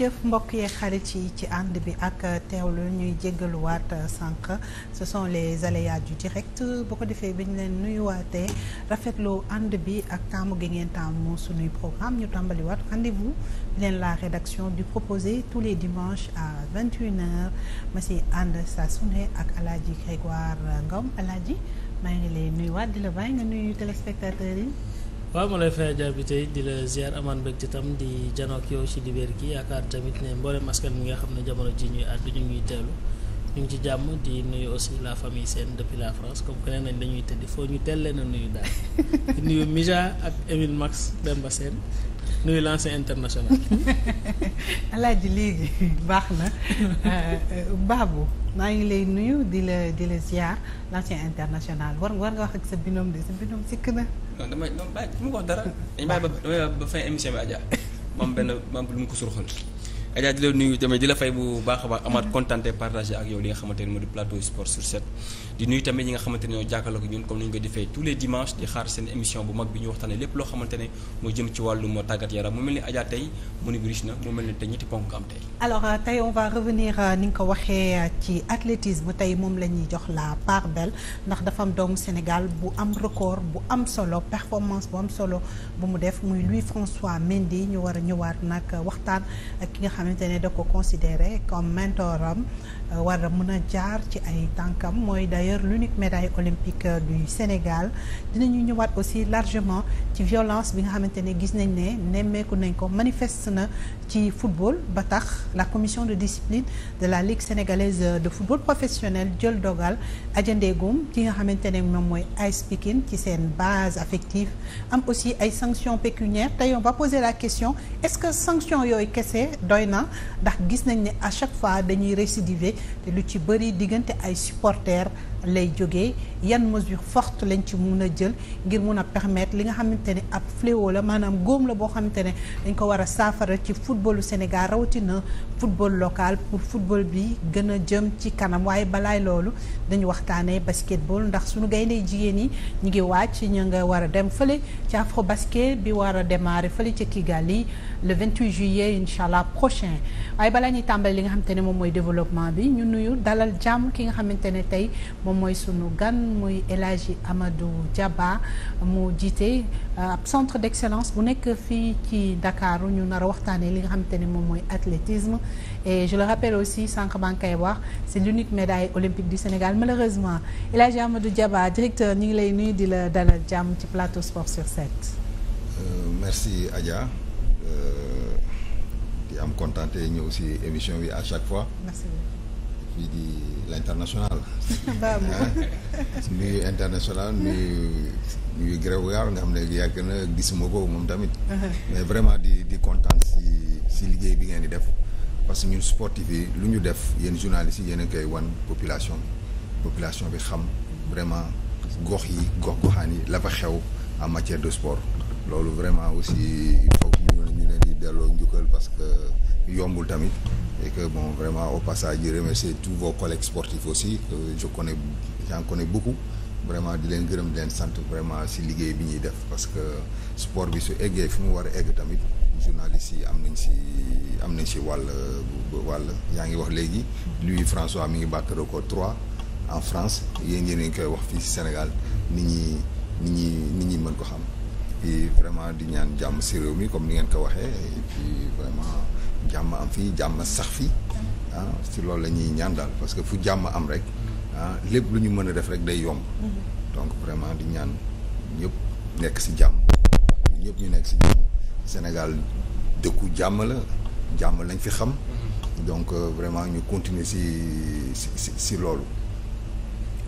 jërëjëf mbokk yee xarit yi ci ànd bi ak teew teewlu ñuy jéggaluwaat euh, sànq ce sont les aléas du direct bu ko defee bi ñu leen nuyuwaatee rafetlu ànd bi ak taamu gi ngeen taamu suñuy programme ñu tàmbali waat vous bi leen la rédaction du proposé tous les dimanches à 21h ma si ànd saa su ne ak Alaaji Grégoire Ngom Alaaji maa ngi lay nuyuwaat di la bàyyi nga nuyu téléspectateurs yi. waaw ma lay fay jaar bi tey di la ziar amaan mbégte tam di janook yow ci dibéer gi yaakaar tamit ne mboolem askan mi nga xam ne jamono ji ñuy àddu ñu ñuy teelu ñu ngi ci jàmm di nuyu aussi la famille Sène depuis la France comme que nee nañ dañuy tëdd foo ñu teel leen a nuyu daal di nuyu Mija ak Émile Max Demba Sène nuy lancer international. ji léegi baax na euh, Babou maa ngi lay nuyu di la di la ziar lancer international war war nga wax ak sa binôme de sa binôme sikk na. non damay non bàyyi ko wax dara. dañu bàyyi ba damay ba fin émission bi Adja moom benn maam lu mu ko surxal. Adja di la nuyu tamit di la fay bu baax a baax amaat kontaan mm-hmm. te partagé ak yow li nga xamante ne moo di plateau sport sur 7. di nuyu tamit ñi nga xamante ne ñoo jàkkaarloo ko ñun comme ni ñu ko defee tous les dimanches di xaar seen émission bu mag bi ñu waxtaanee lépp loo xamante moo jëm ci wàllum tàggat yaram mu mel ni Adja na mu mel ni tey ñetti ponk tey. Euh, euh, ko waxee euh, ci athlétisme tey moom la ñuy jox la part belle ndax dafa am doomu Sénégal bu am record bu am solo performance bu am solo bu mu def muy Louis François Mendy ñu war a ñëwaat nag waxtaan ak ki nga xamante ne da ko considéré comme mentoram Euh, war a mën a jaar ci ay tànkam mooy d'ailleurs l'unique médaille olympique euh, du Sénégal dinañu ñëwaat aussi largement ci violence bi nga xamante ne gis nañ ne nemmeeku nañ ko manifeste na ci football ba tax la commission de discipline de la Ligue sénégalaise euh, de football professionnel jël dogal Adja Ndégoum ki nga xamante ne moom mooy AS Pikine ci seen base affective am aussi ay sanctions pécuniaires tey on va poser la question est-ce que sanction yooyu kese doy na ndax gis nañ ne à chaque fois dañuy récidiver te lu ci bëri diggante ay supporters lay jóge yan mesure fort lañ ci mun a jël ngir mun a permettre li nga xamante ne ab fléau la maanaam góom la boo xamante ne dañ ko war a saafara ci footballu Sénégal rawatina football local pour football bi gën a jëm ci kanam waaye balaay loolu dañu waxtaanee basketball ndax suñu gaynde jigéen yi ñu ngi wàcc ñu nga war a dem fële ci afro basket bi war a démarrer fële ci Kigali le 28 juillet incha allah prochain waaye balaa ñuy tàmbali li nga xamante ne moom mooy développement bi ñu nuyu dalal jàmm ki nga xamante ne tey moom sunu gan. muy El Hadji Amadou Diaba mu jiite euh, ab centre d'excellence bu nekk fii ci ndakaaru ñu nara a waxtaanee li nga xamante ne moom mooy athlétisme et je le rappelle aussi sànq maa ngi koy wax c'est l'unique médaille olympique du Sénégal malheureusement El Hadji Amadou Diaba directeur ñu ngi lay nuyu di la dalal jàmm ci plateau sport sur 7. Euh, merci Adja. Euh, di am kontaan ñëw si émission bi à chaque fois. bii di l' international. nuyu international nuyu nuyu Grégoire nga xam ne yàgg na gisuma ko moom tamit. mais vraiment di di kontaan si si liggéey bi ngeen di def parce que ñu sportif yi lu ñu def yéen journalistes yi yéen a koy wan population bi population bi xam vraiment gox yi gox goxaan yi la fa xew en matière de sport loolu vraiment aussi il faut ñu ñu leen di delloo njukkal parce que yombul tamit. e que bon vraiment au passage di remercier tous vos collègues sportifs aussi je connais j'en connais beaucoup vraiment di leen gërëm leen sant vraiment si liggéey bi ñuy def parce que sport bi su eggee fi mu war a egg tamit journalistes yi am nañ si am nañ si wàll wàll yaa ngi wax léegi Louis François mi ngi battre record 3 en France yéen yéen ngi koy wax fii si Sénégal nit ñi nit ñi nit ñi mën ko xam et vraiment di ñaan jàmm si réew mi comme ni ngeen ko waxee et vraiment jàmm am fii jàmm sax fii ah si loolu la ñuy ñaan daal parce que fu jàmm am rek ah lépp lu ñu mën a def rek day yomb donc vraiment di ñaan ñëpp nekk si jàmm ñëpp ñu nekk si jàmm Sénégal dëkku jàmm la jàmm lañ fi xam mm-hmm. donc euh, vraiment ñu continuer si si si loolu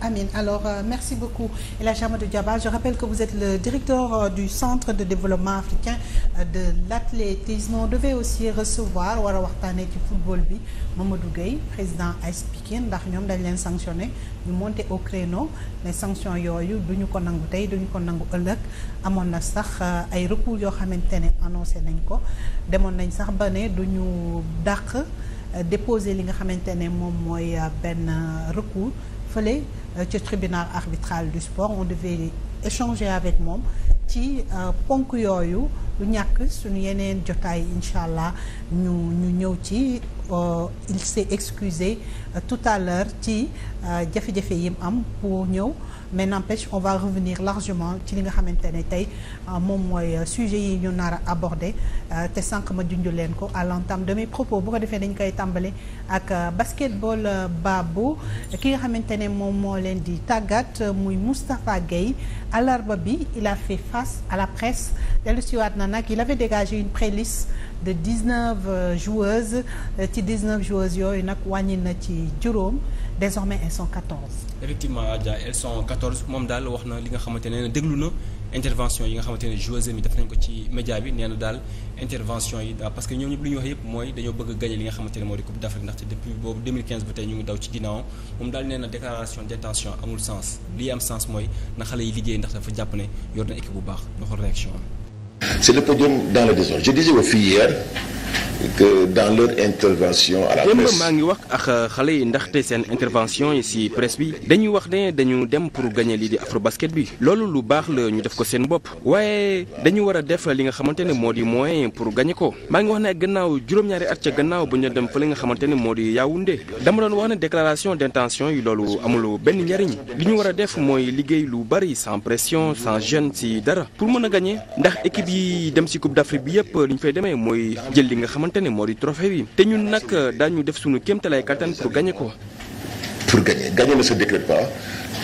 Amin. Alors, euh, merci beaucoup, Elhadji Amadou Diaba. Je rappelle que vous êtes le directeur euh, du Centre de développement africain euh, de l'athlétisme. On devait aussi recevoir war a waxtaanee ci football bi Mamadou Gueye président AS Pikine ndax ñoom dañ leen sanctionné ñu monté au mais sanction yooyu duñu ko nangu tey duñu ñu ko nangu ëllëg amoon na sax euh, ay recours yoo xamante ne annoncé nañ ko demoon nañ sax ba ne du ñu dàq déposer li nga xamante ne moom mooy benn recours fële. Euh, ci tribunal arbitral du sport on devait échanger avec moom ci euh, ponk yooyu lu ñàkk suñu yeneen jotaay incha allah ñu ñu ñëw ci euh, il s'est excusé tout à l'heure ci jafe-jafe yim am pour ñëw mais n'empêche on va revenir largement ci li nga xamante ne tey euh, moom mooy euh, sujet yi ñu nar a abordé euh, te sànq ma junj leen ko à l'entame de mes propos bu ko defee dañ koy tàmbale ak basketball baabu ki nga xamante ne moom moo leen di tàggat muy Moustapha Gueye alarba bi il a fait face à la presse dellu siwaat na nag il avait dégagé une pré de dix-neuf joueuses ci dix-neuf joueuses yooyu nag wàññi na ci juróom désormais elles sont 14. effectivement Adja elles sont 14 moom daal wax na li nga xamante ne déglu na intervention yi nga xamante ne joueuse mi def nañ ko ci média bi nee na daal intervention yi daal parce que ñoom ñëpp li ñuy wax yëpp mooy dañoo bëgg a li nga xamante ne moo di Coupe d'Afrique ndaxte depuis boobu 2015 ba tey ñu ngi daw ci ginnaaw moom daal nee na déclaration d'intention amul sens li am sens mooy na xale yi liggéey ndax dafa jàpp ne yor na équipe C'est le podium dans le désordre. Je disais aux filles hier dans leur intervention à la maa ngi wax ak xale yi ndaxte seen intervention yi ci presse bi dañuy wax ne dañu dem pour gagner lii di afrobasket bi loolu lu baax la ñu def ko seen bopp waaye dañu war a def li nga xamante ne moo di moyen pour gagner ko maa ngi wax ne gannaaw juróom-ñaari at ca gannaaw ba ñu dem fa li nga xamante ne moo di Yaoundé dama doon wax ne déclaration d'intention yi loolu amul benn njariñ li ñu war a def mooy liggéey lu bari sans pression sans gêne ci yi dem si Coupe d'Afrique bi yëpp li ñu fay demee mooy jël li nga xamante ne moo di trophée bi te ñun nag daañu def suñu kéemtalaay kattan pour gagner ko. pour gagner gagner ne se décrète pas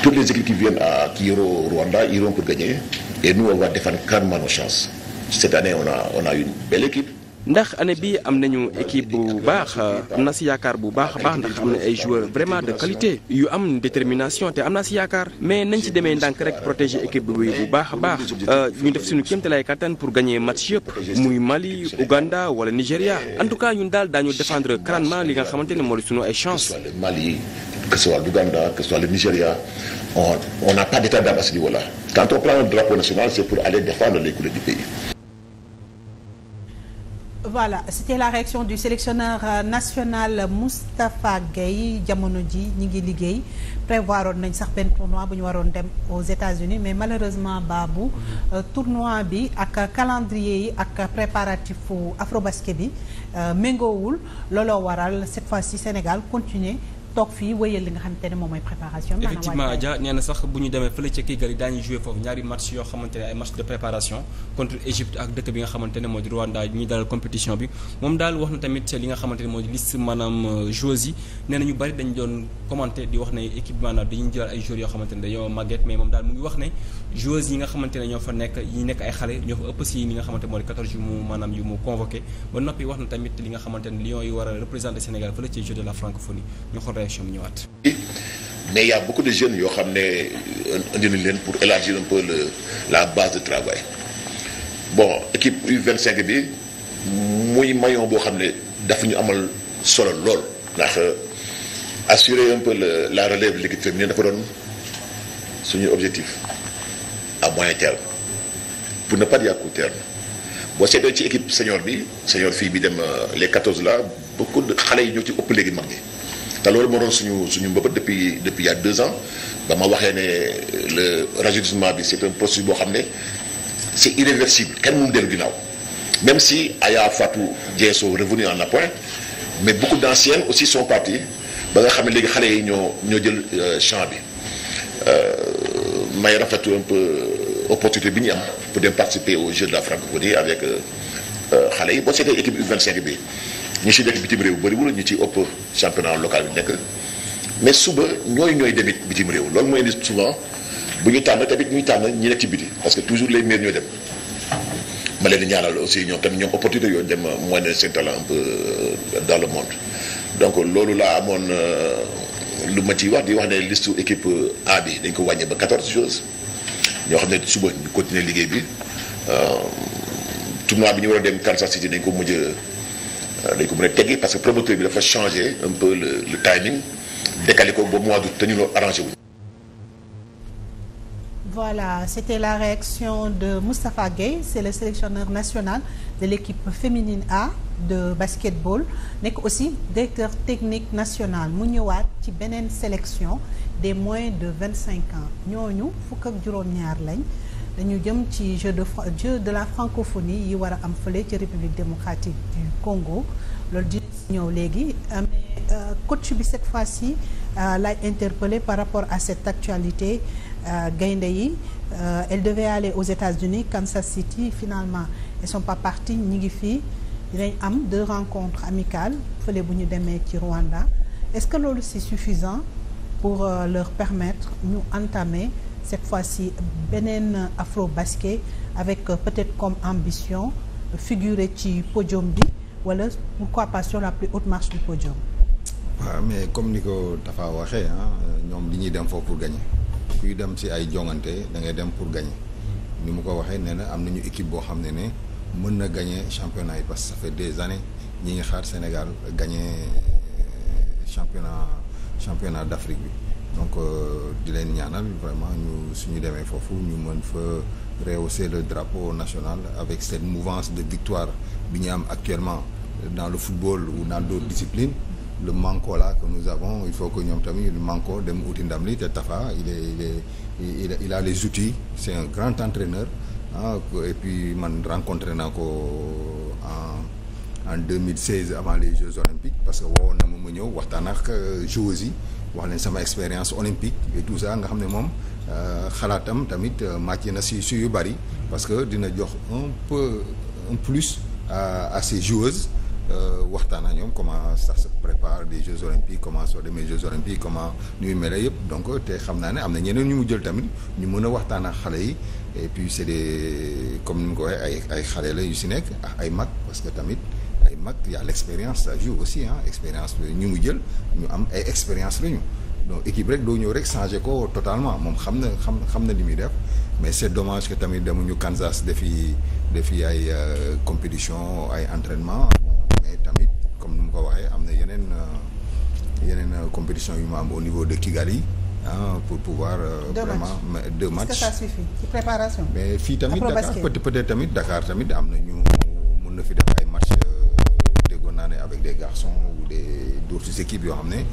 toutes les équipes qui viennent à qui iront au Rwanda iront pour gagner et nous on va défendre calmement nos chances cette on a on a une belle équipe. ndax année bi am nañu équipe bu baax am na si yaakaar bu baax a baax ndax am na ay joueurs vraiment de qualité yu am détermination te am naa si yaakaar mais nañ si demee ndànk rek protéger équipe bi bu baax a baax euh, ñu def suñu kéemtalaay kattan pour gagner match yëpp muy Mali Ouganda wala Nigéria en tout cas ñun daal daañu défendre crânement li nga xamante ne moo di suñu ay chance que ce soit l'Ouganda, que ce soit le Nigeria, on n'a pas d'état d'âme à ce niveau-là. Quand on voilà c'était la réaction du sélectionneur euh, national Moustapha Gueye jamono ji ñi ngi liggéey prévoiroon nañ sax benn tournoi bu ñu waroon dem aux États-Unis mais malheureusement baabu euh, tournoi bi ak calendrier yi ak préparatifu Afrobasket bi euh, méngoowul looloo waral cette fois-ci Sénégal continuer toog fii wéyal li nga xamante ne moom mooy préparation bi. effectivement Adja nee na sax bu ñu demee fële ca Kigali daañuy joué foofu ñaari match yoo xamante ne ay match de préparation contre Égypte ak dëkk bi nga xamante ne moo di Rwanda ñuy dalal compétition bi moom daal wax na tamit li nga xamante ne moo di liste maanaam euh, joueurs yi nee na ñu bari dañu doon commenté di wax ne équipe maanaam dañuy jëlaat ay yoo xamante ne dañoo màgget mais moom daal mu ngi wax ne jose yi nga xamante ne ñoo fa nekk ñu nekk ay xale ñoo fa ëpp si li nga xamante moo di 14 yu mu maanaam yu mu convoqué ba noppi wax na tamit li nga xamante ne Lions yi war a représenter Sénégal fële ci jeu de la francophonie ñu xool réaction bi ñëwaat. mais y a beaucoup de jeunes yoo xam ne indi nañ leen pour élargir un peu le la base de travail bon équipe U25 bi muy maillon boo xam ne dafa ñu amal solo lool ndax assurer un la relève de l'équipe féminine dafa doon suñu à moyen terme pour ne pas dire à court boo seetee ci équipe senior bi senior fii bi dem euh, les 14 la beaucoup de xale yi ñoo ci ëpp léegi mag ñi te loolu moo doon suñu suñu mbëbët depuis depuis il y a deux ans ba ma waxee ne euh, le rajeunissement bi c'est un processus boo xam ne c'est irréversible kenn mënu dellu ginnaaw même si Aya Fatou Dieng sont revenus en appoint mais beaucoup d'anciennes aussi sont partis ba nga xam ne léegi xale yi ñoo ñoo jël euh, champ bi. may rafetlu un peu euh, bi ñu am pour dem participer aux Jeux de la francophonie avec euh, euh, xale yi boo seetee équipe U25 bi ñu ci nekk bitim réew bëriwul ñu ci ëpp championnat local bi nekk mais suba ñooy ñooy demit bitim réew loolu mooy indi souvent bu ñu tànn tamit ñu tànn ñi nekk ci biti parce que toujours les meilleurs ñooy dem ma leen di ñaanal aussi ñoom tamit ñoom opportunité yooyu dem moyen seen talent un peu dans le monde donc loolu laa amoon. lu ma ciy wax di wax ne listu équipe A bi dañ ko wàññee ba 14 choses ñoo xam ne suba ñu continuer liggéey bi euh, tournoi bi ñu war a dem Kansas City dañ ko mujj a euh, dañ ko mën a teggi parce que promoteur bi dafa changé un peu le timing décalé ko ba mois d'août te ñu loolu arrangé Voilà, c'était la réaction de Moustapha Gueye, c'est le sélectionneur national de l'équipe féminine A de basketball nekk aussi directeur technique national mu ñëwaat ci beneen sélection des moins de vingt cinq ans ñooñu fukk ak juróom-ñaar lañ dañu jëm ci jeu de jeu de la francophonie yi war a am fële ci république démocratique du Congo loolu di ñëw léegi euh, mais euh, coach bi cette fois-ci euh, lay interpellé par rapport à cette actualité Euh, gaynde yi euh, elle devait aller aux États-Unis Kansas City finalement ils sont pas partis ñi ngi fii dinañ am de rencontre amicale fële bu ñu demee ci Rwanda est-ce que loolu c'est suffisant pour euh, leur permettre ñu entamer cette fois-ci beneen Afrobasket avec peut-être comme ambition figurer ci podium bi wala pourquoi pas sur la plus haute marche du podium. mais comme ni ko Tafa waxee ah ñoom li ñuy dem foofu pour gagner. kuy dem si ay jongante da ngay dem pour gagner ni mu ko waxee nee na am nañu équipe boo xam ne ne mën na gagner championnat yi parce que ça fait des années ñi ngi xaar Sénégal gagner euh, championnat championnat d'Afrique bi donc euh, di leen ñaanal vraiment ñu suñu demee foofu ñu mën fa rehausser le drapeau national avec cette mouvance de victoire bi ñu am actuellement dans le football ou dans d'autres disciplines le manko la que nous avons il faut que ñoom tamit le manko dem uti ndam li te Tafa il est il est il a les outils c'est un grand entraîneur ah et puis man rencontré naa ko en en 2016 avant les Jeux olympiques parce que woowoon na ma ma ñëw waxtaan ak euh, joueuses yi wax leen sama expérience olympique et tout ça nga xam ne moom euh, xalaatam tamit euh, màcc na si si yu bari parce que dina jox un peu un plus à à ces Euh, waxtaan ak ñoom comment sax se prépare des Jeux olympiques comment soo demee Jeux olympiques comment ñuy mel yëpp donc te xam naa ne am na ñeneen ñu mu jël tamit ñu mën a waxtaan ak xale yi et puis c'est des comme ni mu ko waxee ay ay xale la yu si nekk ay mag parce que tamit ay mag y a l'expérience ça joue aussi ah expérience ñu mu jël ñu am ay expérience la ñu donc équipe rek doo ñëw rek changé ko totalement moom xam na xam xam na li muy def mais c'est dommage que tamit demuñu Kansas defi defi ay euh, compétition ay entraînement comme ni mu ko waxee am na yeneen euh, yeneen euh, compétition yu mu am au niveau de Kigali ah pour pouvoir. Euh, deux vraiment de deux matchs est mais fii tamit Dakar tamit Dakar tamit am na ñu mun na fi def ay matchs déggoon naa ne avec des garçons ou des d'autres équipes yoo xam ne.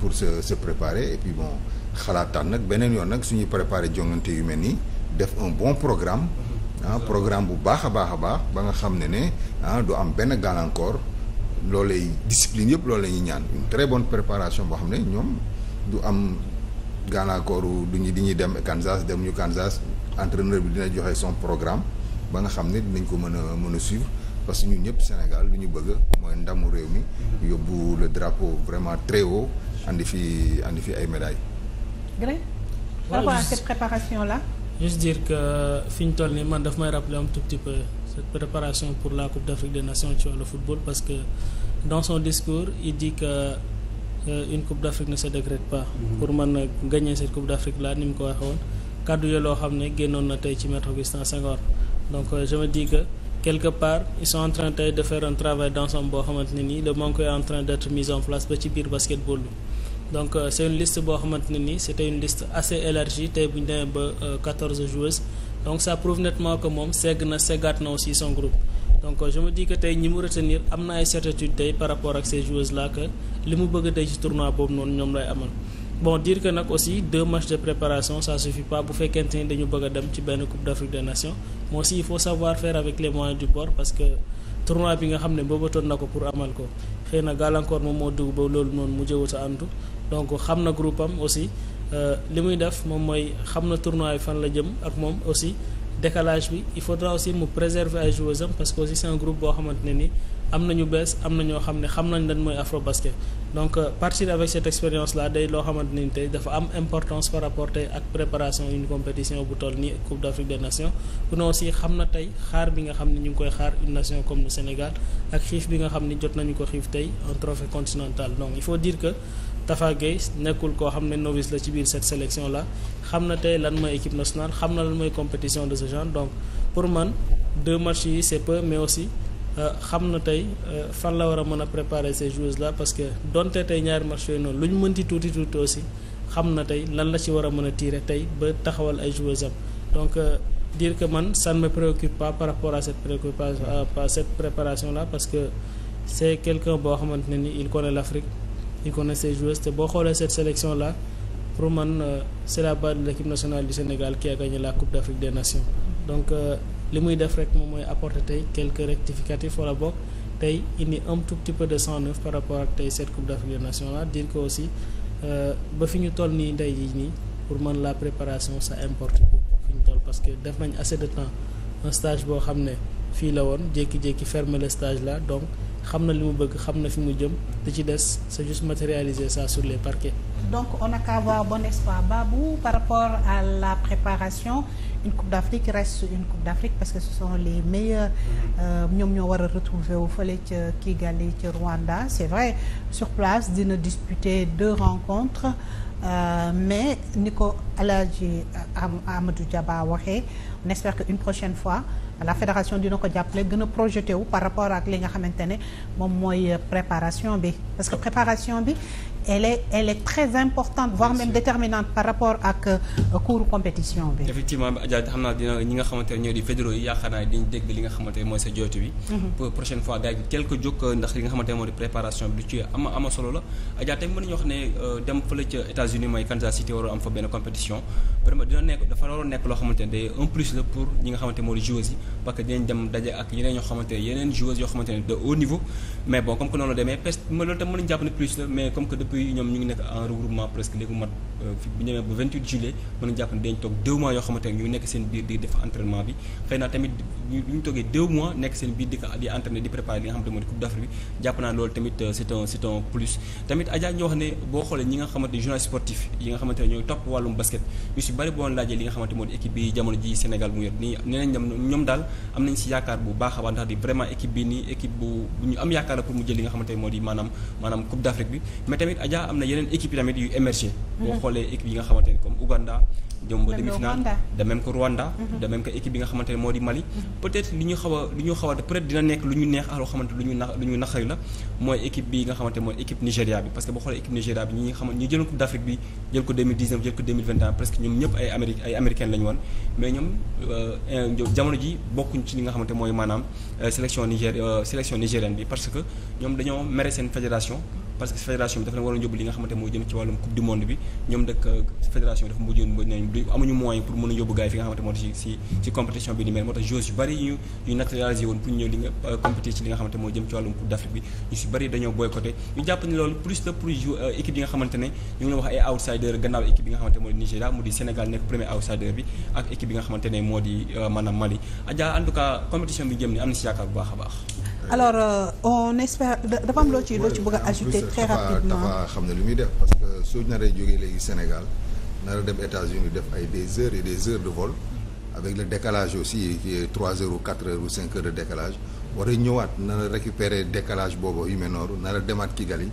pour se se préparer et puis bon xalaataan nag beneen yoon nag suñuy préparer jongante yu mel nii def un bon programme. ah programme bu baax a baax a baax ba nga xam ne ne ah du am benn gàllankoor. loolu lay discipline yëpp loolu la ñuy ñaan une très bonne préparation boo xam ne ñoom du am gànnaakooru du ñu di ñuy dem Kansas dem ñu Kansas entraîneur bi dina joxe son programme ba nga xam ne dinañ ko mën a mën a suivre parce que ñu ñëpp Sénégal du ñu bëgg mooy ndamu réew mi yóbbu le drapeau vraiment très haut andi fi andi fi ay médailles. Gré par rapport à cette préparation may rappeler un tout petit peu. cette préparation pour la Coupe d'Afrique des Nations ci wàllu football parce que dans son discours il dit que euh, une Coupe d'Afrique ne se décrète pas. Mm pour mën a gagner cette Coupe d'Afrique là ni mu ko waxee woon kàddu yoo xam ne génnoon na tey ci maître Augustin Senghor donc euh, je que quelque part ils sont en train tey de un travail d'ensemble boo xamante ne nii le manque est en train d'être mis en place ba ci biir basketball bi. donc euh, c'est une liste boo xamante ne nii c'était une liste assez élargie tey bu ñu donc ça prouve nettement que moom segg na seggaat na aussi son groupe donc euh, je me dis tey ñi mu retenir am na ay certitude tey par rapport ak ces joueuses là li mu bëgg tey ci tournoi boobu noonu ñoom lay amal bon dire que nag aussi deux matchs de préparation ça suffit pas bu fekkente ni dañu bëgg a dem ci benn coupe d'Afrique des nations mais aussi il faut savoir faire avec les moyens du bord parce que tournoi bi nga xam ne boobatoon na ko pour amal ko xëy na gàllankoor moom moo dugg ba loolu noonu mu jëwut a antu donc xam na groupe am aussi Euh, li muy def moom mooy xam na tournoi yi fan la jëm ak moom aussi décalage bi il faudra aussi mu préserver ay joueurs parce que aussi c'est groupe boo xamante ne ni am na ñu bees am na ñoo xam ne xam nañ lan mooy afro basket donc euh, partir avec cette expérience la de loo xamante ne ni tey dafa am importance par rapport tey ak préparation une compétition bu toll nii Coupe d'Afrique des Nations ku ne aussi xam na tey xaar bi nga xam ne ñu ngi koy xaar une nation comme le Sénégal bi nga xam ne jot nañu ko xiif tey un trophée continental donc il faut dire que Tafa Gueye nekkul koo xam ne novice la ci biir cette sélection la xam na tey lan mooy équipe nationale xam na lan mooy compétition de ce genre donc pour man deux matchs yi c'est peu mais aussi euh, xam na tey euh, fan la war a mën a préparer ces joueuses la parce que donte tey ñaari marché yooyu noonu lu ñu mënti tuuti tuuti aussi xam na tey lan la ci war a mën a tiire tey ba taxawal ay joueuses am donc euh, dire que man ça ne me préoccupe pas par rapport a cette préoccupation parce que c'est quelqu'un boo xamante ne ni il connaît l'Afrique il connaît ses joueurs te boo xoolee cette sélection là pour man euh, c'est la base de l'équipe nationale du Sénégal qui a la Coupe d'Afrique des nation donc euh, li muy def rek moom mooy apporter tey quelques rectificatifs wala bokk tey indi un tout petit peu de sang neuf par rapport ak tey cette Coupe d'Afrique des Nations là dire que aussi euh, ba fi ñu toll nii ndey ji nii pour man la préparation ça importe fi ñu toll parce que def nañ assez de temps un stage boo xam ne fii la woon jékki-jékki fermer le stage là donc xam na li mu bëgg xam na fi mu jëm li ci des c'est juste matérialiser ça sur les parquets. donc on n'a qu'à avoir bon espoir Babou par rapport à la préparation une coupe d'Afrique reste une coupe d'Afrique parce que ce sont les meilleurs euh, ñoom ñoo war a retrouver wu fële ca Kigali ca Rwanda c'est vrai sur place dina disputer deux rencontres euh, mais ni ko El Hadji Amadou Diaba on espère que une prochaine fois la fédération dina ko jàppale gën a projeté wu par rapport ak li nga xamante ne moom mooy préparation bi parce que préparation bi elle est très importante voire même déterminante par rapport ak euh, cours compétition bi. effectivement Adja xam naa dina ñi nga xamante ñoo di fédéraux yi yaakaar naa dañu dégg li nga xamante ne mooy sa mhm. euh, nga xamante ne di préparation plus la pour ñi nga xamante moo di joueurs yi parce que dinañ dem daje ak yeneen ñoo xamante ne yeneen joueurs yoo xamante ne de haut niveau mais bon comme que noonu la demee peut-être loolu tam mën nañu jàpp ne plus la mais comme que depuis depuis ñoom ñu ngi nekk en regroupement presque léegi mat euh, bu ñu bi xëy jàpp naa loolu tamit euh, c'est un plus tamit Adja ñu wax ne boo xoolee ñi nga xamante ne sportif yi nga xamante ne topp wàllum basket ñu si bëri boo laajee li nga xamante moo di équipe bi jamono ji Sénégal mu yor nii nee nañ ñoom daal am nañ si yaakaar bu baax ndax di vraiment équipe bi nii équipe bu ñu am yaakaar la pour mu jël li nga xamante moo di maanaam maanaam coupe Adja am na yeneen équipe yi tamit yu émergé mhm. boo xoolee équipe yi nga xamante comme Ouganda jëm ba Rwanda de même mhm. équipe bi nga xamante mhm. a li ñu a peut-être dina nekk lu ñu neex ak loo xamante lu ñu na lu ñu naqari la mooy équipe bi bi parce que ñi nga xamante ñoom ñëpp ay Amérique ay américaine mais euh, ñoom jamono ji bokkuñ ci nga xamante mooy maanaam euh, sélection Niger euh, sélection nigérienne bi parce que ñoom dañoo mere seen fédération parce que fédération bi dafa leen waroon yóbbu li nga xamante moo jëm ci wàllum coupe du monde bi ñoom nag euh, fédération bi dafa mujjoon ba amuñu moyen pour mën a yóbbu gars yi fi nga xamante moo tax si euh, bëri dañoo boycotté ñu jàpp ne loolu plus la pour jou euh, équipe yi nga xamante ne ñu ngi la wax ay outsider gannaaw équipe yi nga xamante moo di Nigéria mu di Sénégal nekk premier outsider bi ak équipe bi nga xamante ne moo di maanaam Mali Adja en tout a baax alors euh, on espère dafa am loo ci loo ci bëgg a ajouter très rapidement dafa xam ne lu muy def parce que soo naree jógee léegi Sénégal nara dem États-Unis def ay des heures et des heures de vol avec le décalage aussi qui trois heures ou quatre heures cinq heures de décalage war a ñëwaat nara récupérer décalage boobu yu mel noonu nara demaat Kigali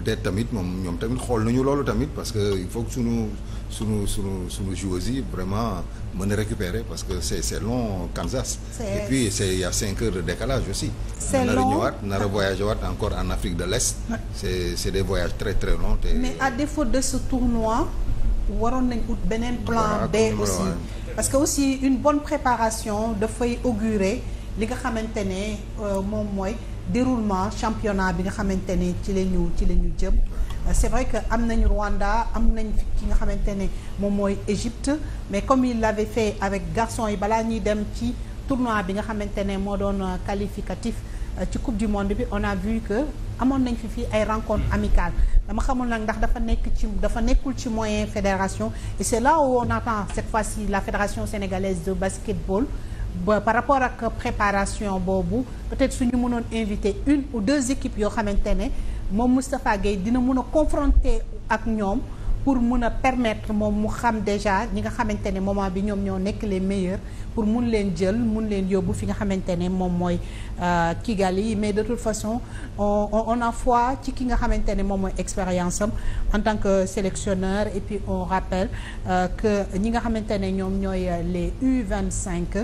peut-être tamit moom ñoom tamit xool nañu loolu tamit parce que il faut que suñu suñu suñu suñu joueuses yi vraiment mën a récupérer parce que c'est c'est long Kansas. et puis c'est il y a cinq heures de décalage aussi. c'est long nar a ñëwaat nar a voyagé waat encore en Afrique de l'Est. c'est c'est des voyages très très longs te. mais à défaut de ce tournoi waroon nañ ut beneen plan B aussi parce que aussi une bonne préparation dafay augurer li nga xamante ne euh, moom mooy. déroulement championnat bi nga xamante ne ci la ñu ci la ñu jëm euh, c'est vrai que am nañu Rwanda am nañ ki nga xamante ne moom mooy Égypte mais comme il l'avait fait avec garçon yi balaa ñuy dem ci tournoi bi nga xamante ne moo doon euh, qualificatif euh, ci coupe du monde bi on a vu que amoon nañ fi fii ay rencontre amicale dama xamul nag ndax dafa nekk ci dafa nekkul ci moyen fédération et c'est là où on attend cette fois-ci la fédération sénégalaise de basketball ba par rapport ak préparation boobu peut-être suñu mënoon invité une ou deux équipes yoo xamante ne moom Moustapha Gueye dina mun a confronter ak ñoom pour mun a permettre moom mu xam déjà ñi nga xamante ne moment bi ñoom ñoo nekk les pour mun leen jël mun leen yóbbu fi nga xamante ne moom mooy euh, Kigali mais de toute façon on on a fois ci ki nga xamante ne moom mooy expérience am en tant que sélectionneur et puis on rappelle euh, que ñi nga xamante ne ñoom ñooy les u cinq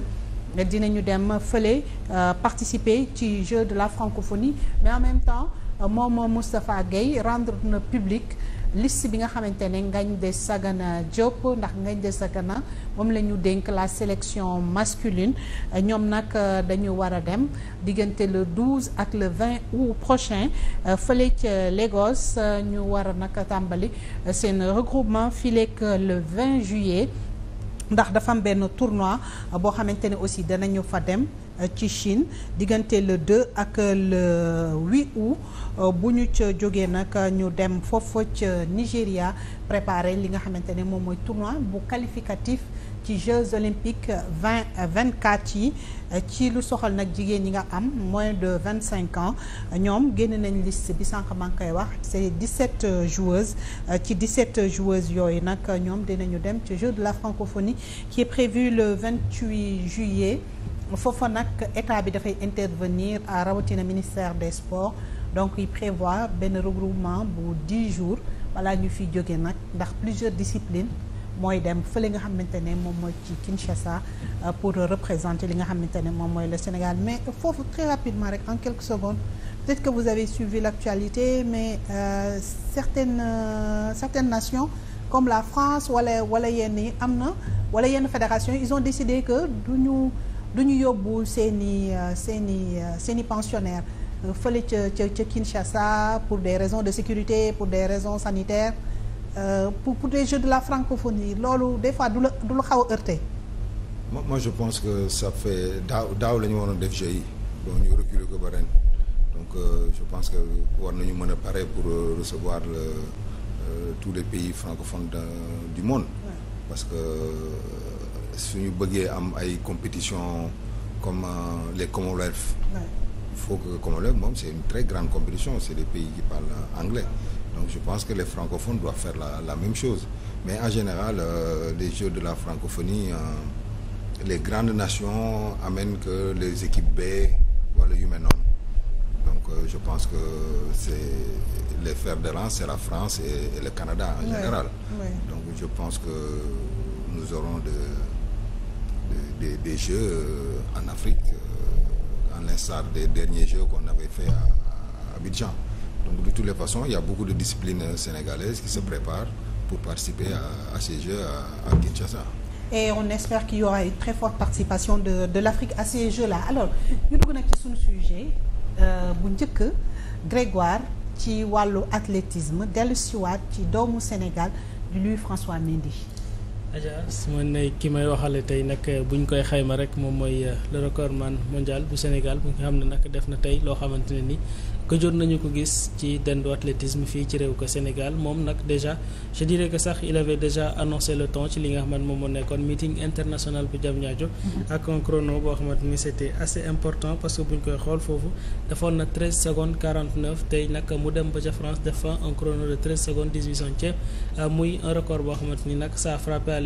dinañu dem fële euh, participer ci jeu de la francophonie mais en même temps euh, moom Moustapha Gueye rendre na public liste bi nga xamante ne ngañ Demba Sagana Diop ndax ngañ Demba Sagana moom la ñu dénk la sélection masculine euh, ñoom nag dañu war a dem diggante le 12 ak le 20 août prochain fële ca Lagos ñu war a nag tàmbali seen regroupement fileek le 20 juillet ndax dafa am benn tournoi boo xamante ne aussi danañu fa dem euh, ci Chine diggante le 2 ak le 8 août euh, bu ñu ca jógee nag ñu dem foofa ca Nigéria préparer li nga xamante ne moom mooy tournoi bu qualificatif ci Jeux olympiques vingt vingt quatre yi ci lu soxal nag jigéen ñi nga am moins de vingt cinq ans ñoom génne nañ liste bi sànq maa ngi koy wax c'est dix sept joueuses ci dix sept joueuses yooyu nag ñoom dinañu dem ci Jeux de la francophonie qui est prévu le vingt huit juillet foofa nag état bi dafay intervenir à rawatina ministère des sports donc il prévoit benn regroupement bu dix jours balaa ñu fi jóge nag ndax plusieurs disciplines. mooy dem fële nga xamante ne moom mooy ci Kinshasa euh, pour représenter li nga xamante ne moom mooy la Sénégal mais foofu très rapidement rek en quelques secondes peut-être que vous avez suivi l'actualité mais euh, certaines euh, certaines nations comme la France wala wala yenn yi am na wala yenn fédération ils ont décidé que du ñu du ñu yóbbu seen i euh, seen i euh, seen i pensionnaires fële ca ca ca Kinshasa pour des raisons de sécurité pour des raisons sanitaires Euh, pour pour des jeux de la francophonie loolu des fois du la xaw a heurté. je pense que ça fait daaw daaw la ñu waroon def jeux yi donc ñu reculer ko ba ren donc euh, je pense que war nañu mën a pare pour euh, recevoir le tous les pays francophones du monde. parce que suñu bëggee am ay compétition comme les Commonwealth. il faut que Commonwealth moom c'est une très grande compétition c'est des pays qui parlent anglais. Donc je pense que les francophones doivent faire la, la même chose. Mais en général, euh, les jeux de la francophonie, euh, les grandes nations amènent que les équipes B voient le humain Donc euh, je pense que c'est les fers de lance, c'est la France et, le Canada en général. Donc je pense que nous aurons de, de, de, des jeux euh, en Afrique, euh, en l'instar des derniers jeux qu'on avait fait à Abidjan. Donc de toutes les façons, il y a beaucoup de disciplines euh, sénégalaises qui se préparent pour participer à, à ces Jeux à, Kinshasa. et on espère qu'il y aura une très forte participation de de l'Afrique à ces Jeux-là alors ñu dugg ci suñu sujet euh, bu njëkk Grégoire ci wàllu athlétisme dellusiwaat ci doomu Sénégal di Louis François Mendy. Ajaas mën na ki may waxale tey nag eh, bu ñu koy xayma rek moom mooy eh, le recordman mondial bu Sénégal bu nga xam ne nag def na tey loo xamante ni gëjoon nañu ko gis ci dendu athlétisme fii ci réew ko Sénégal moom nag déjà je dirais que sax il avait déjà annoncé le temps li nga xamante moom moo nekkoon meeting international bu Diamniadio mm-hmm. ak un chrono boo xamante ni c'était assez important parce que bu ñu koy xool foofu defoon na 13 secondes tey nag mu dem ba ca France def fa un chrono de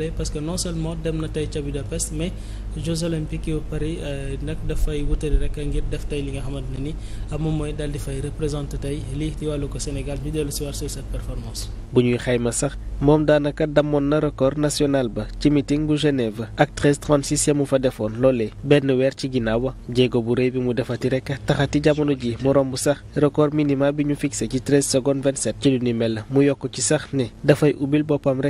sénégalais parce que non seulement dem na tey ca Budapest mais Jeux olympiques yu Paris eh, nag dafay wutali rek ngir def tey li nga xamante ne ni ah, moom mooy daal di fay représenté tey lii ci wàllu ko Sénégal ñu dellu si war performance. bu ñuy xayma sax moom daanaka damoon na record national ba ci meeting bu Genève ak 1336 ya mu fa defoon loolee benn weer ci ginnaaw jéego bu rëy bi mu defati rek taxati jamono ji mu romb sax record minima bi ñu fixé ci ci lu ni mu yokk ci sax ne dafay ubbil boppam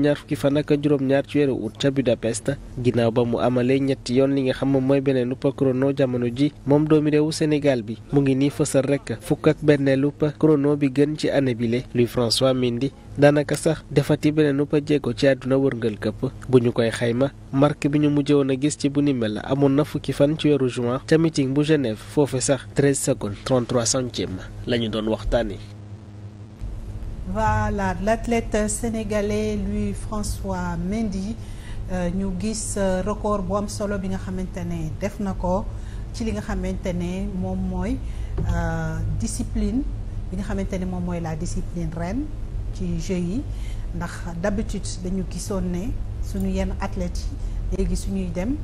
ñaar fukki fan ak juróom-ñaar ci weeru août ca Budapest ginnaaw ba mu amalee ñetti yoon li nga xam mooy beneen uppa chrono jamono ji moom doomi réewu Sénégal bi mu ngi nii fësal rek fukk ak benneelu uppa chrono bi gën ci année luy le Louis François Mendy daanaka sax defati beneen uppa jéego ci àdduna wërngal këpp bu ñu koy xayma marque bi ñu mujjee woon a gis ci bu ni mel amoon na fukki fan ci weeru juin ca meeting bu Genève foofe sax 13 secondes 33 centimes la ñu doon waxtaanee. voilà l'athlète sénégalais Louis François Mendy euh, ñu gis euh, record bu am solo bi nga xamante ne def na ko ci li nga xamante ne moom mooy euh, discipline bi nga xamante ne moom mooy la discipline ren ci jeux yi ndax d'habitude dañu gisoon ne suñu yenn athlètes yi léegi suñuy dem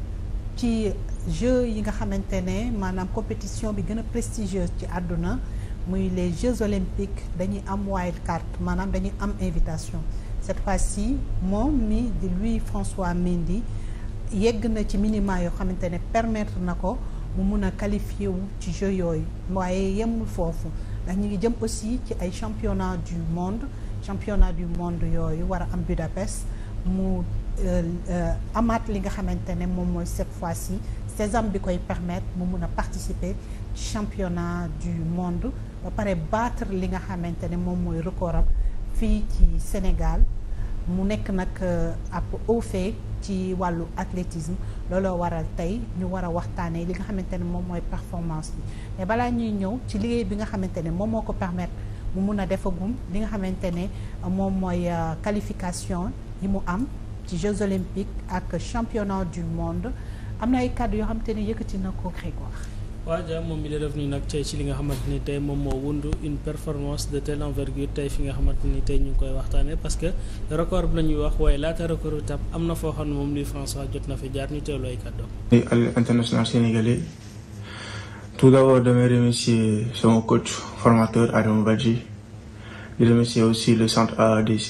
ci jeux yi nga xamante ne maanaam compétition bi gën a prestigieuse ci àdduna muy les Jeux olympiques dañuy am wild card maanaam dañuy am invitation cette fois-ci moom mi di Louis François Mendy yegg na ci minima yoo xamante ne permettre na ko mu mun a qualifier wu ci jeux yooyu waaye yemul foofu ndax ñu ngi jëm aussi ci ay championnat du monde championnat du monde yooyu war a am Budapest mu euh, euh, amaat li nga xamante ne moom mooy cette fois-ci sésame bi koy permettre mu mun a participer championnat du monde ba pare battre li nga xamante ne moom mooy record am fii ci Sénégal mu nekk nag euh, ab au fait ci wàllu athlétisme looloo waral tey ñu war a waxtaanee li nga xamante ne moom mooy performance bi mais balaa ñuy ñëw ci liggéey bi nga xamante ne moom moo ko permettre mu mun a defagum li nga xamante ne euh, moom mooy euh, qualification yi mu am ci Jeux olympiques ak championnat du monde am na ay kàddu yoo xamante ne yëkkati na ko Grégoire waaw Dia moom mi la def nii nag tey ci li nga xamante ni tey moom moo wund une performance de telle envergure tey fi nga xamante ni tey ñu ngi koy waxtaanee parce que record bi la ñuy wax waaye laata record bi tam am na foo xam ne moom luy François jot na fi jaar ñu teewloo ay kàddoom. international sénégalais tout d'abord damay remercier son coach formateur Adama Badji di remercier aussi le centre AADC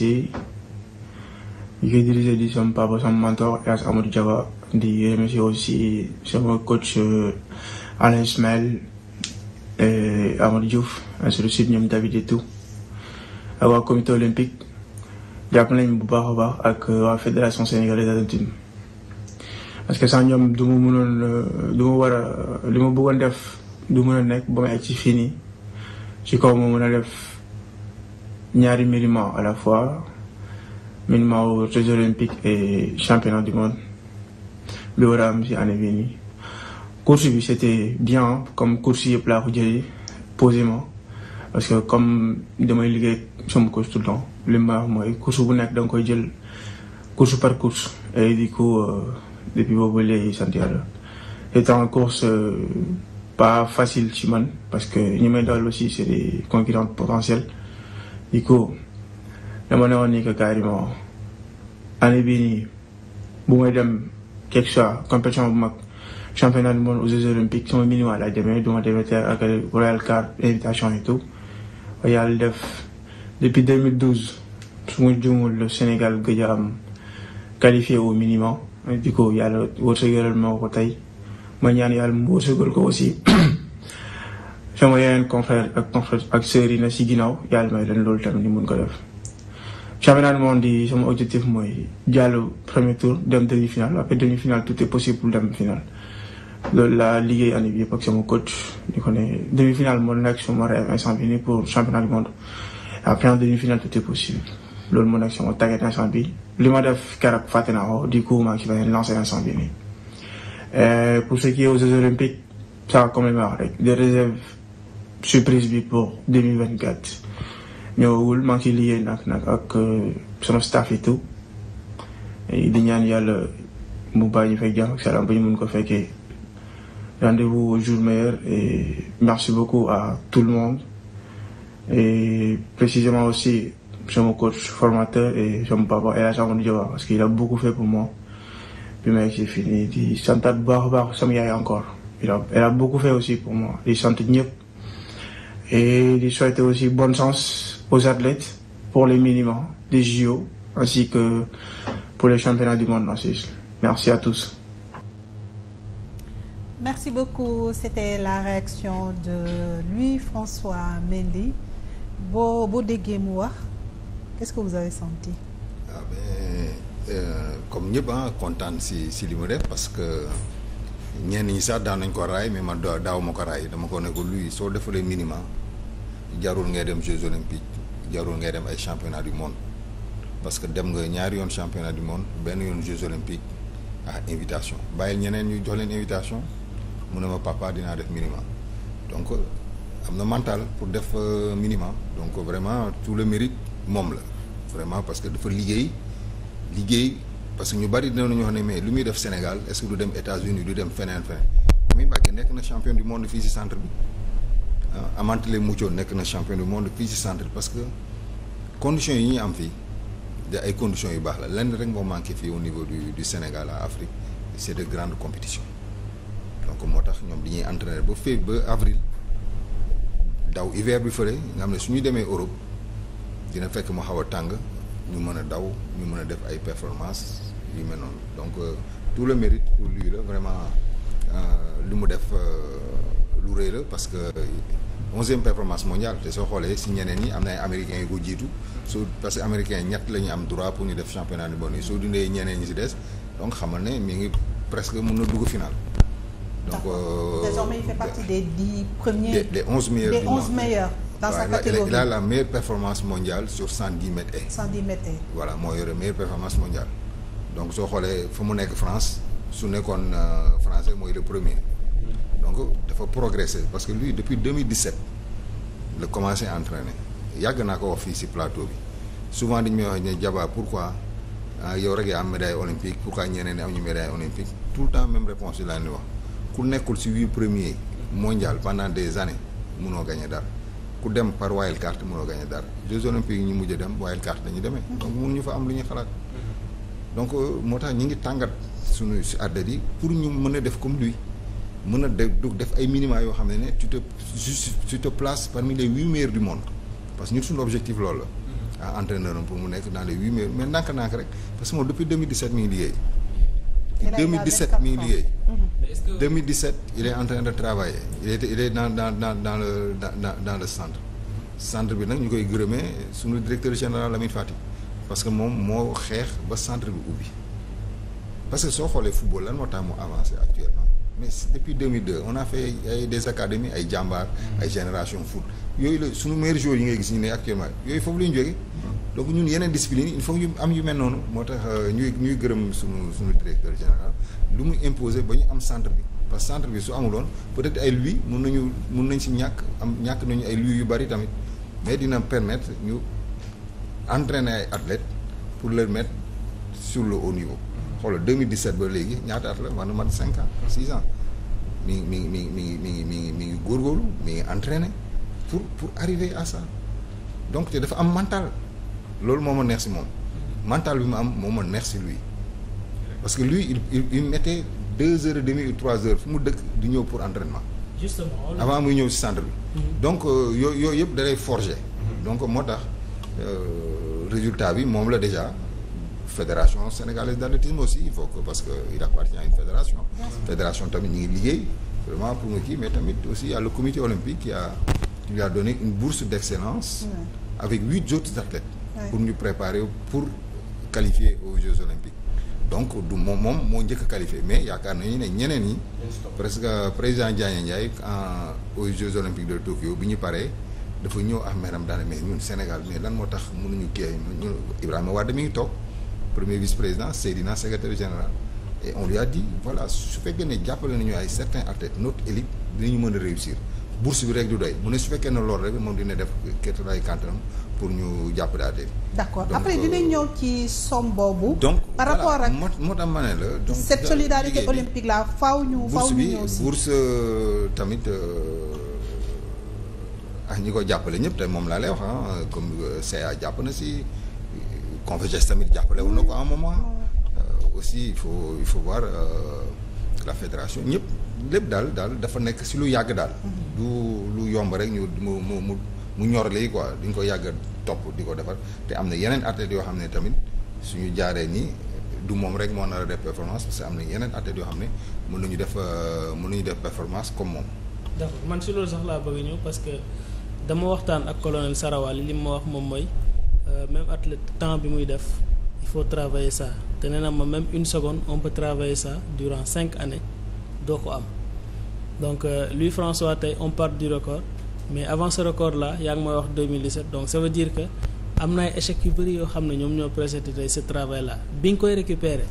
yi koy dirigé di sama papa sama mentor Amadou Diaba di remercier aussi sama coach. Euh, Alain Ismaël et Amadou Diouf ainsi de suite ñoom David Eto'o waa comité olympique jàpp nañ bu baax a baax ak euh, waa fédération sénégalaise d'athlétisme parce que sax ñoom du ma mënoon euh, war a li ma bëggoon def du mën a nekk ba ma egg ci fii nii ci kaw ma mën a def ñaari minima à la fois minima aux Jeux olympiques et championnat du monde bi war a am ci année bii course bi c'était bien comme course yëpp laa ko jëlee posément parce que comme damay liggéey sama course tout le temps li ma mooy course bu nekk da nga koy jël course par course et du coup euh, depuis boobu léegi sant yàlla c'est en course euh, pas facile ci man parce que ñi may daal aussi c'est des concurrents potentiels du coup dama ne woon ni bu may dem quelque soit compétition bu mag championnat du monde aux Jeux olympiques sama minimal laa demee du ma demee ak Royal Car invitation et tout yàlla def depuis 2012 su ma juumul le Sénégal gëj a am qualifié au minimum di ko yàlla wërsëgalal ma ko tey ma ñaan yàlla mu wërsëgal ko aussi sama yeneen confrère ak confrère ak sœurs yi na si ginnaaw yàlla may leen loolu tamit ni mun ko def. championnat du di sama objectif mooy jàll premier tour dem demi-finale après demi-finale tout est possible dem loolu la liggéey année bi yëpp ak sama coach di ko ne demi-finale moo nekk sama rêve instant bi nii pour championnat du monde après demi-finale tout est possible loolu moo nekk sama target instant bi li ma def keroog fàtte naa ko du coup maa ngi ci beneen lancé instant bi nii euh, pour ce qui est aux Jeux olympiques ça comme li wax rek des réserves surprise bi pour 2024 ñëwul maa ngi liggéey nag nag ak euh, sama staff yi tout di ñaan yàlla mu bàyyi ñu fay jàmm ak salaam ba ñu mun ko fekkee Rendez-vous au et merci beaucoup à tout le monde. Et précisément aussi, c'est mon coach formateur et c'est mon papa El Hadj Amadou Diawa parce qu'il a beaucoup fait pour moi. Bi ma fii nii bu baax a baax sama encore. Il a elle a beaucoup fait aussi pour moi. Di sant ñëpp. Et di souhaiter aussi bonne chance aux athlètes pour les minima des JO ainsi que pour les championnats du monde en Suisse. Merci à tous. Merci beaucoup. C'était la réaction de lui, François Mendy. Beau, beau moi qu'est-ce que vous avez senti ah ben, euh, Comme ñëpp ah kontaan si si li mu def parce que ñenn ñi sax daan nañ ko raay mais man daaw ma ko raay dama ko ne ko soo defalee minimum jarul ngay dem Jeux olympiques jarul ngay dem ay championnat du monde parce que dem nga ñaari yoon championnat du monde benn yoon Jeux olympiques ah invitation bàyyil ñeneen ñu jox leen invitation. mu ne ma papa dinaa def minima donc am na mental pour def euh, minima donc vraiment tout le mérite moom la vraiment parce que dafa liggéey liggéey parce que ñu bari dinañu wax ne mais lu muy def Sénégal est-ce que du dem États-Unis du dem feneen feneen muy Mbacké nekk na champion du monde fii si centre bi ah, Amantele Muccio nekk na champion du monde fii si centre parce que condition yi ñu am fii de ay conditions yu baax la lenn rek moo manqué fii au niveau du du Sénégal à Afrique c'est de grandes donc moo tax ñoom ñuy entraîner ba fév ba avril daw hiver bi fële nga xam ne su ñu demee Europe dina fekk mu xaw a tàng ñu mën a daw ñu mën a def ay performance yu mel noonu donc euh, tout le mérite pour lui la vraiment euh, li mu def euh, lu rëy la parce que onzième performance mondiale te soo xoolee si ñeneen ñi am na ay américains ko jiitu su parce que américains ñett la ñu am droit pour ñu def championnat du monde yi soo dindee ñeneen ñi si des donc xamal ne mi ngi presque mun na dugg final donc euh, désormais il fait partie des dix premiers. des des onze meilleurs des onze meilleurs. dans sa catégorie il a la meilleure performance mondiale sur cent dix mètres haies. cent dix mètres haies. voilà moo yore meilleure performance mondiale. donc soo xoolee fu mu nekk France su nekkoon euh, français mooy le premier donc dafa progresser parce que lui depuis 2017 la commencé à entraîner yàgg naa ko wax fii ci plateau bi souvent dañu may wax ne Diaba pourquoi ah, yow rek yaa am médaille olympique pourquoi ñeneen ñi amuñu médaille olympique tout le temps même réponse yi laa leen wax. ku nekkul ci huit premiers yi mondial pendant des années munoo gagné dara ku dem par wild card munoo gagné dara jeux olympiques ñu mujj dem wild card dañu demee donc mun ñu fa am lu ñuy xalaat donc euh, moo tax ñu ngi tàngat suñu si athlètes pour ñu mën a def comme lui mën a def def ay minima yoo xam ne ne tu te tu te places parmi les huit meilleurs du monde parce que ñun suñu objectif loolu la. Mm-hmm. ah am pour mu nekk dans huit meilleurs mais ndànk-ndànk rek parce que moom depuis 2017 mi ngi liggéey. mais est-ce que 2017 il est en train de travailler il est il est dans dans dans dans le dans centre. centre bi nag ñu koy gërëmee suñu directeur général Lamine Fati parce que moom moo xeex ba centre bi ubbi parce que soo xoolee football lan moo tax mu avancé actuellement mais depuis 2002 on a fait ay des académies ay jàmbaar mm. ay génération foot. yooyu la su meilleurs joueurs yi ngay gis ñu ne actuellement yooyu foofu la ñu jógee donc ñun yeneen discipline il faut ñu am yu mel noonu moo tax euh, ñuy ñuy gërëm suñu suñu directeur général lu mu imposer ba ñu am centre bi parce que centre bi su amuloon peut-être ay luy mun nañu mun nañ si ñàkk am ñàkk nañu ay luy yu bari tamit mais dina permettre ñu entraîner ay athlètes pour le mettre sur le haut niveau xoolal 2017 ba léegi ñaata at la war na mat cinq ans 6 ans mi ngi mi ngi mi ngi mi ngi mi ngi mi ngi góorgóorlu mi ngi pour pour arriver à ça donc te dafa am mental loolu moom ma neex si moom mental bi mu am moom ma neex si lui parce que lui il il mettait deux heures demi demie ou trois heures fu mu dëkk di ñëw pour entraînement. justement avant muy ñëw si centre bi. Mm-hmm. donc euh, yooyu yooyu yëpp da lay mm-hmm. donc moo tax euh, résultat bi moom la déjà fédération sénégalaise d'athlétisme aussi il faut que parce que il appartient à une fédération. fédération tamit ñu ngi liggéey vraiment pour nga kii mais tamit aussi y a le comité olympique a. on lui a donné une bourse d'excellence ouais. avec huit autres athlètes pour ñu préparer pour qualifier aux Jeux olympiques donc du moom moom moo njëkk a mais yaakaar nañu ne ñeneen ñi presque président Diagne Ndiaye en aux Jeux olympiques de Tokyo bi ñu paree dafa ñëw ak ah, meram daane mais ñun Sénégal mais lan moo tax mun kii ñu Ibrahima Wade mi ngi toog premier vice-président Seydina secrétaire général et on lui a voilà su fekkee ne jàppale nañu ay certains athlètes notre dinañu mën a réussir bourse bi rek du doy mu ne su fekkee ne loolu rek moom dina def kéemtalaay kàttanam pour ñu jàpp daal de. d' accord après dina euh, ñëw ci somme boobu. donc par rapport ak moo ma ne la. donc cette solidarité olympique là faaw faaw ñu ñëw si bourse bi euh, tamit euh, ah ñi ko jàppale ñëpp te moom laa lay wax ah comme CA jàpp na si Conféges tamit jàppale wu ko à un moment. Mm. aussi il faut il faut voir la fédération ñëpp. lépp daal daal dafa nekk si lu yàgg daal. Mm-hmm. du lu yomb rek ñu mu mu mu mu ñor lay quoi duñ ko yàgg topp di ko defar te am na yeneen athlètes yoo xam ne tamit suñu jaaree nii du moom rek moo nar a def performance parce que am na yeneen athlètes yoo xam ne mën ñu def euh, mën nañu def performance comme moom. d'accord man si loolu sax laa bëgg ñëw parce que dama waxtaan ak colonel Sarawali li ma wax moom mooy euh, même athlète temps bi muy def il faut travailler ça te ma même une seconde on peut travailler ça durant cinq années doo ko am. donc euh, lui François tey on part du record mais avant ce record là yaa ngi mooy wax 2017 donc ça veut dire que am na ay échec yu bëri yoo xam ne ñoom ñoo présenté tey ce travail là bi nga koy récupérer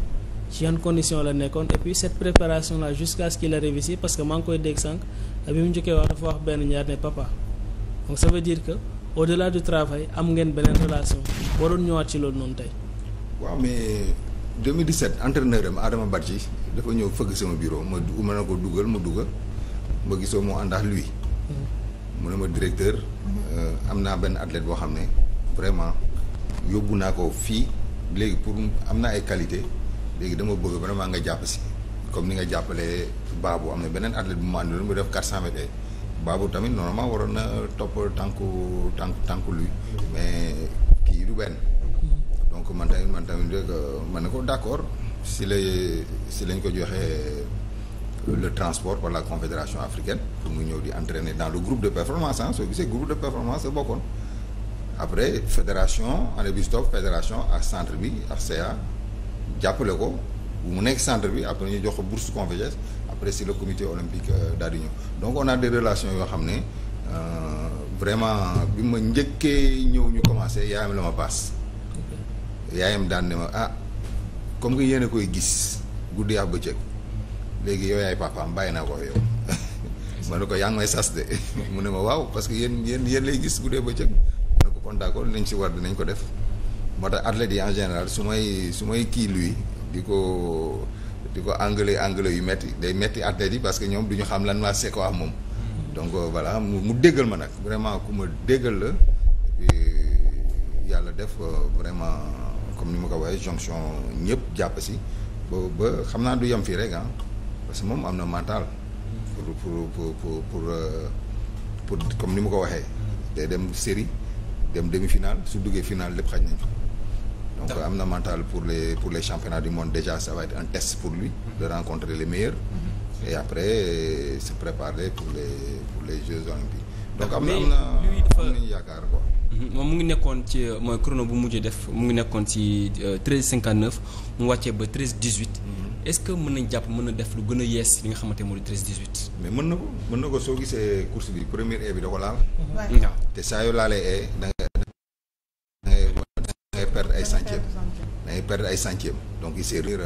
ci yan condition la nekkoon et puis cette préparation là jusqu'à ce qu'il arrive ici parce que maa koy dégg sànq bi mu njëkkee wax dafa wax benn ñaar ne papa donc ça veut dire que au delà du travail am ngeen beneen relation waroon ñëwaat ci loolu noonu tey. waaw mais 2017 entraîneur am Adama Badji dafa ñëw fëgg sama bureau ma mën ko dugal ma dugal. ba gisoo moo ànd ak lui mu ne ma directeur euh, am naa benn athlète boo xam ne vraiment yóbbu naa ko fii léegi pour am naa ay qualité léegi dama bëgg vraiment nga jàpp si comme ni nga jàppalee Babou am na beneen athlète bu mu lu mu def 400 mètres yi Babou tamit normalement waroon na topp tànku tànku tànku lui mais kii du benn donc man tamit man tamit rek euh, man ne ko d'accord si lay si lañ ko joxee le transport par la confédération africaine pour mu ñëw di entraîner dans le groupe de performance ah soo gisee groupe de performance la bokkoon après fédération Ane Bistop fédération ak centre bi ak jàppale ko mu nekk centre bi après ñu jox ko bourse Confédération après si le comité olympique euh, daal di ñëw donc on a des relations yoo xam ne euh, vraiment bi ma njëkkee ñëw ñu commencé yaayam la ma paas yaayam daan ne ma ah comme que yéen a koy gis guddi ak bëccëg léegi yow yaay papaam bàyyi naa ko yow. ma ne ko yaa ngi may sas de mu ne ma waaw parce que yéen yéen yéen lay gis guddee bëccëg. ma ne ko kon d'accord nañ ci war nañ ko def moo tax athlètes yi en général su may su may kii luy di ko di ko anglais anglais yu metti day metti athlètes yi parce que ñoom du ñu xam lan maa seeko wax moom. donc euh, voilà mu déggal ma nag vraiment ku ma déggal la yàlla def euh, vraiment comme ni ma ko waxee jonction ñëpp jàpp si ba ba xam naa du yem fii rek ah. parce moom am na mental. pour pour pour pour pour, euh, comme ni mu ko waxee. day dem série dem demi final su duggee finale lépp xaj nañ ko. donc am na mental pour le pour le championnats du monde déjà ça va être un test pour lui. de mm-hmm. rencontrer les meilleurs. Mm-hmm. et après se préparer pour les pour les Jeux olympiques. donc am na am na yaakaar quoi. Mm-hmm. moom mu ngi nekkoon ci mooy chrono bu mujj def mu ngi nekkoon ci 13 euh, 59 mu wàccee ba 13 18. est-ce que mun nañ jàpp mën na def lu gën a yees li nga xamante moo di 13 18. mais mën na ko mën ko soo gisee course bi première e bi da ko laal. te saa yoo laalee e da ngay ay centièmes. da ngay ay centièmes donc il s'est réer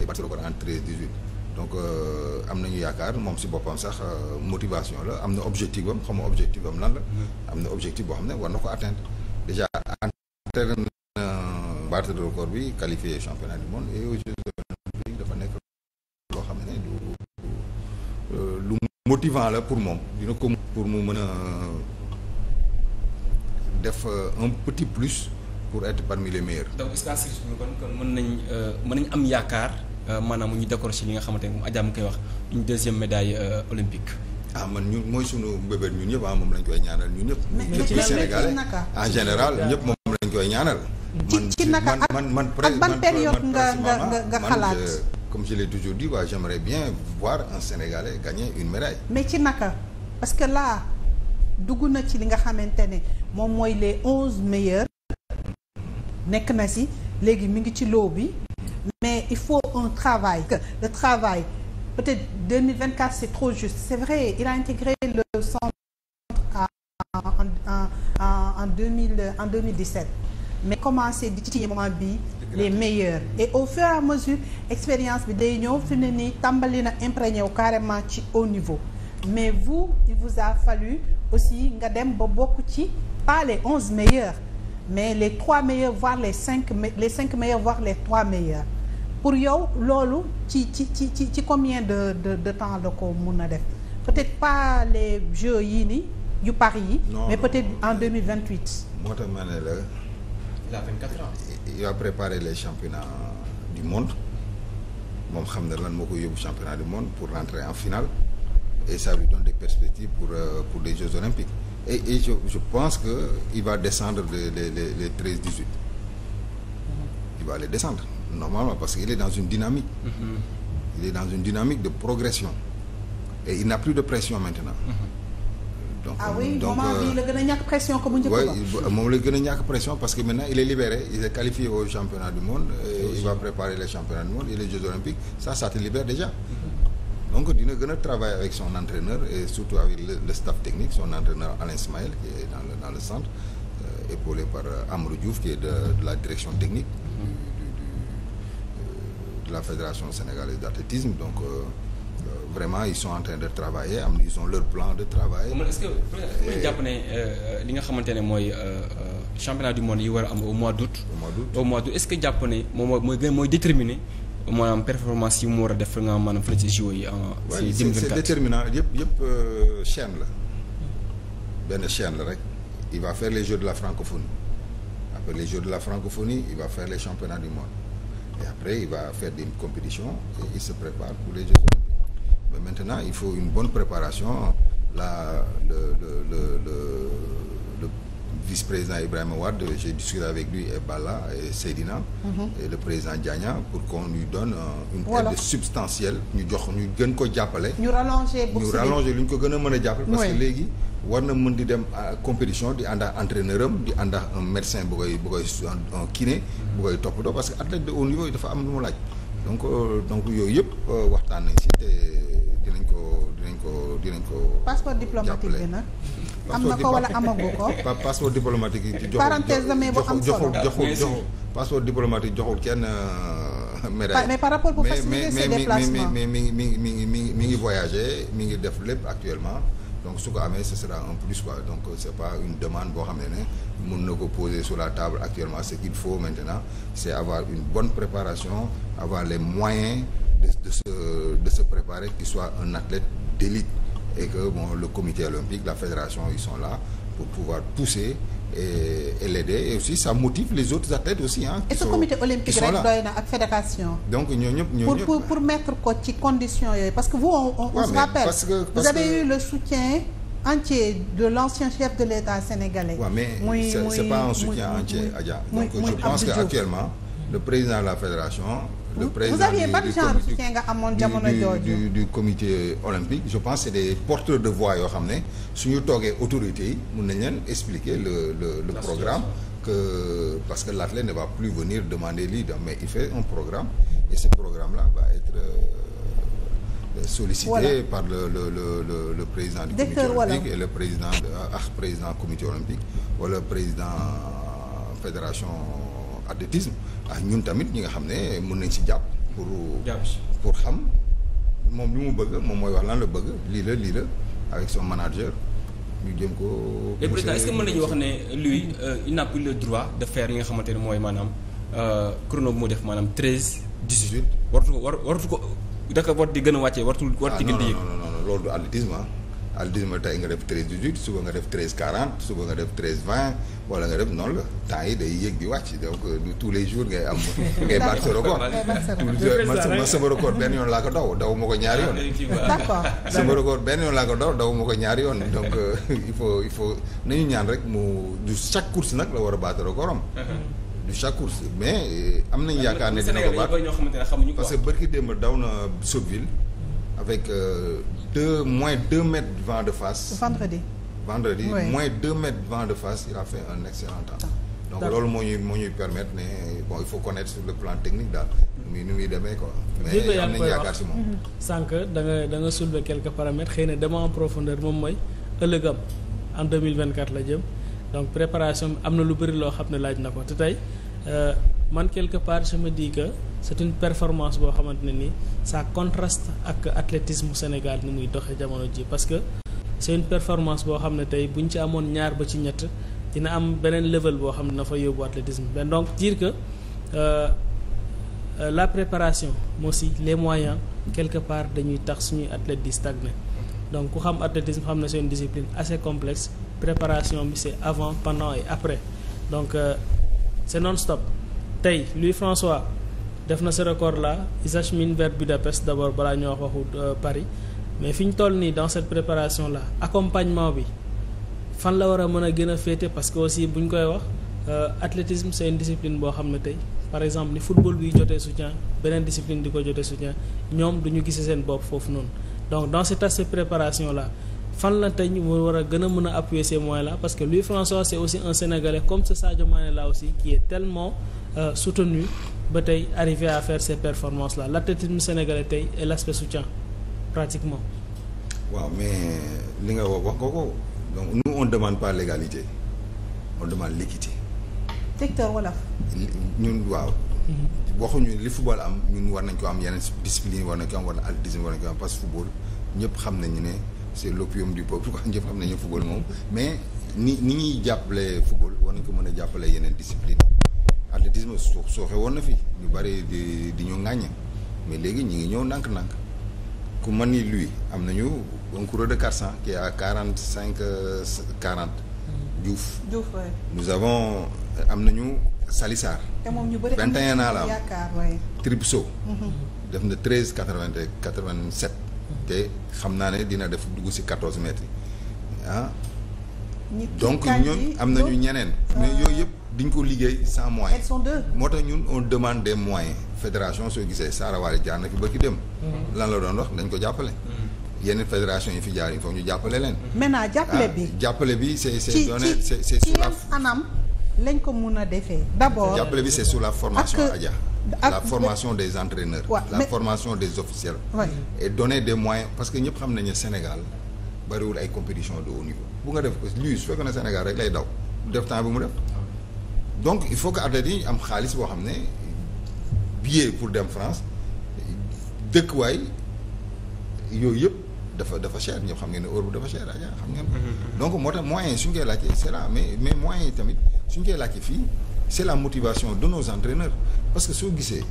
ay battu record en 13 18. donc euh, am na ñu yaakaar moom si boppam sax euh, motivation la am na objectif bam xam nga objectif bam lan la. Mm-hmm. am na objectif boo xam ne war na ko atteindre déjà atteindre bi qualifié championnat lu motivant la pour moom dina ko pour mu mën a def euh, un petit plus pour être parmi les meilleurs. donc mën nañ euh, mën nañ am yaakaar euh, maanaam mu ñu si li nga xamante ne moom Adja koy wax une deuxième médaille olympique. ah man ñun mooy sunu mbébét ñun ñëpp ah moom lañ koy ñaanal ñun ñëpp. mais ci Sénégalais en général ñëpp moom lañ koy ñaanal. ci naka ak ban période nga nga xalaat. comme je l'ai toujours dit quoi j'aimerais bien voir un Sénégalais gagner une médaille. mais ci naka parce que là dugg na ci li nga xamante ne moom mooy les onze meilleurs. nekk na si léegi mi ngi ci loo bi. mais il faut un travail. le travail peut-être 2024 c'est trop juste c'est vrai il a intégré le centre à en en en deux mille en 2017 mais commencé di ci moment bi les meilleurs et au fur à mesure expérience bi day ñëw fi ne nii tàmbali na imprégné wu carrément ci haut niveau mais vous il vous a fallu aussi nga dem ba bokk ci pas les onze meilleurs mais les trois meilleurs voire les cinq les cinq meilleurs voire les trois meilleurs pour yow loolu ci ci ci ci ci combien de de de temps la ko mun a def peut-être pas les jeux yii nii yu Paris yi. mais peut-être en deux mille vingt huit. moo tax ma ne il va préparer les championnats du monde moom xam na lan moo koy yóbbu championnat du monde pour rentrer en finale et ça lui donne des perspectives pour euh, pour les Jeux olympiques et je pense que il va descendre les les les les treize dix huit il va les descendre normalement parce que il dans une dynamique. Mm-hmm. il est dans une dynamique de progression et il n'a plus de pression maintenant. Mm-hmm. donc ah oui donc, moment bii la gën a ñàkk pression que bu parce que maintenant il est libéré il est qualifié au championnat du monde il va préparer les championnats du monde et les jeux olympiques ça ça te libère déjà donc dina gën a travailler avec son entraîneur et surtout avec le, staff technique son entraîneur Alain Smaël qui est dans le centre euh, épaulé par euh, Amrou Diouf qui est de, la direction technique du, du, du, euh, de la Fédération sénégalaise d'athlétisme donc euh, vraiment ils sont en train de travailler am ils ont leur plan de travail. man est-ce que man jàpp ne euh, li nga xamante ne mooy euh, euh, championnat du monde yi war a am au mois d'août. au mois d'août au mois d'août est-ce que jàpp ne moom mooy mooy gën mooy déterminer maanaam performance yi mu war a def nga maanaam fële ci JO yi en. si 2024 c'est déterminant yëpp yëpp chaîne la benn chaîne la rek il va faire les Jeux de la francophonie après les Jeux de la francophonie il va faire les championnats du monde et après il va faire des compétitions et il se prépare pour les Jeux. maintenant, il faut une bonne préparation. Là, le, le, le, le vice-président Ibrahim Ouad, j'ai discuté avec lui et Bala et Sedina mm -hmm. et le président Diagna pour ko lui donne euh, une voilà. aide substantielle. Nous devons nous rallonger. a rallonger. Nous devons parce que les war na mën di dem compétition di ànd ak entraîneur am di ànd ak un médecin bu koy bu koy un kiné bu koy toppatoo parce que athlète de haut niveau yi dafa am lu mu laaj donc euh, donc yooyu euh, ko dinañ ko. passeport diplomatique bi nag. am na ko wala amagu ko. passeport diplomatique yi joxul parenthèse damay bu am solo joxul joxul passeport diplomatique joxul kenn. Euh, médaille mais par rapport pour faciliter ses déplacements mais mais mais mi ngi mi ngi mi ngi voyager mi ngi def lépp actuellement. donc su ko amee ce sera un plus quoi donc euh, c' est pas une demande boo xam ne ne mun na ko poser sur la table actuellement ce qu'il faut maintenant c' est avoir une bonne préparation avoir les moyens de de se de se préparer qu'il soit un athlète d'élite et le comité olympique, la fédération, ils sont là pour pouvoir pousser et, l'aider et aussi ça motive les autres athlètes aussi hein et ce sont, comité ñoo ñëpp pour pour mettre ko ci condition yooyu parce que vous on, on, ouais, on se rappelle parce que, parce vous avez eu le soutien entier de l'ancien chef de l'État sénégalais mais oui, c'est oui, pas un soutien entier donc je pense qu'actuellement le président de la fédération le président vous aviez ban nga amoon jamono jooju du comité olympique je pense c'est des porteurs de voix yoo xam ne suñu toogee autorités yi mun nañ leen expliquer le le le programme que parce que l'athlète ne va plus venir demander lii mais il fait un programme et ce programme là va être euh, sollicité par le le le le président du comité olympique voilà. et le président de, ah, ah, wala président fédération athlétisme ah ñun tamit ñi nga xam ne mun nañ si jàpp pour pour xam moom li mu bëgg moom mooy wax lan la bëgg lii la lii la avec son manager ñu jëm ko et président est-ce mën nañu wax ne luy euh, il le droit de faire yi nga xamante ne mooy maanaam euh, chrono bu mu def maanaam treize dix-huit wartu ko war wartu ko daka war di gën a wàccee wartu war ah, di gën di yëg non non non loolu du athlétisme aldine tey nga def treize dix-huit suba nga def treize quarante suba nga def treize vingt wala nga def noonu la temps yi day yéeg di wàcc donc euh, du tous les jours ngay am ngay battre sa record man sama record yoon laa ko daw daw ma ko ñaari yoon d'accord sama record benn yoon laa ko daw daw ma ko ñaari yoon donc euh, il faut il faut nañu ñaan rek mu du chaque course nag la war a battre record am du chaque course mais euh, am nañu yaakaar ne dina ko baat parce que bërki démb daw na Sotteville avec deux moins deux mètres vent de face. vendredi. vendredi oui. moins deux mètres vent de face il a fait un excellent temps. Ah. donc loolu moo ñuy moo ñuy permettre ne bon il faut connaître sur le plan technique daal nu nu muy demee quoi. mais am nañu yaakaar si moom. Mhm. sànq da nga da nga xëy na dama en profondeur moom mooy ëllëgam en deux mille vingt quatre la jëm donc préparation am na lu bëri loo xam ne laaj na ko te tey. Euh, man quelque part je me dis que une performance boo xamante ne nii ça contraste ak athlétisme Sénégal ni muy doxee jamono ji parce que c'est performance boo xam ne tey bu ñu ci amoon ñaar ba ci ñett dina am beneen level boo xam ne na dafa yóbbu athlétisme mais donc tiir que euh, la préparation mais aussi les moyens quelque part dañuy tax suñuy athlètes di stagner donc ku xam athlétisme xam ne seen une discipline assez complexe préparation bi c'est avant pendant et après donc euh, c'est stop tey Louis François def na ce record là il s'achemine vers Budapest d'abord balaa ñoo wax waxu euh, Paris mais fi ñu toll nii dans cette préparation là accompagnement bi fan la war a mën a gën a féete parce que aussi bu ñu koy wax euh, athlétisme c'est une discipline boo xam ne tey par exemple ni football bi jotee soutien beneen discipline di ko jotee soutien ñoom du ñu gisee seen bopp foofu noonu donc dans cet préparation là fan la tey mu war a gën a mën a appuyer ces euh, soutenu ba tey arriver à faire ces performances là l'athlétisme sénégalais tey et l'aspect soutien pratiquement. waaw mais li nga wax wax nga ko donc nous on demande pas l'égalité on demande l'équité. secteur wolof. ñun waaw. Mhm. waxuñu li football am ñun war nañ ko am yeneen discipline war nañ ko am war na athlétisme war nañ ko am parce que football ñëpp xam nañu ne c'est l'opium du peuple quoi ñëpp xam nañu football moom mais ni ni ñuy jàppale football war nañ ko mën a jàppale yeneen discipline. athlétisme sooxe woon na fi ñu bëri di di ñu ŋàññ mais léegi ñu ngi ñëw nànk nànk ku man ni lui am nañu un coureur de quatre cent qui est à quarante cinq mm-hmm. quarante. Diouf nous avons am nañu Salissar. te moom ñu na ñu am yaakaar waay 21 ans la am Tripso. Mm-hmm. def na treize quatre vingt et quatre vingt sept. Mm-hmm. te xam naa ne dina def dugg si quatorze mètres yi ah. donc ñun am nañu ñeneen. mais yooyu yëpp. diñ ko liggéey sans moyen. elles moo tax ñun on demande des moyens fédération soo gisee Saara Waly jaar na fi ba ki dem. Mm-hmm. lan la doon wax dañ ko jàppale. Mm-hmm. yenn fédération yi fi jaar il faut ñu jàppale leen. maintenant jàppale ah, bi jàppale bi c'est la ko mun a defee. d'abord jàppale bi la formation Adja. la formation des entraîneurs. Ouais, la mais... formation des officiels. Ouais. donner des moyens parce que ñëpp xam nañu Sénégal bariwul ay compétition de au niveau. bu nga def ko luy su fekk na Sénégal rek lay daw def temps bi mu def. donc il faut que athlètes yi am xaalis boo xam ne billet pour dem France dëkkuwaay yooyu yëpp dafa dafa cher ñëpp xam ngeen ne heure bu dafa cher aja xam ngeen mm-hmm. donc moo tax moyens yi suñ koy laajte c'est là yi tamit suñ koy laajte fii c'est la motivation de nos entraîneurs parce que soo gisee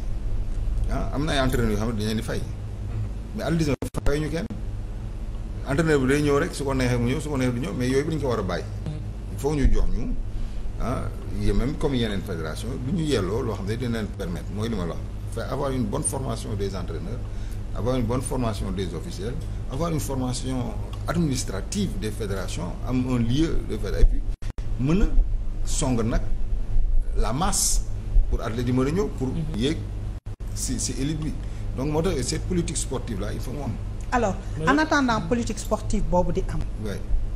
ah am na ay yoo xam ne dañ leen ni fay mm-hmm. mais Aliou Diouf fay ñu kenn entraîneur bi day ñëw rek su ko neexee mu ñëw su ko neexee du ñëw mais yooyu bi dañ ko war a bàyyi mm-hmm. il faut ñu jox ñu ah y même comme yeneen fédération du ñu yelloo loo xam ne dina leen permettre mooy li ma la wax avoir une bonne formation des entraîneurs avoir une bonne formation des officiels avoir une formation administrative des fédération am un lieu de fédération et puis mën a song nag la masse pour athlètes yi mën a ñëw pour mhm. yéeg si si élite bi donc moo tax cette politique sportive là il faut mu am alors en attendant politique sportive boobu di am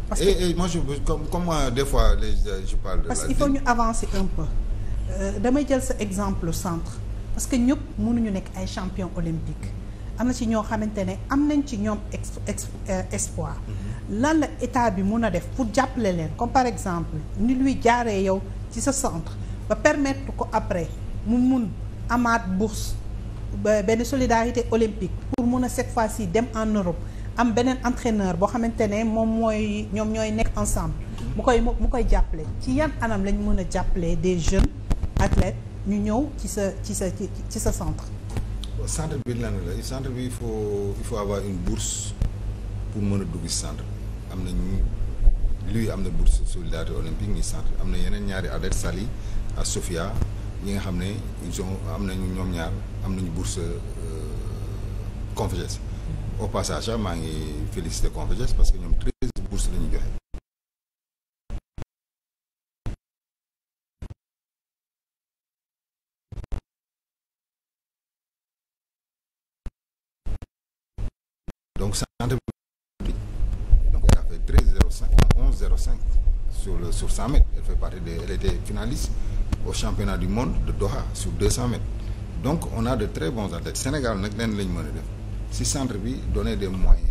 parce que et moi je comme comme fois les, parce qu'il ñu avancer un peu euh, damay jël sa exemple centre parce que ñëpp mënuñu nekk ay champion olympique am na ci ñoo xamante ne am nañ ci ñoom euh, espoir mhm. lan la état bi mun a def pour jàppale leen comme par exemple ni luy jaaree yow ci sa centre ba permettre ko après mu mun amaat bourse benn solidarité olympique pour mun a cette fois-ci dem en Europe am beneen entraîneur boo xamante ne moom mooy ñoom ñooy nekk ensemble mu koy mu koy jàppale ci yan anam lañ mën a jàppale des jeunes athlètes ñu ñëw ci sa ci sa ci sa centre centre bi lan la bi il faut il avoir une bourse pour mën a dugg ci centre bi am na ñu luy am na bourse solidarité olympique ñi centre am na yeneen ñaari athlètes Sali Sofia ñi nga xam ne ils am nañu ñoom ñaar am nañu bourse euh, conférence au passage maa ngi félicité Convergence parce que ñoom treize bourses la ñu joxe. donc centre bi donc cinq onze cinq sur le sur cent mètres elle fait partie des elle était finaliste au championnat du monde de Doha sur deux cent mètres donc on a de très bons athlètes Sénégal nag leen lañ mën a def. si centre bi donner des moyens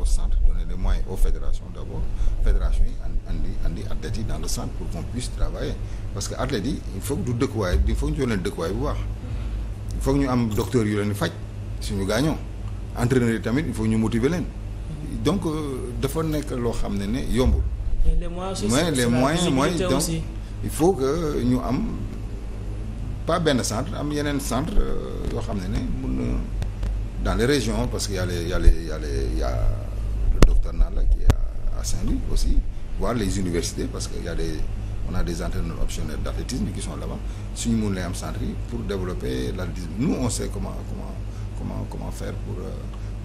au centre donner des moyens aux fédérations d'abord fédération yi andi andi at yi dans le centre pour qu'on puisse travailler parce que athlètes yi il faut du dëkkuwaay di faut que ñu jox leen ñu am docteur yu leen di faj suñu gaañoo entraîneur yi tamit il faut ñu motiver leen donc euh, dafa nekk loo xam ne ne yombul mais de moyens mooy donc il faut que ñu am pas benn centre am yeneen centre euh, yoo xam ne ne mun na dans les régions, parce qu'il y a les, il y a les, a les, aussi, voir les universités, parce que ya a des, on a des entraîneurs optionnels d'athlétisme qui sont là-bas. Si nous les pour développer l'athlétisme, nous on sait comment, comment, comment, comment faire pour. Euh,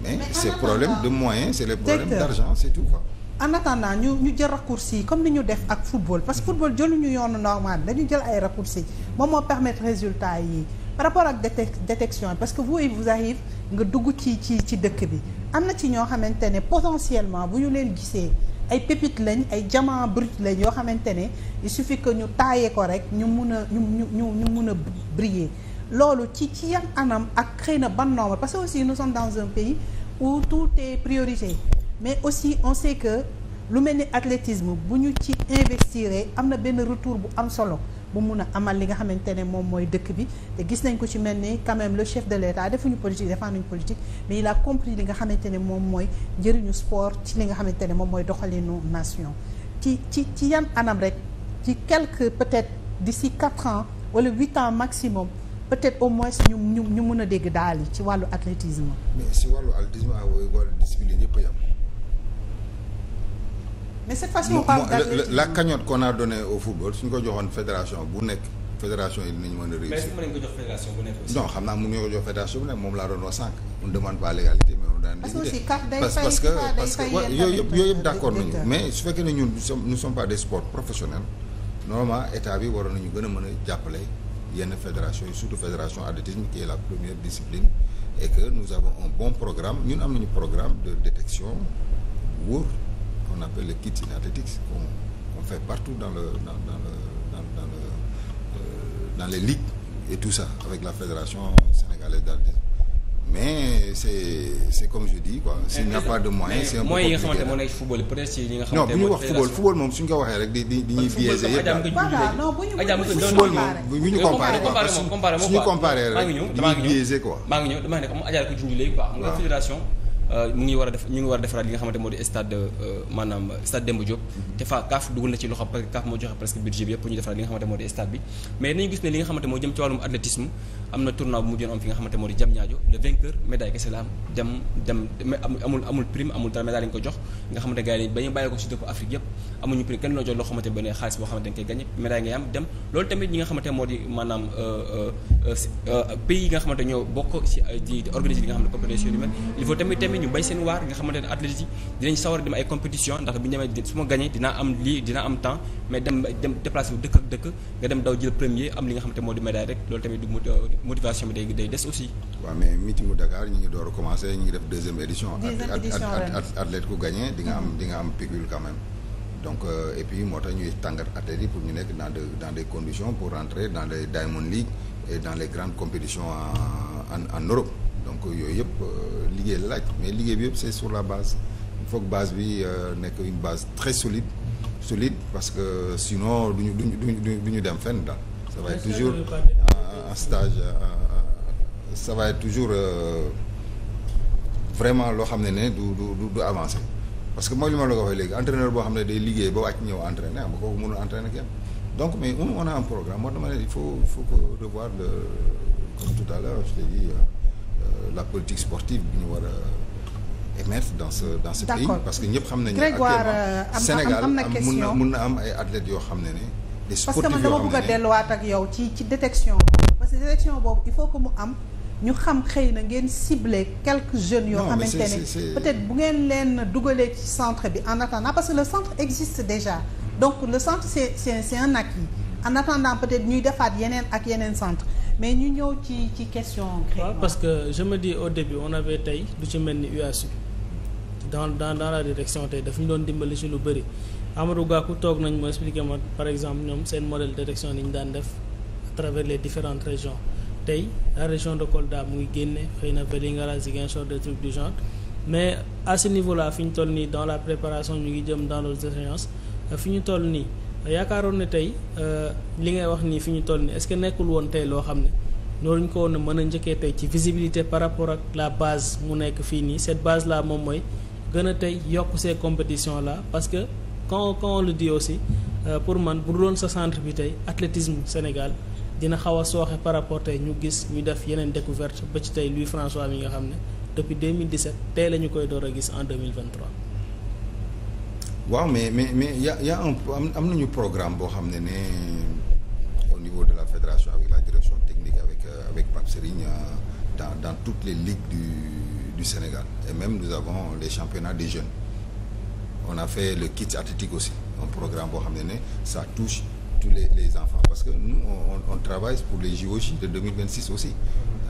mais, mais c'est problème de moyens, c'est les problèmes d'argent, c'est tout quoi. en attendant ñu ñu jël raccourci comme ni ñu def ak football parce que football jëluñu yoonu normal dañu jël ay raccourci moom moo permettre résultat yi. par rapport ak détec détection parce que vous il vous arrive nga dugg ci ci ci dëkk bi am na ci ñoo xamante ne potentiellement bu ñu leen gisee ay pépites lañ ay diamant brut lañ yoo xamante ne su suffit que ñu taaye ko rek ñu mun a ñu ñu ñu mun a briller loolu ci ci yan anam ak xëy na ban nombre parce que aussi nous sommes dans un pays où tout est priorisé mais aussi on sait que lu mel ni athlétisme bu ñu ci investir am na benn retour bu am solo bu mun a amal li nga xamante ne moom mooy dëkk bi te gis nañ ko ci mel ni quand le chef de l'État defuñu politique defanuñu politique mais la a compris li nga xamante ne moom mooy njëriñu sport ci li nga xamante ne moom mooy doxalinu nation ci ci ci yan anam rek ci quelque peut-être di d'ici quatre ans wala huit ans maximum peut-être au moins ñu ñu ñu mun a dégg daal yi ci wàllu athlétisme mais si wàllu athlétisme ah wala discipline yëpp a yam mais cette fois-ci la cagnotte qu'on a au football suñ ko joxoon fédération bu nekk fédération yi dinañu mën a réussir. mais est-ce que mën nañu ko jox fédération bu nekk aussi. non xam naa mënuñoo ko jox fédération bu moom laa doon wax sànq. on demande l'égalité mais on demande. l'égalité parce que parce que parce que yooyu yëpp d'accord nañu mais su fekkee ne ñun nous sommes nous sommes pas des sports professionnels normalement état bi waroon nañu gën a mën a jàppale yenn fédération yi surtout fédération athlétisme qui est la première discipline et que nous avons un ñun am nañu programme de détection wóor. qu'on appelle le kit in athletics, qu'on qu fait partout dans, le, dans, dans, le, dans, dans le, euh, dans les ligues et tout ça, avec la Fédération sénégalaise d'athlétisme. mais c' est c' est comme je dis quoi. s'il n'y a pas de moyen c' est un peu compliqué moyens yi nga xamante moo nekk football peut être yi nga xamante non bu ñu wax football football moom suñu ko waxee rek di di di ñuy biaisé yëpp daal voilà non bu ñu football moom bu ñu comparé quoi parce que suñu comparé rek dañuy biaisé quoi. maa ngi ñëw damaa ne comme Adja ko junj léegi quoi. waaw xam nga fédération. ñu euh, ngi war a def ñu ngi war a defaraat li nga xamante moo di stade euh, maanaam stade Demba Diop mhm. te fa kaaf dugal na ci loxo parce que kaaf moo joxe presque budget bi yëpp ñu defaraat li nga xamante moo di stade bi mais nañu gis ne li nga xamante moo di Diamniadio le vainqueur médaille kese ko si dëkku Afrique yëpp amuñu prime kenn loo jox loo xamante benn xaalis boo xamante dañ koy gagné ngay am dem loolu tamit ñi nga xamante moo di maanaam euh, pays nga xamante ñu bay seen waar nga xamante ne athlètes yi dinañ sawar dem ay compétition ndax bu ñu demee su ma am lii dinaa am temps mais dem dem bu dëkk nga dem daw jël premier am li nga xamante moo di médaille rek loolu tamit du motivation bi day day des aussi waaw mais meetingu Dakar ñu ngi door a commencé ñu ngi def deuxième édition athlète ku gagné di nga am mm-hmm. di nga am pécule quand donc euh, et puis moo tax ñuy tàngat athlètes pour ñu nekk dans de dans des conditions pour rentrer dans les Diamond League et dans les grandes compétitions en donc yooyu yëpp euh, liggéey la laaj mais liggéey bi yëpp c'est sur la base il faut base bi euh, nekk une base très solide solide parce que sinon duñu duñu du ñu dem fen daal ça va être toujours un stage ça va être toujours euh, vraiment loo xam ne du du du avancer parce que mooy li ma la boo xam ne day liggéey ba wàcc ñëw entraîner ba kenn donc mais un programme moo dama ne il faut il faut comme tout à l'heure je la politique sportive bi ñu war a émerger dans ce dans ce pays parce que ñëpp xam nañu actuellement euh, Sénégal mun na mun na am ay athlètes yoo xam ne ne des sportifs parce que man dama ak yow ci ci détection parce que détection boobu il faut que mu am ñu xam xëy na ngeen cibler quelques jeunes yoo xamante peut-être bu ngeen leen dugalee ci bi en attendant parce que le centre existe déjà donc le centre c'est c'est un acquis en attendant peut-être ñuy defaat yeneen ak yeneen centre mais ñu ñëw ci ci question. waaw parce que je me dis on avait tey du ci mel ni UASU dans dans dans la direction tey daf ñu doon dimbali si lu bëri Amadou Gakou toog nañ ma expliqué ma par exemple ñoom seen modèle de direction ni ñu daan def à travers les différentes régions tey la région de Kolda mu ngi génne xëy na Vélingara Ziguinchor des trucs du genre mais à ce niveau là fi ñu toll nii dans la préparation ñu ngi jëm dans les échéances fi ñu toll nii. yaakaaroon ne tey euh, li ngay wax nii fi ñu toll nii est-ce que nekkul woon tey loo xam ne loolu ñu ko woon mën a njëkkee tey ci visibilité par rapport ak la base mu nekk fii nii set base la moom mooy gën a tey yokk ces compétitions la parce que quand quand on le aussi euh, pour man bu doon sa centre bi tey athlétisme Sénégal dina xaw a sooxe par rapport tey ñu gis ñu def yeneen découverte ba ci tey Louis François mi nga xam ne depuis 2017 tey la ñu koy door a gis en 2023. waaw mais mais mais y' a y' am nañu programme boo xam ne ne euh, au niveau de la fédération avec la direction technique avec euh, avec Pape Serigne euh, dans dans toutes les ligues du du Sénégal et même nous avons les championnats des jeunes on a fait le kit athlétique aussi un programme boo xam ne ne ça touche tous les les enfants parce que nous on on travaille pour les JOJ de 2026 aussi.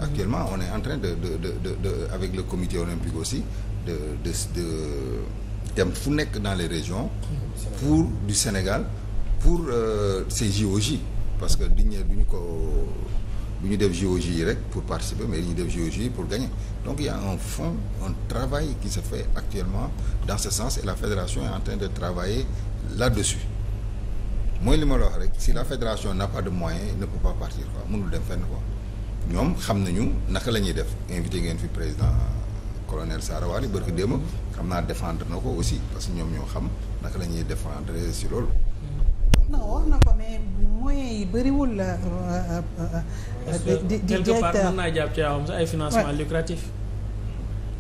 actuellement on est en train de de de de, de avec le comité olympique aussi de de de. dem fu nekk dans les régions pour du Sénégal pour euh, ces JOJ parce que duñ ne duñ ko du ñu def JOJ yi rek pour participer mais du ñu def JOJ yi pour gagner donc il y un fond un travail qui se fait actuellement dans ce sens et la fédération est en train de travailler là-dessus mooy li ma la wax rek si la fédération n'a pas de moyens ne peut pas partir quoi mënul dem fenn ko ñoom xam nañu naka la ñuy def invité ngeen fi président colonel Sara Waly bërki démb xam naa défendre na ko aussi parce que ñoom ñoo xam naka la ñuy défendre si loolu. non wax na ko mais moyens yi bëriwul la. Euh, euh, euh, di di quelque part mën naa jàpp ci am sax ay financement lucratif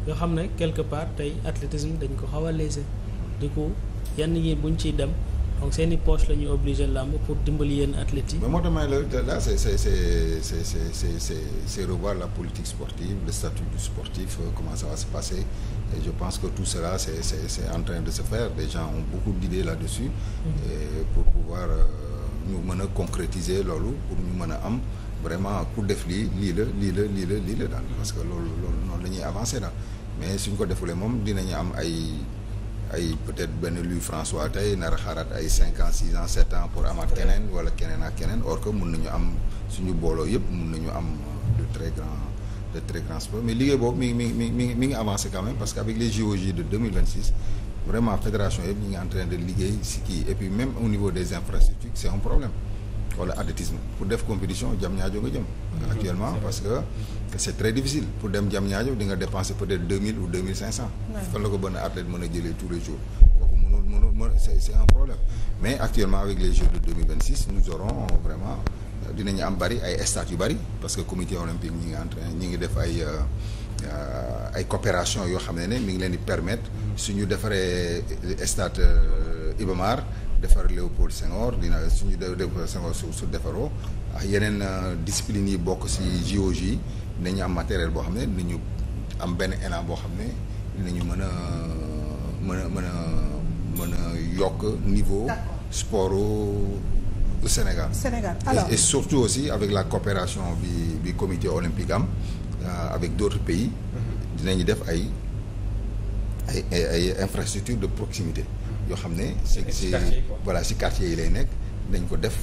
yoo xam ne quelque part tey athlétisme dañ ko xaw a léser du coup yenn yi buñ ciy dem. donc seen i poche la ñuy obligé làmb pour dimbali yenn athlètes yi. mais moo tax may la là c' est c' est c' revoir la politique sportive le statut sportif euh, comment ça se passer et je pense que tout cela c' est c' est c' est en train de se faire les gens ont beaucoup d' idées là-dessus. Mm-hmm. et pour pouvoir ñu euh, mën a concrétiser loolu pour ñu mën a am vraiment pour def lii lii la lii la lii la lii la daal. parce que loolu loolu noonu la ñuy avancé daal mais suñ ko defulee moom dinañu am ay. ay peut-être benn Louis François tey nar a xaaraat ay cinq ans six ans sept ans pour amaat keneen wala keneen ak keneen or que mun nañu am suñu booloo yëpp mun nañu am de très grand de très grand sport mais liggéey boobu mi ngi mi ngi mi ngi parce que avec les JOJ de vraiment fédération yëpp ñu ngi en de liggéey si kii et puis même au niveau des infrastructures c'est un problème wala athlétisme pour def compétition jam ñaajo nga jëm actuellement parce que c'est très difficile pour dem jam ñaajo di nga dépenser peut-être deux mille ou deux mille cinq fan la ko benn athlète mën a jëlee tous les jours mënul mënul c'est un problème mais actuellement avec les Jeux de nous aurons vraiment dinañu am bari ay stades yu bari parce que comité olympique ñi ngi en train ngi def ay euh, euh, ay coopération yoo xam ne ne mi ngi leen di mm-hmm. su ñu defaree state euh, Iba defar Léopold Senghor dina suñu defar Senghor su su defaroo ak yeneen euh, discipline yi bokk si JOJ dinañu am matériel boo xam ne dinañu am benn élan boo xam ne dinañu mën a mën a mën a mën a yokk niveau sport Sénégal. Sénégal surtout aussi avec la coopération bi bi comité olympique am euh, avec d'autres pays. Mhm. dinañu def ay ay ay infrastructures de proximité. yoo xam ne si c'est voilà si quartier yi lay nekk dañ ko def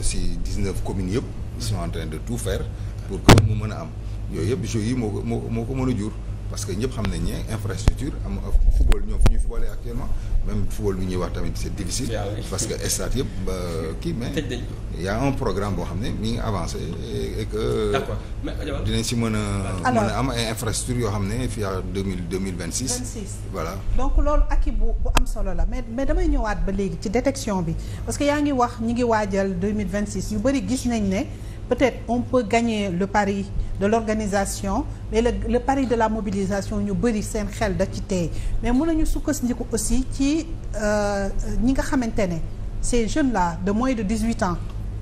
si euh, dix-neuf communes yëpp ils sont en de tout faire pour que mu mën a am yooyu yëpp jeux yi moo ko moo ko mën a jur parce que ñëpp xam nañ ne infrastructure am football ñoom fu ñuy footballé actuellement même football bi ñuy wax tamit c'est difficile parce que stade yëpp ba kii mais il y programme boo xam ne mi ngi avancé et que dinañ si mën a mën a am infrastructure yoo xam ne fii à deux mille deux mille vingt six voilà donc loolu ak bu bu am solo la mais mais damay ñëwaat ba léegi ci détection bi parce que yaa ngi wax ñi ngi waajal deux mille vingt six yu bëri gis nañ ne peut-être on peut gagner le pari de l'organisation mais le, le pari de la mobilisation ñu bëri seen xel da ci tey mais mun mën nañu sukkandiku aussi ci euh, ñi nga xamante ne ces jeune là de moins de dix-huit ans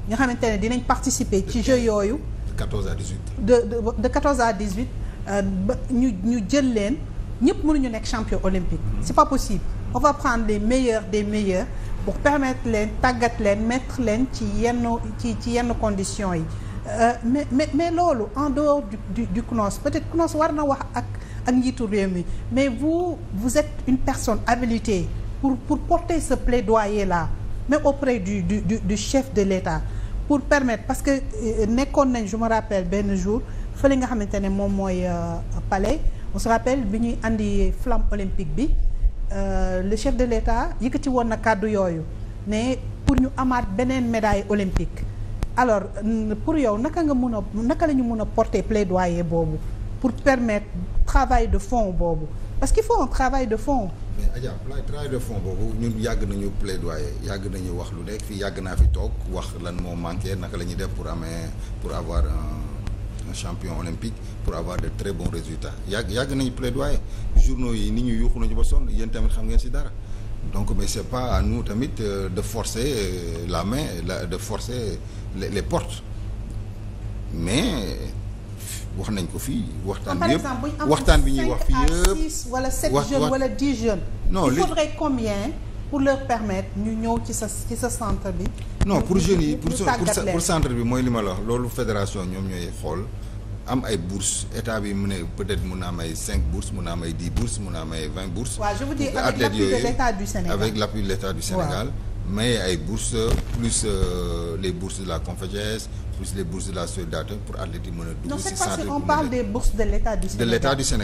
ñi nga xamante ne dinañ participer ci jeux yooyu. de quatorze de de de quatorze à euh, ba ñu ñu jël leen ñëpp mënuñu nekk champion olympique. c'est pas possible on va prendre les meilleurs des meilleurs. pour permettre leen tàggat leen mettre leen ci yenn ci ci yenn conditions yi euh, mais mais mais loolu en de du du, du CNOS peut-être CNOS war na wax ak ak njiitu réew mi mais vous vous êtes une personne abilité pour pour porter ce plaidoyer là même auprès du du du, du chef de l'État pour permettre parce que euh, nekkoon nañ je me benn jour fële nga xamante ne moom mooy euh, palais on se rappelle bi ñuy indi flamme olympique bi. Euh, le chef de l'État yëkkati woon na kàddu yooyu ne pour ñu amaat beneen médaille olympique alors pour yow naka nga mun a naka la ñu mun a porter plaidoyer boobu pour permettre travail de fond boobu parce que faut un travail de fond. mais Adja travail de fond boobu ñun yàgg nañu plaidoyer yàgg nañu wax lu nekk fii yàgg naa fi toog wax lan moo manqué naka la ñuy def pour amee pour avoir un. champion olympique pour avoir de très bons résultats yàgg yàgg nañu plaidoyer journaux yi ni ñu yuuxu nañu ba sonn yéen tamit xam ngeen ci dara donc mais c'est pas à nous tamit euh, de forcer euh, la main de forcer les, les portes mais wax nañ ko fii waxtaan bi yëpp waxtaan bi ñuy wax fi yëpp wala sept jeunes wala dix jeunes non il faudrait combien pour leur permettre ñu ñëw ci sa ci sa centre bi. non pour jeunes pour centre bi mooy li ma la wax loolu fédération ñoom ñooy xool am ay bourses état bi mu ne peut-être mun na may cinq bourses mun na may dix bourses mun na am ay vingt bourses. waaw je vous dis avec l'appui de du Sénégal mais ay bourses plus euh, les bourses de la Confédération plus les bourses de la solidarité pour athlètes yi mën a dugg si centre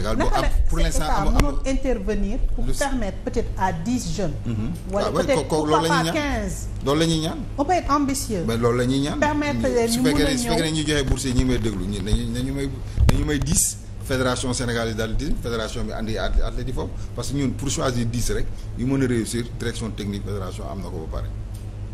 ah, pour l'instant am ah, ah, mënoon intervenir pour permettre peut-être à dix jeunes mhm. wala peut-être pourquoi pas quinze loolu la ñuy ñaan on peut être ambitieux mais loolu la ñuy ñaan permettre leen ñu mën a may déglu ñu may dix fédération sénégalaise d'athlétisme fédération bi andi athlètes yi foofu parce que ñun pour choisir dix rek yu mën a réussir direction technique fédération am na ko ba pare.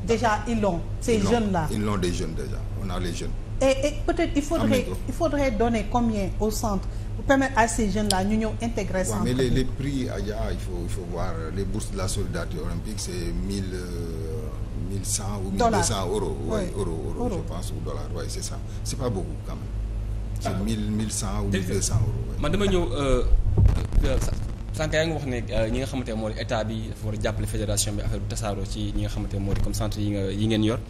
déjà ils l'ont ces ils là ils l'ont des jeunes déjà on a les jeunes. et et peut-être il faudrait il faudrait donner combien au centre permettre à ces jeunes là ñu ñëw intégrer. centre mais les les prix Adja il faut il voir les bourses de la solidarité olympique c'est mille. mille cent ou mille deux cent euro euro je pense ou dollar à mille cent ou mille deux cent euros. man dama ñëw euh, euh, sànq yaa ngi wax ne euh, ñi nga xamante ne moo di état bi dafa war jàppale fédération bi affaire bi tasaaroo ci ñi nga xamante ne moo di comme centre yi nga yi ngeen yor.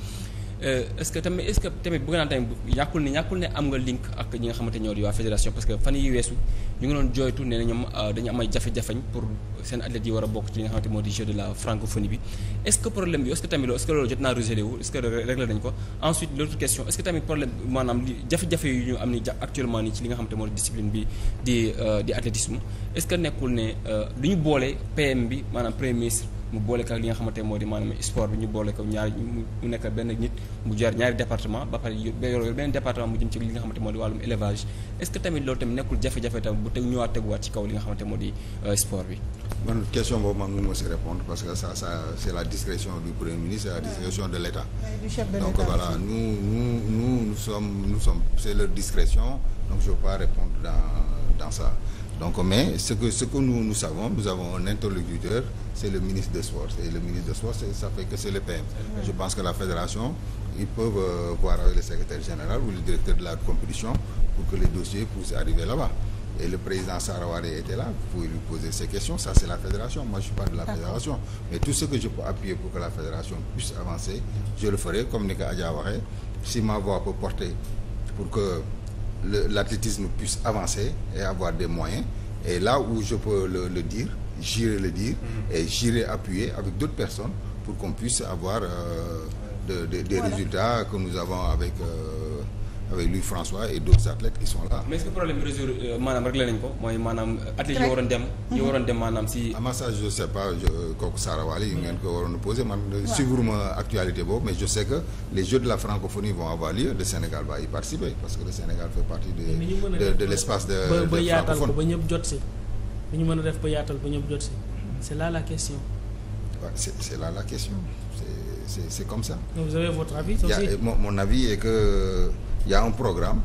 Euh, est ce tamit est tamit bëgg naa tamit ñàkkul ne ñàkkul ne am nga link ak ñi nga xamante ñoo di waa fédération parce que fan ne na ñoom euh, dañu am a bokk ci li nga xamante moo di nañu ko l' autre question jafe-jafe yu ñu am ni actuellement nii ci li nga xamante moo di discipline bi di euh, di athlétisme nekkul ne du ñu boole PM bi maanaam premier ministre mu boole ko ak li nga xamante moo di maanaam sport bi ñu boole ko ñaar mu nekk benn nit mu jaar ñaari département ba pare yor benn département mu jëm ci li nga xamante moo di wàllum élevage est tamit loolu tamit nekkul jafe-jafe tamit bu teg ñëwaat teguwaat ci kaw li nga xamante moo di euh, sport bi man question boobu man mënu ma répondre parce que c'est la discrétion du premier ministre c'est la discrétion de l'État donc voilà nous nous nous nous sommes nous donc mais ce que ce que nous nous savons nous avons un interlocuteur c'est le ministre des Sports et le ministre des Sports ça fait que c'est le PM mmh. je pense que la fédération ils peuvent euh, voir avec le secrétaire général ou le directeur de la compétition pour que les dossiers puissent arriver là-bas et le président Saraware était là pour lui poser ces questions ça c'est la fédération moi je suis pas de la fédération mais tout ce que je peux appuyer pour que la fédération puisse avancer je le ferai comme ni ko Adja waxee si ma voix peut porter pour que l'athlétisme puisse avancer et avoir des moyens. Et là où je peux le, le dire, j'irai le dire mm-hmm. et j'irai appuyer avec d'autres personnes pour qu'on puisse avoir euh, de, de, des voilà. résultats que nous avons avec... Euh, avec Louis François et d'autres athlètes ils sont là. Euh, maanaam réglé nañ ko mooy maanaam. Euh, athlètes yi waroon dem. yi mhm. waroon dem maanaam si. am je sais pas kooku Sara Wali ngeen ko waroon posé man. Euh, suivre ma actualité boobu mais je sais que les Jeux de la francophonie vont avoir lieu Sénégal va y participer parce que le Sénégal fait partie de. l'espace de de ba yaatal jot si. c'est là la question. c'est là la question c'est comme ça. donc votre avis y un programme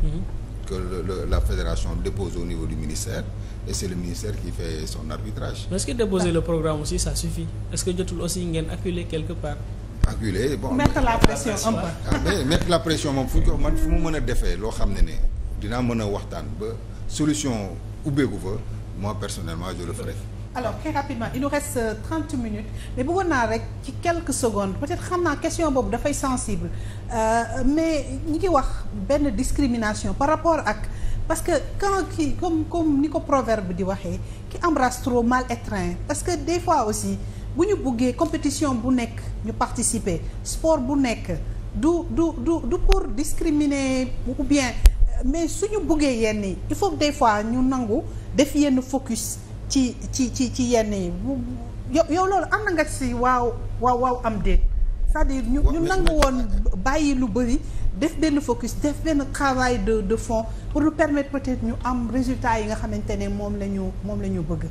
que le, le, la fédération dépose au niveau du ministère et c'est le ministère qui fait son arbitrage. Mais est que déposer ah. le programme aussi ça suffit est-ce que jotul aussi ngeen acculer quelque part. acculer bon mettre la pression un peu. Ah, mais mettre la pression moom fu ñu man fu mu mën a defee loo xam ne ne dinaa mën a waxtaan ba solution ubbeeku fa moi personnellement je le ferai. alors très rapidement il nous reste euh, trente minutes mais bëggoon naa rek ci quelques secondes peut-être xam naa question boobu dafay sensible euh, mais ñi ngi wax benn discrimination par rapport ak parce que quand ki comme comme ni ko proverbe di waxee qui am rastro mal étreint parce que des fois aussi bu ñu buggee compétition bu nekk ñu participer sport bu nekk du du du du pour discriminer ou bien mais suñu buggee yenn yi il faut que des fois ñu nangu def yenn focus ci ci ci ci yenn yi bu yow loolu am na nga si waaw waaw waaw am déet c'est-à-dire ñu ñu nangu woon bàyyi lu bëri def benn focus def benn travail de de fond pour nous permettre peut-être ñu am résultat yi nga xamante ne moom la ñu moom la ñu bëgg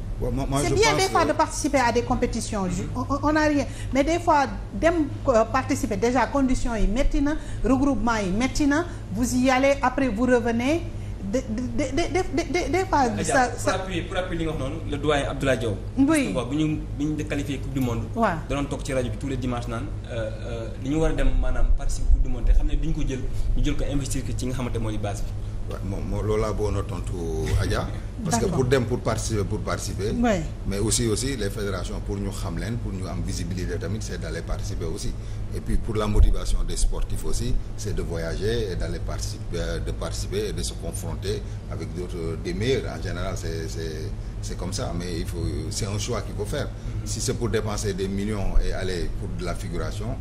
c'est bien des fois de participer à des compétitions mm-hmm. on a rien mais des fois dem euh, participer déjà conditions yi metti na regroupement yi metti na vous y après vous revenez de de de des fois. sa sa pour appuyer pour appuyer li nga wax noonu le doyen Abdoulaye Diaw. oui parce que bu ñu bu ñu qualifié coupe du monde. waaw danoon toog ci rajo bi tous les dimanches naan euh, euh, li ñu war a dem maanaam participer coupe du monde te xam ne bi ñu ko jël ñu jël ko investir ci nga xamante mooy base bi. waaw moom moo loolu laa bëggoon a tontu Adja. parce que pour dem pour participer pour participer. Oui. mais aussi aussi les fédérations pour ñu xam leen pour ñu en visibilité tamit c' est d' aller participer aussi et pour la motivation des sportifs aussi c' est de voyager et d' aller participer euh, de participer et de se confronter avec d' autres euh, des meilleurs en général c' est c' comme ça mais il faut c' est un choix qu'il faut faire. Mm-hmm. si c' pour dépenser des millions et aller pour de la figuration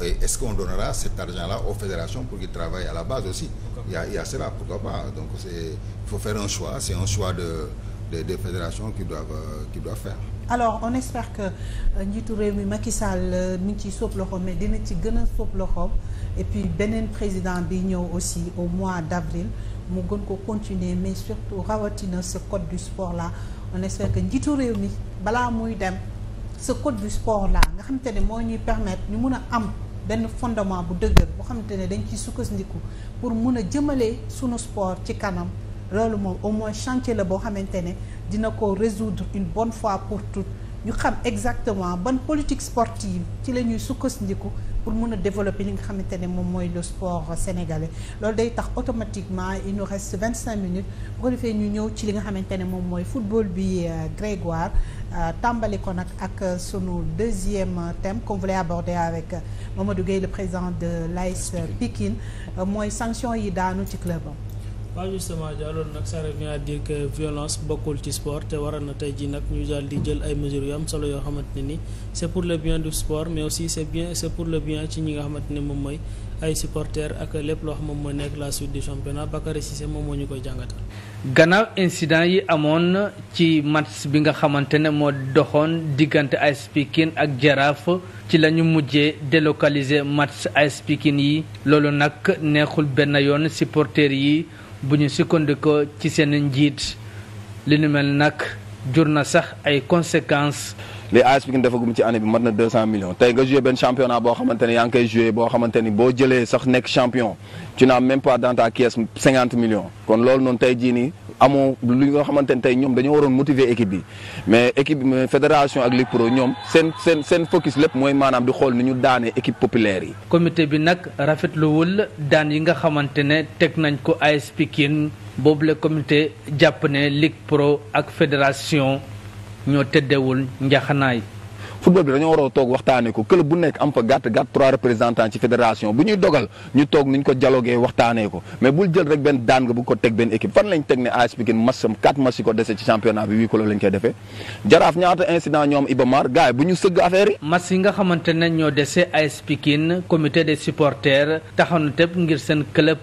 est-ce qu'on donnera cet argent-là aux pour qu'ils travaillent à la base il y a, il y a cela, pourquoi Donc il faut faire un choix, c'est un choix de, des de fédérations qui doivent, euh, qui alors on espère que euh, njiitu réew mi Macky Sall euh, mi ngi ciy sóob mais dina ci gën a sóob et puis beneen président bi ñëw aussi au mois d' avril mu gën ko continuer mais surtout rawatina ce code du sport là on espère que njiitu réew mi balaa muy dem ce code du sport là nga xam te ne moo ñuy permettre ñu mun a am. benn fondement bu dëgër boo xamante ne dañ ciy sukkandiku pour mun a jëmale sunu sport ci kanam loolu moom au moins chantier la boo xamante ne dina ko résoudre une bonne fois pour toutes ñu xam exactement ban politique sportive ci la ñuy sukkandiku pour mun a développer li nga xamante ne moom mooy le sport sénégalais loolu day tax automatiquement il nous vingt cinq minutes bu ko defee ñu ñëw ci li nga xamante ne moom mooy football bi euh, Grégoire Euh, tàmbali ko nag ak euh, sunu deuxième thème qu'on voulait aborder avec euh, Mamadou Gueye le président de l'AS Pikine mooy sanction yi daanu ci club am waaw justement loolu nag ça revient à dire que violence bokkul ci sport te waral na tey jii nag ñu daal di jël ay mesures yu am solo yoo xamante ne ni c'est pour le bien du sport mais aussi c'est bien c'est pour le bien ci ñi nga xamante ne moom mooy ay supporters ak lépp loo xam moom mooy nekk la suite du championnat Bakary Cissé moom moo ñu koy jàngatal. gannaaw incident yi amoon ci match bi nga xamante ne moo doxoon diggante AS Pikine ak Jaraaf ci la ñu mujjee délocaliser match AS Pikine yi loolu nag neexul benn yoon supporters yi bu ñu sukkandikoo ci seen njiit li nu mel nag jur na sax ay conséquences. li AS Pikine defagum ci année bi mat na 200 millions tey nga joué benn championnat boo xamante ne yaa ngi koy joué boo xamante ni boo jëlee sax nekk champion tu n'as même pas dans ta caisse millions kon loolu noonu tey jii nii amoo lu nga xamante ne tey ñoom dañoo waroon motiver équipe bi mais équipe bi fédération ak Ligue Pro ñoom seen seen seen focus lépp mooy maanaam di xool ni ñu daanee équipe populaire yi. comité bi nag rafetluwul daan yi nga xamante ne teg nañ ko AS Pikine boobu la comité jàpp ne Ligue Pro ak fédération. ñoo tëddewul njaxanaay. football bi dañoo waroo a toog waxtaanee ko club bu nekk am fa gàtt gàtt trois représentants ci fédération bu ñuy dogal ñu toog nuñ ko jalogee waxtaanee ko mais bul jël rek benn daan nga bu ko teg benn équipe fan lañ teg ne AS Pikine masam quatre matchs yi ko dese ci championnat bi huis clos lañ koy defee jaraaf ñaata incident ñoom Ibamar gars yi bu ñu sëgg affaire yi. match yi nga xamante ne ñoo dese AS Pikine comité des supporters taxaw na tëb ngir seen club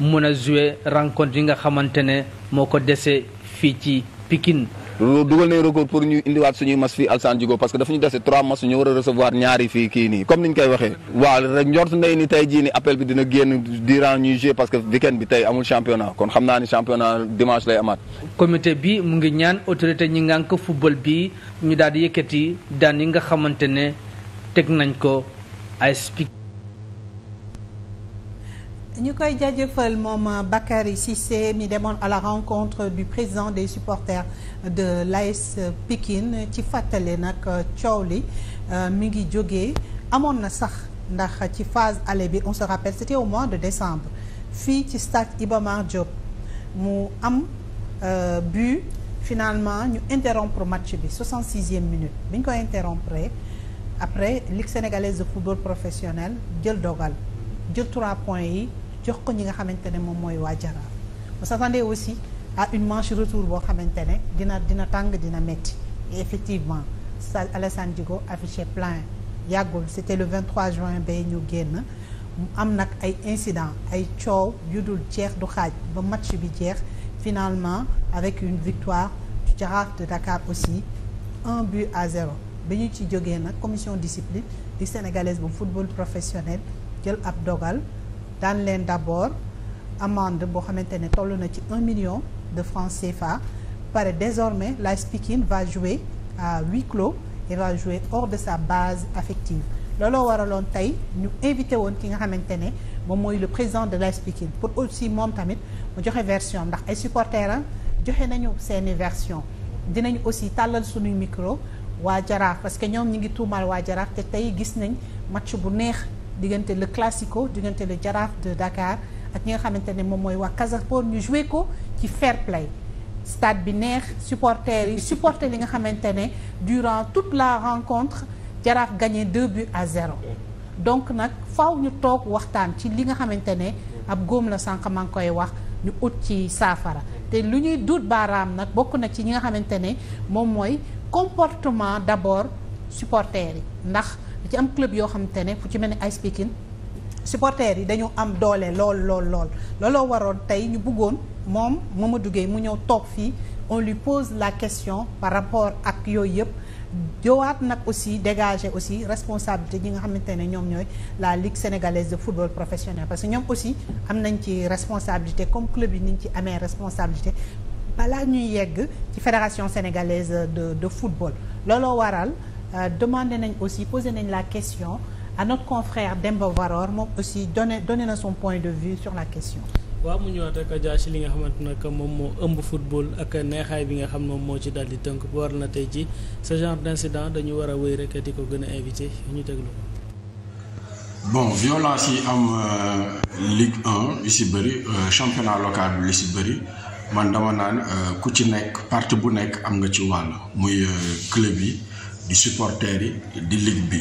mun a jouer rencontre yi nga xamante ne moo ko dese fii ci Pikine. dugal nañ record pour ñu indiwaat suñuy match fii Alassane Djigo parce que dafa ñu dese trois match ñu war a recevoir ñaari fii kii nii comme niñ koy waxee waaw njort nañ ni tey jii ni appel bi dina génn durant ñuy jouer parce que weekend bi tey amul championnat kon xam naa ni championnat dimanche lay amaat comité bi mu ngi ñaan autorité ñi ngànk football bi ñu daal di yëkkati daan yi nga xamante ne teg nañ ko ay ñu koy jaajëfal moom Bakary Cissé mi demoon à la rencontre du président des supporters de l'AS Pikine ci fàttale nag coow li euh, mi ngi jóge amoon na sax ndax ci phase aller bi on se rappelle c'était au mois de décembre fii ci stade Iba Mar Diop mu am euh, bu finalement ñu interrompre match bi 66e minute bi ñu ko interrompre après Ligue sénégalaise de football professionnel jël dogal jël trois points yi jox ko ñi nga xamante ne moom mooy waa Jaraaf vous attendez aussi à une manche retour boo xamante ne dina dina tàng dina métti et effectivement sa Alassane Djigo affiché plein yàggul c'était le 23 juin bay ñu génn mu am nag ay incident ay coow yu dul jeex du xaaj ba match bi jeex finalement avec une victoire du Jaraaf de Dakar aussi un but à zéro bi ñu ci jógee nag commission discipline di sénégalaise bu football professionnel jël ab dogal daan leen d'abord amende boo xamante ne toll na ci un million de francs CFA pare désormais Lice Pikine va jouer à huis clos hors de sa base affective looloo waraloon tey ñu invité woon ki nga xamante ne moom mooy le président de Lice Pikine pour aussi moom tamit mu joxe version ndax ay supporters joxe nañu seeni version dinañ aussi tàllal suñuy micro waa Jaraaf parce que ñoom ñu ngi tuumal waa Jaraaf te tey gis nañ match bu neex diggante le classico diggante le jaraaf de Dakar ak ñi nga xamante ne moom mooy wax Casa Sport ñu joué ko ci fair play stade bi neex supporters yi supporter li nga xamante ne durant tout la rencontre jaraaf gagné deux buts à zéro donc nag faw ñu toog waxtaan ci li nga xamante ne ab góom la sànq maa ngi koy wax ñu ut ci saafara te lu ñuy duut baaraam nag bokk na ci ñi nga xamante ne moom mooy comportement d'abord supporters yi ndax da ci am club yoo xamante ne fu ci mel ni Ice Pikin supporters yi dañu am doole lool lool lool looloo waroon tey ñu bëggoon moom Mamadou duggee mu ñëw toog fii on lui pose la question par rapport ak yooyu yëpp jowaat nag aussi dégager aussi responsabilité ji nga xamante ne ñoom ñooy la ligue sénégalaise de football professionnel parce que ñoom aussi am nañ ci responsabilité comme club yi niñ ci amee responsabilité balaa ñuy yegg ci fédération sénégalaise de de football Euh, demande nañ aussi posé nañ la question à notre confrère Demba Varor moom aussi donné donné na son point de vue sur la question. waaw mu ñëwaat rek Adja ci li nga xamante ne que moom moo ëmb football ak neexaay bi nga xam moom moo ci daal di tënk bu war na tey ji ce genre d'incident dañu war a wéy rek di ko gën a invité ñu déglu ko. bon violence yi am euh, Ligue 1 li si bëri euh, championnat local bi li si bëri man dama naan ku ci nekk partie bu nekk am nga ci wàll muy club yi. di supporters yi di ligue bi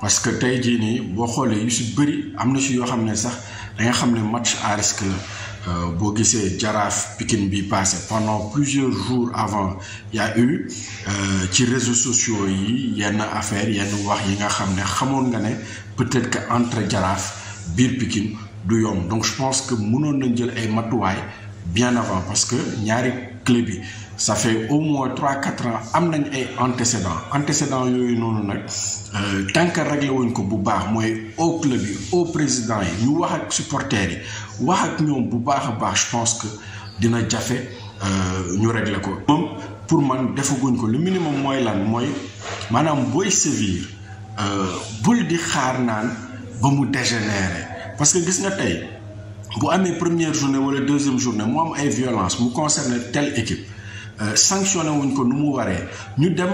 parce que tey jii nii boo xoolee yu si bëri am na si yoo xam ne sax da nga xam ne match à risque la euh, boo gisee jaraaf Pikine bi passé pendant plusieurs jours avant y a eu euh, ci réseau sociaux yi yenn affaire yenn wax yi nga xam ne xamoon nga ne peut-être que entre jaraaf biir pikin du yomb donc je pense que mënoon nañ jël ay matuwaay bien avant parce que ñaari club yi ça fait au moins trois quatre ans am nañ ay antécédents antécédents yooyu noonu nag euh, tant que réglé wuñ ko bu baax mooy au club yi au président yi ñu wax ak supporters yi wax ak ñoom bu baax a baax je pense que dina jafe euh, ñu réglé ko. moom pour man defaguñ ko le minimum mooy lan mooy maanaam booy sévir euh, bul di xaar naan ba mu dégénérer parce que gis nga tey bu amee première journée wala deuxième journée mu am ay violence mu concerner telle équipe. Euh, sanctionné wuñ ko nu mu waree ñu dem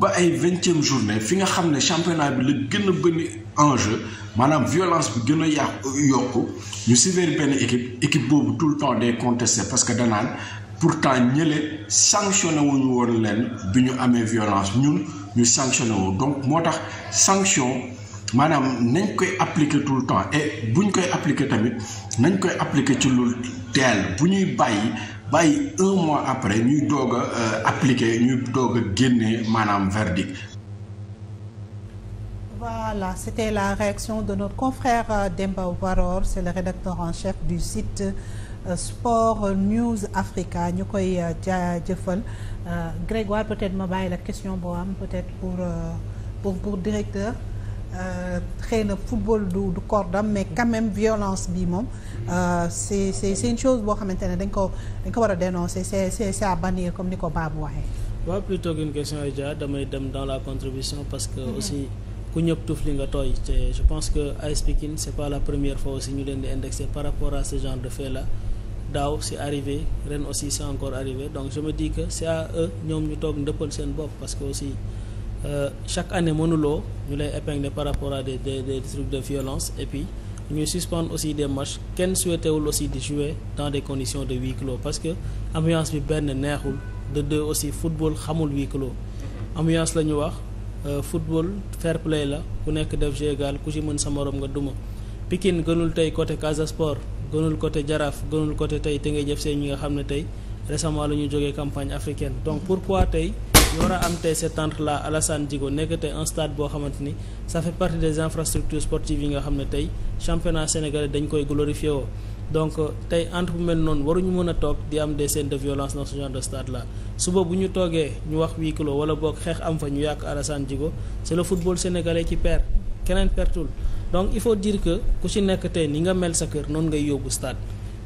ba ay vingtième journée fi nga xam ne championnat bi la gën a bëri enjeu maanaam violence bi gën a yàq yokku ñu sévère benn équipe équipe boobu tout le temps day contesté parce que danaan pourtant ñële sanctionné wuñu woon leen bi ñu amee violence ñun ñu sanctionné wu donc moo tax sanction maanaam nañ koy appliquer tout le temps et buñ koy appliquer tamit nañ koy appliquer ci lu teel bu ñuy bàyyi bàyyi un mois après ñuy doog a euh, ñuy doog a génne maanaam verdict c'était la réaction de notre confrère euh, Demba Waror, c'est le rédacteur en chef du site euh, Sport News Africa. ñu koy jaajëfal Grégoire peut-être ma bàyyi la question boo am peut-être pour pour pour directeur. Euh, xëy na football du du corps d'homme mais quand même violence bi moom euh, c'est c'est c'est une chose boo xamante ne dañ ko dañ ko war a dénoncer c'est c'est c'est à comme ni ko Babou waxee waaw plutôt qu'une question Adja damay dem dans la contribution parce que mm-hmm. aussi ku ñëpp tuuf li nga tooy te je pense que AS Pikine c'est pas la première fois aussi ñu leen di indexer par rapport à ce de fait la daaw c'est arrivé ren aussi c'est encore arrivé donc je me dis que c'est ñu toog ndëppal seen bopp parce que aussi Euh, chaque année mënuloo ñu lay épingler par rapport à des des des trucs de violence et puis ñuy suspendre aussi des matchs kenn souhaitewul aussi di jouer dans des conditions de huis clos parce que ambiance bi benn neexul de deux aussi football xamul huis kilo ambiance la ñu wax euh, football fair play la ku nekk def jeu ku ci mën sa morom nga duma Pikine gënul tey côté Casa Sport gënul côté Jaraaf gënul côté tey te nga jëf seen ñi nga xam ne tey récemment la ñu jógee campagne africaine donc pourquoi tey yi war a am tey cette entente là Alassane Djigo nekk tey un stade boo xamante ni ça fait partie des infrastructures sportives yi nga xam ne tey championnat sénégalais dañ koy glorifié woo donc euh, tey entre bu mel noonu waruñu mën a toog di am des scènes de violence dans ce genre de stade là suba bu ñu toogee ñu wax huis kilo wala boog xeex am fa ñu yàq Alassane Djigo c'est la football sénégalais ci perd keneen pertul donc il faut dire que ku ci nekk tey ni nga mel sa kër noonu ngay yóbbu stade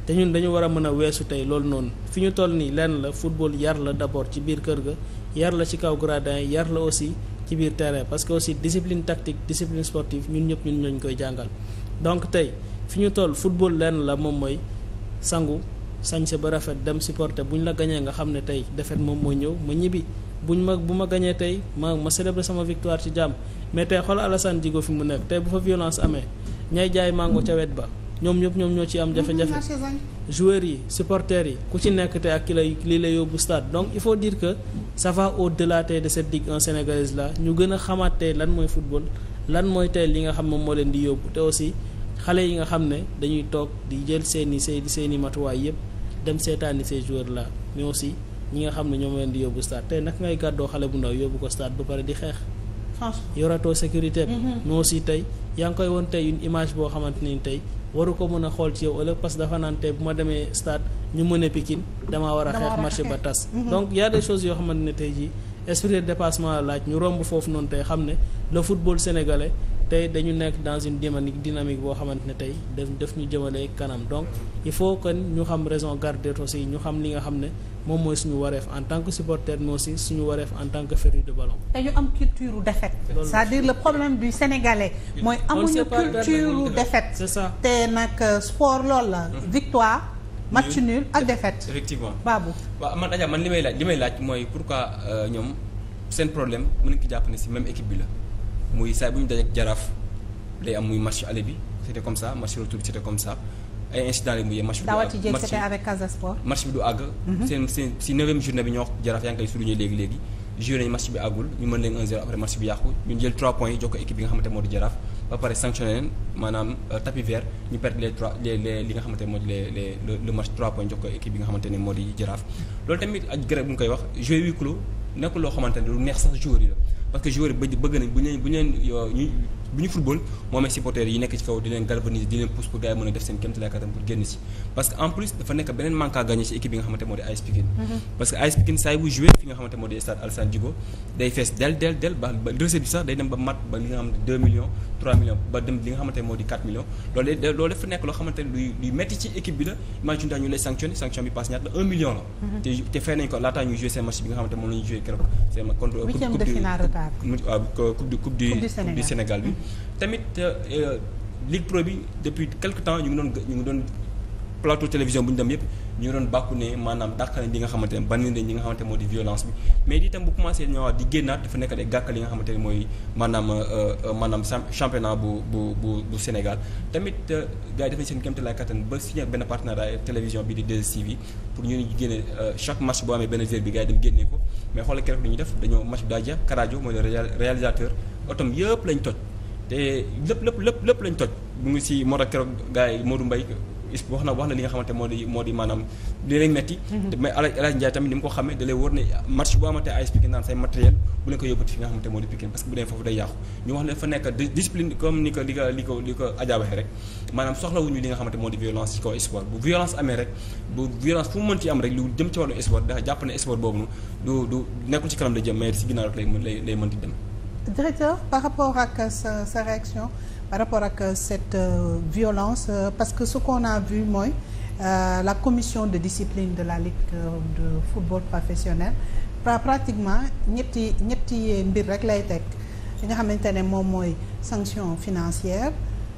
te ñun dañu war a mën a weesu tey loolu noonu fi ñu toll nii lenn la football yar la d'abord ci biir kër ga yar la ci kaw gradin yar la aussi ci biir terrain parce que aussi discipline tactique discipline sportive ñun ñëpp ñun ñooñu koy jàngal donc tey fi ñu toll football lenn la moom mooy sangu sañse ba rafet dem supporter bu ñu la gañee nga xam ne tey defet moom moo ñëw ma ñibbi buñ ma bu ma gañee tey ma ma célébrer sama victoire ci jàmm mais tey xool Alassane Djigo fi mu nekk tey bu fa violence amee ñay jaay mango ca wet ba ñoom ñëpp ñoom ñoo ci am jafe-jafe joueurs yi supporters yi ku ci nekk te ak ki lay li lay yóbbu stade donc il faut dire que ça va au-delà tey de cette Ligue 1 sénégalaise là ñu gën a xamaat tey lan mooy football lan mooy tey li nga xam moom moo leen di yóbbu te aussi xale yi nga xam ne dañuy toog di jël seeni seen seeni matuwaay yëpp dem seetaani ces joueurs la mais aussi ñi nga xam ne ñoom leen di yóbbu stade te nag ngay gàddoo xale bu ndaw yóbbu ko stade ba pare di yorato sécurité bi mhm. noo si tey yaa ngi koy woon tey une image boo xamante ni tey waru ko mën a xool ci yow ëllëg parce que dafa naan tey bu ma demee stade ñu mën a dama war a xeex marché ba tas mhm. donc y a yoo xamante ne tey jii esprit de laaj ñu romb foofu noonu tey xam ne le football sénégalais tey dañu nekk dans une dynamique dynamique boo xamante ne tey daf def ñu jëmale kanam donc il faut que ñu xam raison garder ñu xam li nga xam ne moom mooy suñu wareef en tant que supporter mais aussi suñu wareef en tant que féru de ballon. dañu am culture défaite. c'est-à-dire le problème du sénégalais. mooy amuñu culture défaite. c'est ça te nag euh, sport loolu la. Mm-hmm. victoire match nul ak défaite. effectivement Babou. waaw man Adja man li may laaj li may laaj mooy pourquoi euh, ñoom seen problème mën nañu ko jàpp ne si même équipe bi la muy saa bu ñu dajeek jaraaf day am muy match aller bi c'était comme ça match retour bi c'était comme ça. ay incidents la mujjee match bi. du àgg. Mhm. seen seen si neuvième journée bi ñoo wax jaraaf yaa ngi koy souligné léegi léegi. joué nañu bi àggul ñu mën leen 1-0 après match bi yàqu ñu jël 3 points yi jox bi nga xamante moo di jaraaf ba pare sanctionné maanaam euh, tapis vert ñu perdre les 3 les les li nga xamante moo di jaraaf. loolu tamit ak grec bu ñu koy wax joué huis clos nekkul loo xamante ne neex sax joueur la parce que joueur bëgg nañ bu bu ñu football moo amee supporters yi nekk ci kaw di leen galvaniser pousse pour gars yi mën a def seen kéem tolluwaay pour génn si parce que en plus dafa nekk beneen manque à gagner ci équipe bi nga xamante moo di AS Pikine mm-hmm. parce que AS nga xamante moo di stade Alassane Djigo day bi nga xamante 2 millions 3 millions ba dem li nga xamante moo di 4 millions seen match bi nga xamante moom la ñuy joué seen contre euh, tamit euh, euh, Ligue Pro bi depuis quelque temps ñu ngi doon ñu ngi doon plateau télévision bu ñu dem yëpp ñu ngi doon bàkku ne maanaam dàq nañ li nga xamante ne ban nañ li nga xamante ne moo di violence bi mais itam bu commencé ñëwaat di génnaat dafa nekk day gàkkal li nga xamante ne mooy euh, bu bu bu bu Sénégal tamit gars yi def nañ seen kéemte laay kattan ba signé benn partenariat télévision bi di 2STV pour ñu génne chaque match boo amee benn heure ko mais xoolal keroog li ñu def dañoo match bi daa jeex Karajo mooy le réalisateur otom yëpp lañ toj te lépp lépp lépp lépp lañ toj mu ngi si moo tax keroog gars yi Modou Mbaye wax na wax na li nga xamante moo di moo di maanaam li leen metti mhm. mais El Hadj Ndiaye tamit ni mu ko xamee da lay wóor ne match bu amatee AS Pikine naan say parce que bu dee foofu day yàqu ñu wax ne dafa nekk discipline comme ni ko li ko li ko li rek maanaam soxlawuñu li nga xamante moo di violence ci kaw sport bu violence amee rek bu violence fu mu mën ci am rek lu jëm ci wàllu sport dafa jàpp directeur par rapport ak sa sa réaction par rapport ak cette euh, violence euh, parce que ce qu'on a vu mooy euh, la commission de discipline de la ligue euh, de football par pratiquement ñetti ñetti mbir rek lay teg fi nga xamante ne moom mooy sanction financière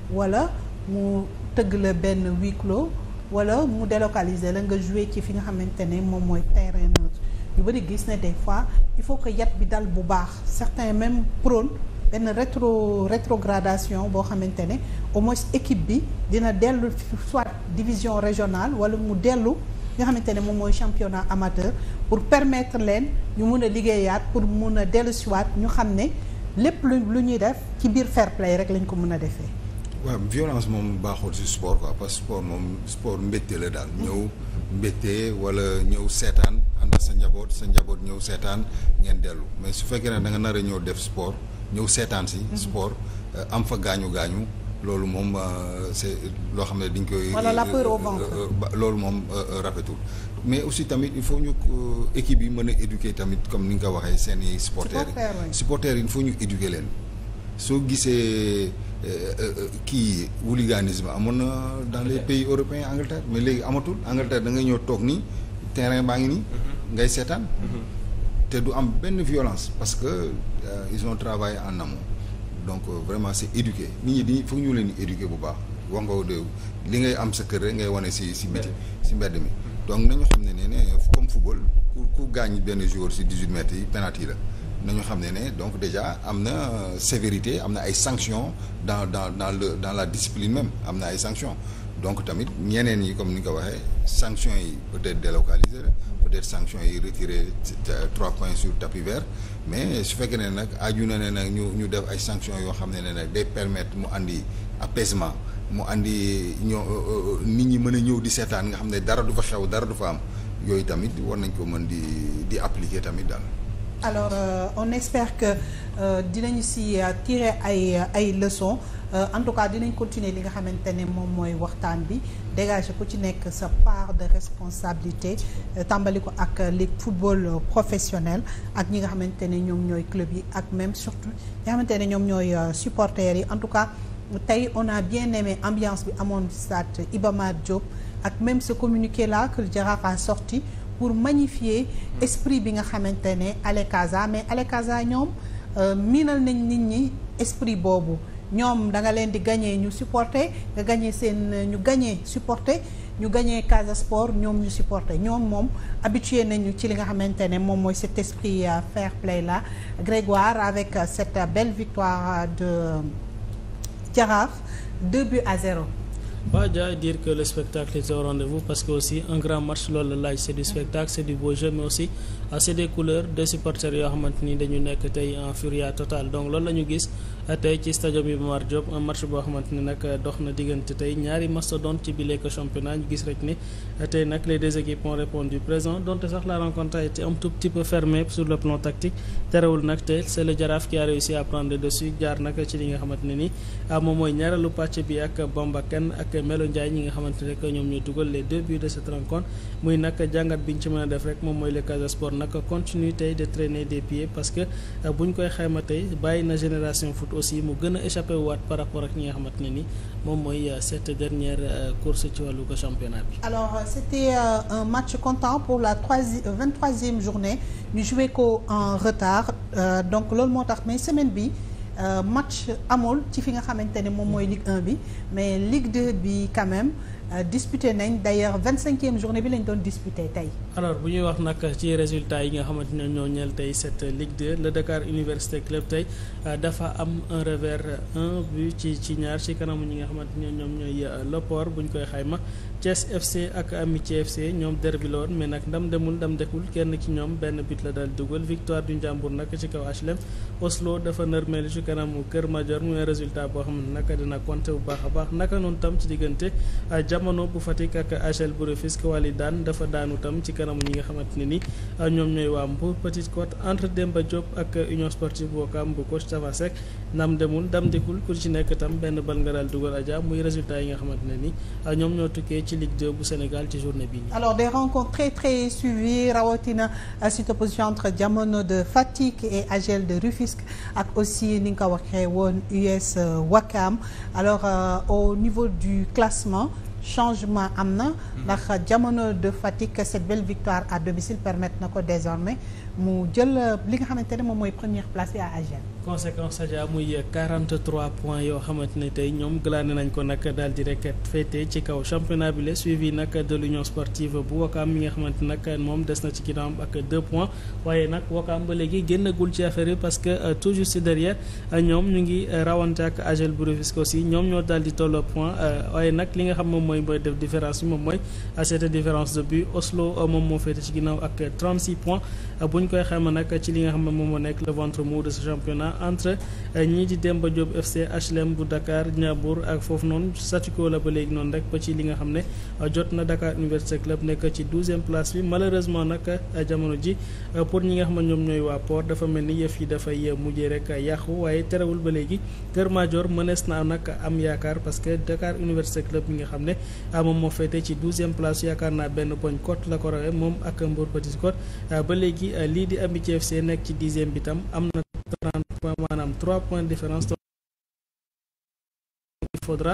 wala mu tëgg la benn huis clos wala mu délocaliser la nga jouer ci fi nga xamante ne moom mooy terrain neutre yu bëri gis ne des fois il faut que yat bi dal bu baax certains même prône benn rétro rétrogradation boo xamante ne au moins équipe bi dina dellu soit division régionale wala mu dellu nga xamante ne moom mooy championnat amateur pour permettre leen ñu mun a liggéeyaat pour mun a dellu siwaat ñu xam ne lépp lu lu ñuy def ci biir fair play rek lañ ko mun a defee waaw violence moom baaxul ci sport quoi parce sport moom sport mbétte la daal ñëw mbétte wala ñëw seetaan sa njaboot sa njaboot ñëw seetaan ngeen dellu mais su fekkee ne da nga nar a ñëw def sport ñëw seetaan si. Mhm. sport euh, am fa gaañu gaañu. loolu moom euh, c'est loo xam ne dañ koy. wala la euh, loolu moom rafetul. mais aussi tamit il faut ñu équipe yi mën a éduquer tamit comme ni nga ko waxee seeni i. supporters yi supporters yi il ñu éduquer leen. soo gisee kii hooliganisme amoon na dans les pays européens Angleterre mais léegi amatul Angleterre da ngay ñëw toog nii terrain baa ngi nii. Mhm. ngay seetaan. te du am benn violence parce que euh, ils ont travaillé en amont donc euh, vraiment c'est éduqué nit ñi di foog ñu leen di éduquer bu baax wax nga de li ngay am sa kër rek ngay wane si si si mbedd mi. donc nañu xam ne ne comme football ku ku gaañ benn joueur si 18 mètres yi penalty la nañu xam ne ne donc déjà am na euh, sévérité am na ay sanctions dans dans dans dans la discipline même am na ay sanctions donc tamit ñeneen yi comme ni nga ko waxee sanctions yi peut-être peut-être sanction yi retirer trois points sur tapis mais su fekkee ne nag aju na ne nag ñu ñu def ay sanctions yoo xam ne ne nag day permettre mu andi apaisement mu andi ñoo euh, euh, euh, nit ñi mën a ñëw di seetaan nga xam ne dara du fa xew dara du fa am yooyu tamit war nañ ko mën di di appliquer tamit daal. alors euh, on espère que dinañu si tirer ay ay leçons. Euh, en tout cas dinañ continuer li nga xamante ne moom mooy waxtaan bi dégager ko ci nekk sa part de responsabilité euh, tàmbali ko ak ligue football professionnel ak ñi nga xamante ne ñoom ñooy club yi ak même surtout ñi ne ñoom ñooy euh, supporters yi en tout cas tey on a bien aimé ambiance bi amoon stade Iba Mar Diop ak même ce communiqué là que le Jaraaf sorti pour magnifier mm. esprit bi nga xamante ne Alekaza mais Alekaza ñoom miinal nañ nit ñi esprit boobu ñoom da nga leen di gagné ñu supporter nga gagné seen ñu gagné supporter ñu gagné Casa Sport ñoom ñu supporter ñoom moom habitué nañu ci li nga xamante ne moom mooy cet esprit euh, fair play là Grégoire avec euh, cette belle victoire euh, de Jaraaf deux buts à zéro. Pas déjà dire que le spectacle est au rendez-vous parce que aussi un grand match loolu la laaj c'est du spectacle c'est du beau jeu aussi. Ah, c'est des couleurs de supporters yoo xamante ni dañu nekk tey en furia totale donc loolu la ñu gis ah, tey ci stadium Iba Mar match boo xamante ni nag dox na diggante tey ñaari mastodonte ci bileek championnat ñu gis rek ni ah, tey nag les deux équipes répondu présent donte sax la rencontre a été un tout petit peu fermée sur le plan tactique terewul nag tey c'est Jaraaf qui a réussi à prendre le dessus jaar nag ci li nga xamante ni moom mooy ñaareelu pàcc bi ak Bamba Kane ak Melo ñi nga xamante ne rek ñoom ñoo dugal les deux buts muy nag jàngat bi ñu ci mën a def rek moom mooy le Casa Sport nag continue tey de traîner des pieds parce que euh, bu ñu koy xayma tey bàyyi na génération foot aussi mu gën a échappé waat par rapport ak ñi nga xamante ne ni moom mooy euh, cette dernière euh, course ci wàllu ko championnat bi. alors c'était un match comptant pour la troisième vingt-troisième journée ñu joué ko en retard donc loolu moo tax mais semaine bi. match amul ci fi nga xamante ne moom mooy Ligue un bi mais Ligue 2 bi quand même Euh, disputé nañ d'ailleurs vingt cinquième journée bi lañ doon disputé tey. alors bu ñuy wax nag ci résultat yi nga xamante ne ñoo ñeel tey cette Ligue 2 le Dakar Université Club tey euh, dafa am un revers un but ci ci ñaar ci kanamu ñi nga xamante ne ñoom ñooy euh, Lopor bu ñu koy xayma. Thiès FC ak Amitié FC ñoom derbi la woon mais nag ndam demul ndam dekul kenn ci ñoom benn but la daal dugal victoire du Njàmbur nag ci kaw HLM Oslo dafa ci kanamu Kër Madior muy résultat boo xam ne naka dina compter bu baax a baax naka noonu tam ci diggante ah, jamono bu Fatick ak HL bu Rufisque wàlli daan dafa daanu tam ci kanamu ñi nga xamante ne ni ah, ñoom ñooy waa Mbour Petite Côte entre dem ba Diop ak Union Sportive Ouakam bu coach Tavasek ndam demul ndam dekul ku ci nekk tam benn bal nga daal dugal aja muy résultat yi nga xamante ne ni ah, ci Ligue bu Sénégal ci journée bi nii. alors des rencontres très très suivies rawatina site euh, opposition entre Jamono de Fatick et AGEL de Rufisque ak aussi ni nga ko waxee woon US euh, Wakam alors euh, au niveau du classement. changement am na. Mm-hmm. ndax jamono de Fatick cette belle victoire à domicile permettre na ko désormais mu jël euh, li nga xamante ne moom mooy première place bi à Agen. conséquence Adja muy 43 point yoo xamante ne tey ñoom glané nañ ko nag daal di rek féete ci kaw championnat bi la suivi nag de l'union sportive bu Wakaam mi nga xamante nag moom des na ci ginnaawam ak 2 points waaye nag Wakaam ba léegi génnagul ci affaire parce que euh, toujours juste derrière euh, ñoom ñu ngi rawante ak Agel bu Rufisque aussi ñoom ñoo daal di tolloo point waaye nag li nga xam moom mooy mooy def différence bi moom mooy cette différence de but Oslo moom moo féete ci ginnaaw ak 36 points buñ koy xayma nag ci li nga xam ne moom moo nekk le ventre mou de ce championnat entre euh, ñii di Demba Diop FC HLM bu Dakar Ndiambour ak foofu noonu statu quo la ba léegi noonu rek ba ci li nga xam ne euh, jot na Dakar Université Club nekk ci douzième place bi malheureusement nag euh, jamono ji pour ñi nga xam ne ñoom ñooy waa Port dafa mel ni yëf yi dafay mujjee rek yàqu waaye terewul ba léegi Kër Madior mënees na nag am yaakaar parce que Dakar Université Club mi nga xam ne moom moo féete ci douzième place yaakaar naa benn poñ cote la ko rawee moom ak Mbour Petite Côte ba léegi lii di Amitié FC nekk ci dixième bi tam am na trente points maanaam trois points de différence il faudra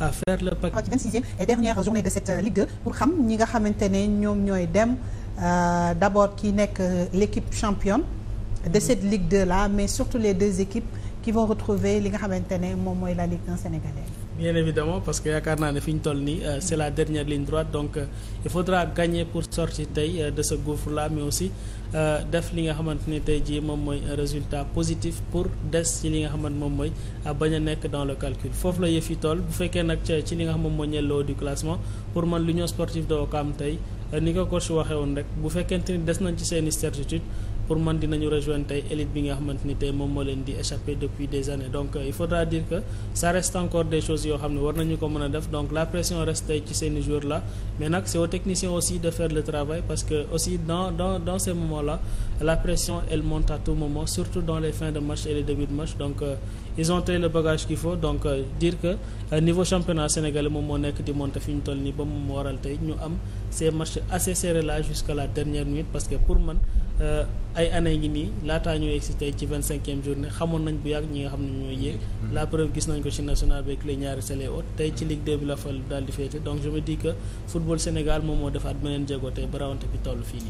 à faire le paquet ci vingt-sixième et dernière journée de cette euh, Ligue 2 pour xam ñi nga xamante ne ñoom ñooy dem euh, d'abord qui nekk euh, l'équipe championne de cette Ligue 2 là mais surtout les deux équipes qui vont retrouver li nga xamante ne moom mooy la Ligue 1 sénégalaise bien évidemment parce que yaakaar naa ne fi ñu toll nii euh, c'est la dernière ligne droite donc euh, il pour sortir tey euh, de ce gouffre là mais aussi euh, def li nga xamante ni tey jii moom mooy un résultat positif pour des ci li nga xamante moom mooy bañ a nekk dans le calcul foofu la yëf yi toll bu fekkee nag ci li nga xam moom mooy ñelloo du classement pour man l'union sportive de am tey ni ko coach waxee woon rek bu fekkente ni des nañ ci seen i certitude pour man dinañu rejoindre tey élite bi nga xamante ni te moom moo leen di échapper depuis des années donc euh, il faudra dire que ça reste encore des choses yoo xam ne war nañu ko mën a def donc la pression reste ci seeni joueurs la mais nag c'est aux aussi de faire le travail parce que aussi dans dans dans ces moments là la pression elle monte à tout moment surtout dans les fins de match et les débuts match donc euh, ils tey le bagage qu'il faut donc euh, dire que euh, niveau championnat sénégalais moom moo nekk di monter fi ñu toll nii ba mu waral tey ñu am ces matchs assez serrés là jusqu'à la dernière minute parce que pour man euh, ay année ngi nii laataa ñu egsi tey ci vingt cinquième journée xamoon nañ bu yàgg ñi nga xam ne ñooy yéeg mm-hmm. la preuve gis nañ ko ci national avec les ñaari tey ci Ligue 2 bi la fal moo defaat beneen jéego tey ba rawante bi toll fii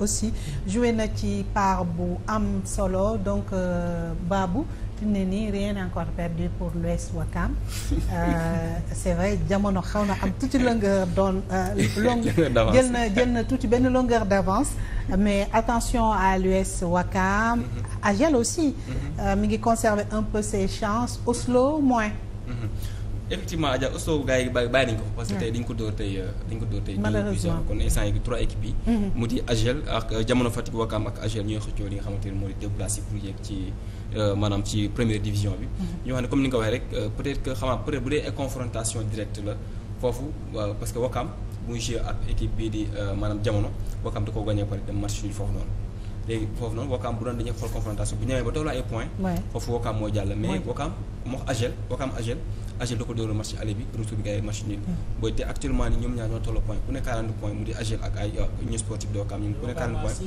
aussi joue na ci part bu am solo donc euh, Babou fi ne nii rien encore perdu pour l'Ouest Ouakam euh, c'est vrai jamono xaw na am tuuti longueur doon euh, jël na jël na tuuti benn longueur d'avance mais attention à l'US Ouakam Agel mm-hmm. aussi mm-hmm. mi ngi conserver un peu ses chances Oslo moins mm-hmm. effectivement Adja Ousseau gars yi bàyyi nañ ko fa parce que tey dañ ko dóor tey euh, dañ ko dóor tey malheureusement kon instant yi trois équipes yi mm-hmm. mu di AGEL ak euh, jamono Fatick Wakam ak AGEL ñooy xëccoo li nga xamante ne moo di déplacé pour yeeg ci euh, maanaam ci bi ñoo xam mm-hmm. comme ni nga ko waxee rek peut-être que xamaa peut di maanaam jamono Wakam da ko gagné pare dem match suñu foofu noonu foofu noonu Wakaam bu doon dañuy xool confrontation bu ñëwee ba tolloo ay point foofu Wakaam moo jàll mais Wakaam moo Agel Wakaam Agel Agel da ko dóoral match aller bi retour bi gars yi match hmm. booy te actuellement nii ñoom ñaar ñoo tolloo point ku ne 40 points mu di Agel ak ay Union euh, Sportive de Ouakam ñu ku ne 40 points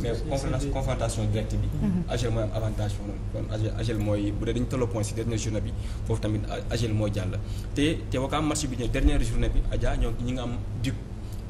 mais confrontation confrontation directe bi hmm. Agel mooy am avantage foofu noonu Agel Agel mooy bu dee dañu tolloo point si dernière journée bi foofu tamit Agel mooy jàll te te Ouakam match bi ne dernière journée bi Adja ñoo ñi nga am Duc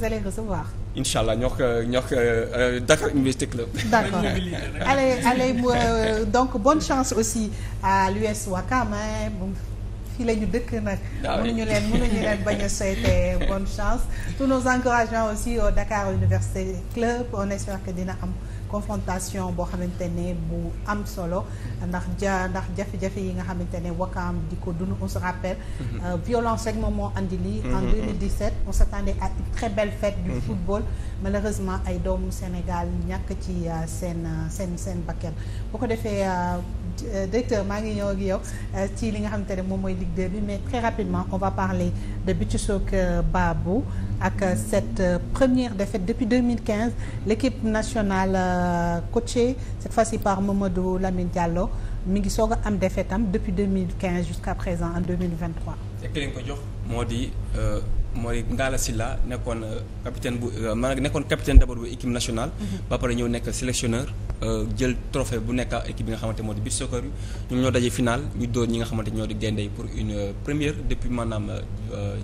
vous allez recevoir. incha allah ñoo ko ñoo ko euh, Dakar Université Club. d' accord euh, donc bonne chance aussi à l'US Ouakam fii la ñu dëkk nag. Ah mënuñu leen mënuñu leen bañ a bonne chance tous nos encouragements aussi au Dakar Université Club on espère que dina am. confrontation boo xamante ne bu am solo ndax ja ndax jafe-jafe yi nga xamante ne Wakaam di ko dund on se rappelle mhm. euh, violence rek moom moo andi lii en 2017 mhm. on s'attendait à une très belle fête du mhm. football malheureusement ay doomu Sénégal ñàkk ci euh, seen euh, seen seen bakkan bu ko defee Euh, directeur maa ngi ñëw ak yow euh, ci li nga xamante ne moom mooy Ligue 2 bi mais très rapidement on va parler de Bitisook euh, Babou ak cette première défaite depuis 2015 l'équipe nationale coachée cette fois-ci par Mamadou Lamine Diallo mi ngi soog a am défaite am depuis 2015 jusqu'à présent en 2023. te ki leen ko jox moo di. mooy Ngalla la nekkoon euh, capitaine bu euh, maanaam nekkoon capitaine d'abord bu équipe nationale. Mhm. ba pare ñëw nekk sélectionneur euh, jël trophée bu nekk équipe bi nga xamante moo di beach soccer yu ñoom ñoo daje final ñu dóor ñi nga xamante ñoo di gaynde pour une première depuis maanaam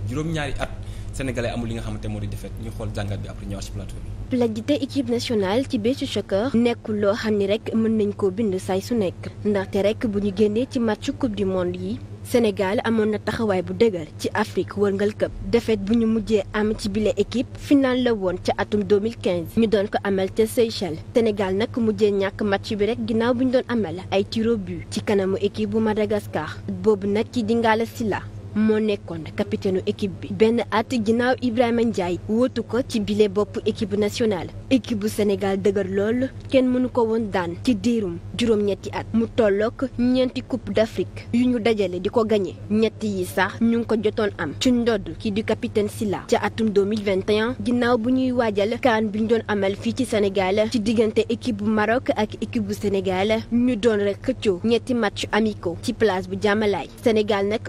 juróom-ñaari at sénégalais amul li nga xamante moo di defet ñu xool jàngat bi après ñëwaat ci plateau bi. plaidité équipe nationale ci beach soccer nekkul loo xam ni rek mën nañ koo bind saay su nekk ndaxte rek ñu génnee ci match coupe du monde yi. Sénégal amoon na taxawaay bu dëgër ci Afrique wërngal këpp défaite bu ñu mujjee am ci bile équipe final la woon ca atum 2015 ñu doon ko amal ca Seychelles Sénégal nag mujjee ñàkk match bi rek ginnaaw bu ñu doon amal ay tiro but ci kanamu équipe bu Madagascar boobu nag ci Dingala Sylla moo nekkoon capitaine équipe bi benn at ginnaaw Ibrahima Ndiaye wóotu ko ci bile bopp équipe nationale équipe bu Sénégal dëgër lool kenn mënu ko woon daan ci diirum juróom-ñetti at mu tolloog ñeenti coupe d'Afrique yu ñu dajale di ko gañe ñetti yi sax ñu ngi ko jotoon am ci ndodd kii di capitaine Silla ca atum 2021 ginnaaw bu ñuy waajal kaan bi ñu doon amal fii ci Sénégal ci diggante équipe bu marok ak équipe bu Sénégal ñu doon rek xëccoo ñetti match amicaux ci place bu jàmmalaay Sénégal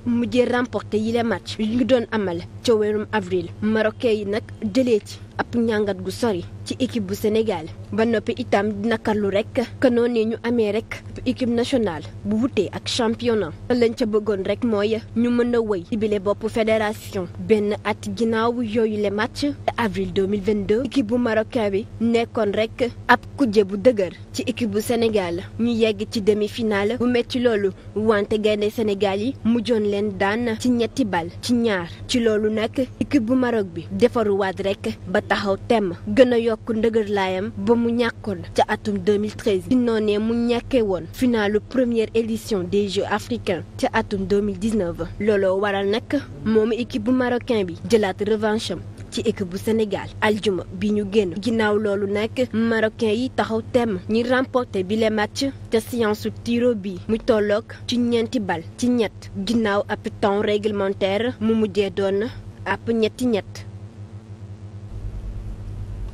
remporté yile match yu ñu doon amal ca weerum avril marocain yi nag jëlee ci ab ñàngat gu sori ci équipe bu Sénégal ba noppi itam nakarlu rek que ni ñu amee rek équipe national bu wutee ak championnat lañ ca bëggoon rek mooy ñu mën a wëy ci bile bopp fédération benn at ginnaaw yooyu le match avril 2022 équipe bu marocain bi nekkoon rek ab kuje bu dëgër ci équipe bu Sénégal ñu yegg ci demi-finale bu metti loolu wante gaynde Sénégal yi mujjoon leen daan ci ñetti bal ci ñaar ci loolu nag équipe bu Maroc bi defaruwaat rekk ba taxaw tem gën a yokk ndëgër laayam ba mu ñàkkoon ca atum 2013 ginnoo ne mu ñàkkee woon finalu première édition des Jeux africains ca atum 2019 looloo waral nag moom équipe bu marocain bi jëlaat revanche ci équipe bu Sénégal aljuma bi ñu génn ginnaaw loolu nag marocain yi taxaw temm ñi remporté bi le match ca séance su tiro bi mu tolloog ci ñeenti bal ci ñett ginnaaw ab temps réglementaire mu mujjee doon ab ñetti ñett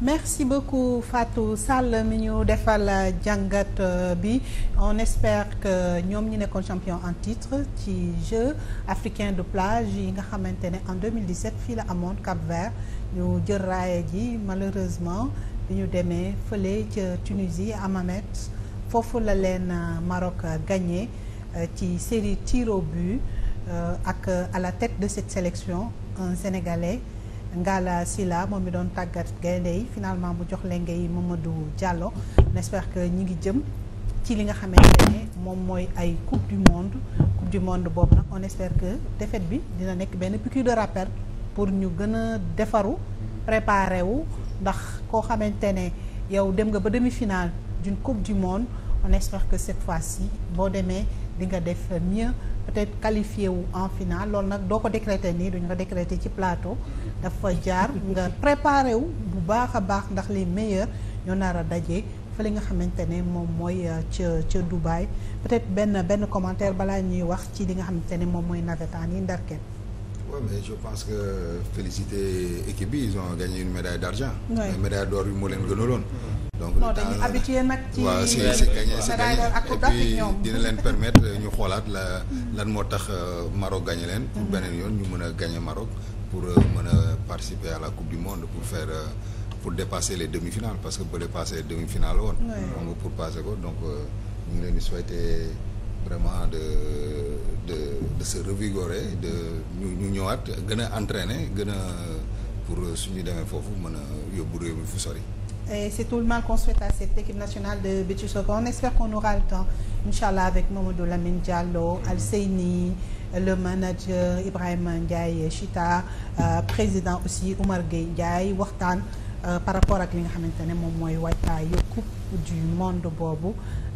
merci beaucoup Fatou Sall mi ñu defal euh, jàngat euh, bi on espère que ñoom ñi nekkoon champion en titre ci Jeux africains de plage yi nga xamante ne en 2017 fii la amoon Cap-Vert ñu jël raaya ji malheureusement bi ñu demee fële ca Tunisie Hammamet foofu la leen euh, Maroc gagné ci série tir au ak à la tête de cette sélection un Sénégalais Ngala Sylla moom mi doon tàggat gaynde yi finalement mu jox lenge yi Mamadou Diallo j'espère que ñi ngi jëm ci li nga xamante ne moom mooy ay coupe du monde coupe du monde boobu nag on espère que défaite bi dina nekk benn piqûre de rappel pour ñu gën a defaru préparer wu ndax koo xamante ne yow dem nga ba demi-finale d'une coupe du monde on espère que cette fois-ci boo demee di nga def mieux peut-être qualifié wu en finale loolu nag doo ko décréter nii duñu ko décréter ci plateau dafa jaar nga préparé wu bu baax a baax ndax li meilleurs ñoo nar a daje fa li nga xamante ne moom mooy euh, ca ca Dubaï peut-être benn benn commentaire balaa ñuy wax ci li nga xamante ne moom mooy navétane yi ndarket oui mais je pense que féliciter équipe bi ils ont gagné une médaille d'argent. oui mais médaille d'or moo leen gënaloon. donc le temps la nag ci waaw si si gagné dina leen permettre ñu xoolaat la mm-hmm. lan moo tax euh, Maroc gagné leen. pour mm-hmm. beneen yoon ñu mën a gagné Maroc pour euh, mën a participer à la coupe du monde pour faire. Euh, pour dépasser les demi-finales parce que bële passé demi-finale woon. xam nga pour passer ko donc ñu ngi leen di souhaiter vraiment de de de se revigorer de ñu ñu ñëwaat gën a entraîner gën a pour suñu demee foofu mën a yóbbu réew mi fu sori. Et c'est tout le mal qu'on souhaite à cette équipe nationale de beach soccer. On espère qu'on aura le temps, Inch'Allah, avec Mamadou Lamine Diallo, Al Seyni, le manager Ibrahim Ndiaye Chita, euh, président aussi Oumar Gueye Ndiaye, waxtaan euh, par rapport ak li nga xamante ne moom mooy waajtaayu coupe du monde boobu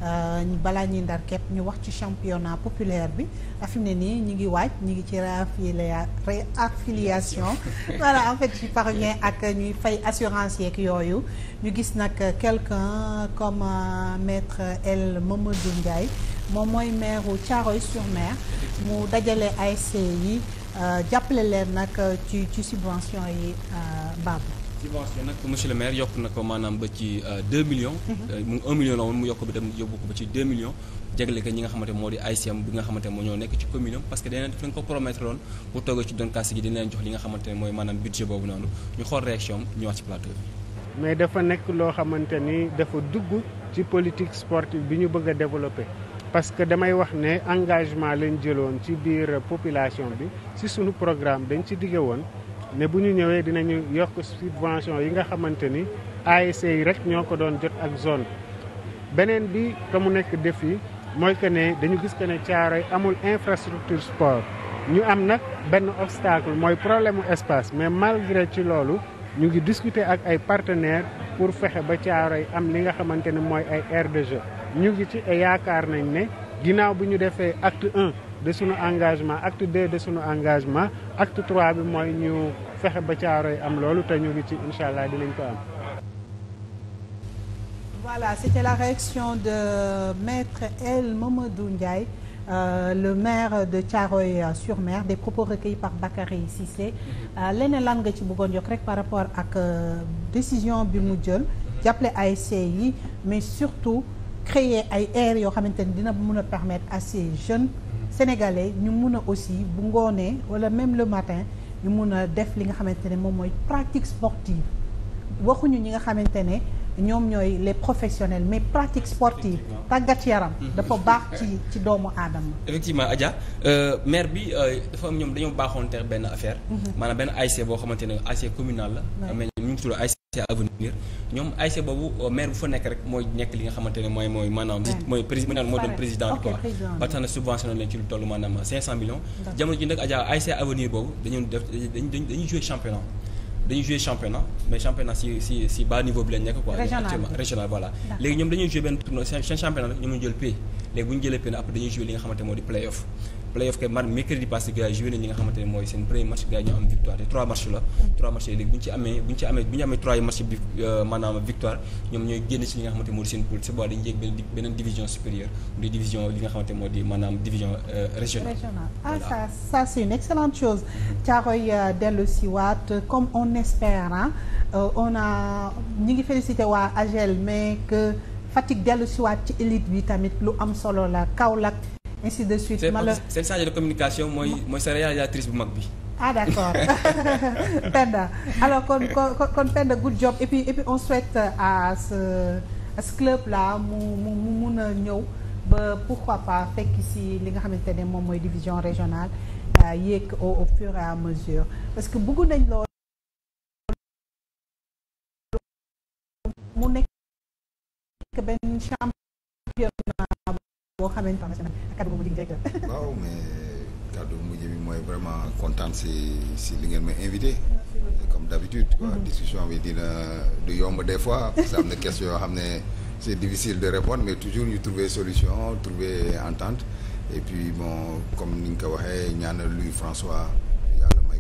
euh, balaa ñuy ndar képp ñu wax ci championnat populaire bi ah, fi nii ñu ngi waaj ñu ngi ci réaffiliation voilà en fait je parviens ak ñuy fay assurance yeeg yooyu ñu gis nag quelqu'un comme euh, maître El Mamadou Ndiaye moom mooy maire Thiaroye-sur-Mer mu dajale ASC yi euh, jàppale leen nag ci ci subvention yi Babou dimanche bi nag monsieur le maire yokk na ko maanaam ba ci 2 euh, millions. Mhm. Euh, mu 1 million la woon mu yokk bi dem yóbbu ko ba ci 2 millions. jagle ko ñi nga xamante moo di ay ICM bi nga xamante moo ñoo nekk ci commune am parce que dañ leen def lañ ko promettre loon bu toogee ci doon kaas gi dina leen jox li bi. dafa nekk loo xamante ni dafa dugg ci politique sportive bi ñu bëgg a développer. parce que damay wax ne engagement lañ jëloon ci biir population bi si suñu programme dañ ci digge woon. ne bu ñu ñëwee dinañu yokk subvention yi nga xamante ni ASC yi rek ñoo ko doon jot ak zone beneen bi te mu nekk def défi mooy que ne dañu gis que ne Thiaroye amul infrastructure sport ñu am nag benn obstacle mooy problème espace mais malgré ci loolu ñu ngi discuter ak ay partenaires pour fexe ba Thiaroye am li nga xamante ne mooy ay aire ñu ngi ci yaakaar nañ ne ginnaaw bu ñu defee acte 1 de suñu engagement acte deux de sunu engagement acte trois bi mooy ñu fexe ba Caaroy am loolu te ñu ngi ci incha allah di dinañ ko am. voilà c'était la réaction de maître El Mamadou Ndiaye euh, le maire de Thiaroye-sur-Mer euh, des propos recueillis par Bakary Cissé euh, leneen lan nga ci bëggoon yokk rek par rapport ak euh, décision bi mu jël jàppale ay ASC yi mais surtout créer ay aires yoo xamante ni dina mën a permettre à ces jeunes sénégalais ñu mun a aussi bu ngoonee wala même le matin ñu mun a def li nga xamante ne moom mooy pratique sportive waxuñu ñi nga xamante ne ñoom ñooy les professionnels mais pratique sportive tàggat yaram mhm. dafa baax ci ci doomu aadama effectivement Adja euh, maire bi euh, dafa am ñoom dañoo baaxoon teer benn affaire mhm. maanaam benn ASC boo xamante ne la mais ñu ngi tudd ASC avenir ñoom ASC boobu euh, maire bu fa nekk rek mooy nekk li nga xamante ne mooy mooy maanaam mooy président moo doon président bi quoi ba tax na subventionné leen ci lu toll maanaam cinq cent millions jamono ji nag Adja ASC avenir boobu dañu def dañu jouer championnat dañuy jouer championnat mais championnat si si si bas niveau bi lañ nekk quoi. régional voilà. léegi ñoom dañuy jouer benn tournoi seen championnat rek ñu mun jël paie léegi bu ñu jëlee paie après dañuy jouer li nga xamante moo di play playoff kay man mercredi passé gars yi joué li nga xamante ne mooy seen premier match gars yi ñoo am victoire te trois match la trois match yi léegi bu ñu ci amee bu ñu ci amee bu ñu amee trois match bi euh, maanaam victoire ñoom ñooy génn ci li nga xamante moo di seen poule c'est bon dañu yéeg beneen beneen division supérieure di division li nga xamante moo di maanaam division euh, régionale ah ça ça c'est une excellente chose Thiaroye euh, dellu si waat comme on espère on a ñi ngi félicité waa AGEL mais Fatick dellu si ci élite bi tamit lu am solo la Kaolack ainsi de suite malheur seen chargé de communication mooy mooy sa réalisatrice bu mag bi. ah d'accord Penda alors kon kon kon Penda job et on souhaite à ce à ce club là mu ñëw ba pourquoi pas fekk si li nga xamante ne moom mooy division régional euh, yéeg au au fur à mesure parce que bëggu nañ loolu boo xamante ne kaddu bu mujj directeur. waaw mais kaddu bu mujj mooy vraiment kontaan si si li ngeen ma invité. comme d' habitude. quoi mhm. discussion bi dina du yomb des fois. parce que am na question yoo xam ne c' est difficile de répondre mais toujours ñu trouver solution trouver entente et puis bon comme ni nga ko waxee ñaanal Louis François.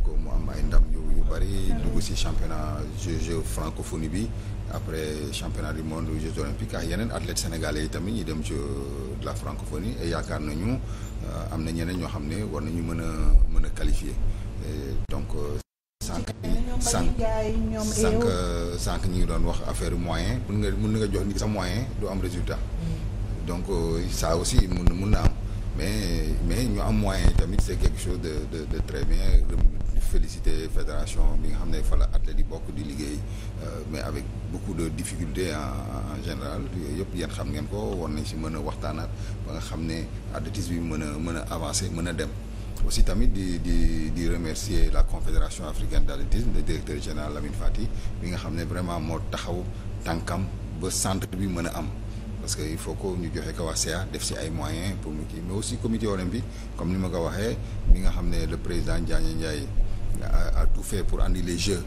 ko mu am ay ndam yu bari bëri dugg si championnat jeu francophonie bi après championnat du monde jeux olympiques ak yeneen athlètes sénégalais yi tamit ñi dem ci de la francophonie et yaakaar nañu euh, am na ñeneen ñoo xam ne war nañu mën a mën a qualifier donc euh, sànq sànq sànq sànq ñi ngi doon wax affaire moyen mun nga mun nga jox nit sa moyen du am résultat donc sa euh, aussi mun na mun na am mais mais ñoo am moyen tamit c'est quelque chose de de de félicité fédération bi nga xam ne fa la athlètes yi bokk di liggéey euh, mais avec beaucoup de difficultés en général yooyu yëpp yéen xam ngeen ko war nañ si mën a waxtaanaat ba nga xam ne athlétisme bi mën a mën a avancer mën a dem aussi tamit di di di remercier la confédération africaine d'athlétisme le directeur général Lamine Fati bi nga xam ne vraiment moo taxaw tànkam ba centre bi mën a am parce que il faut que ñu joxe ko waa CA def ay moyens pour mu kii mais aussi comité olympique comme ni ma ko waxee mi nga xam ne le président Diagne Ndiaye a, a tout fait pour andi les Jeux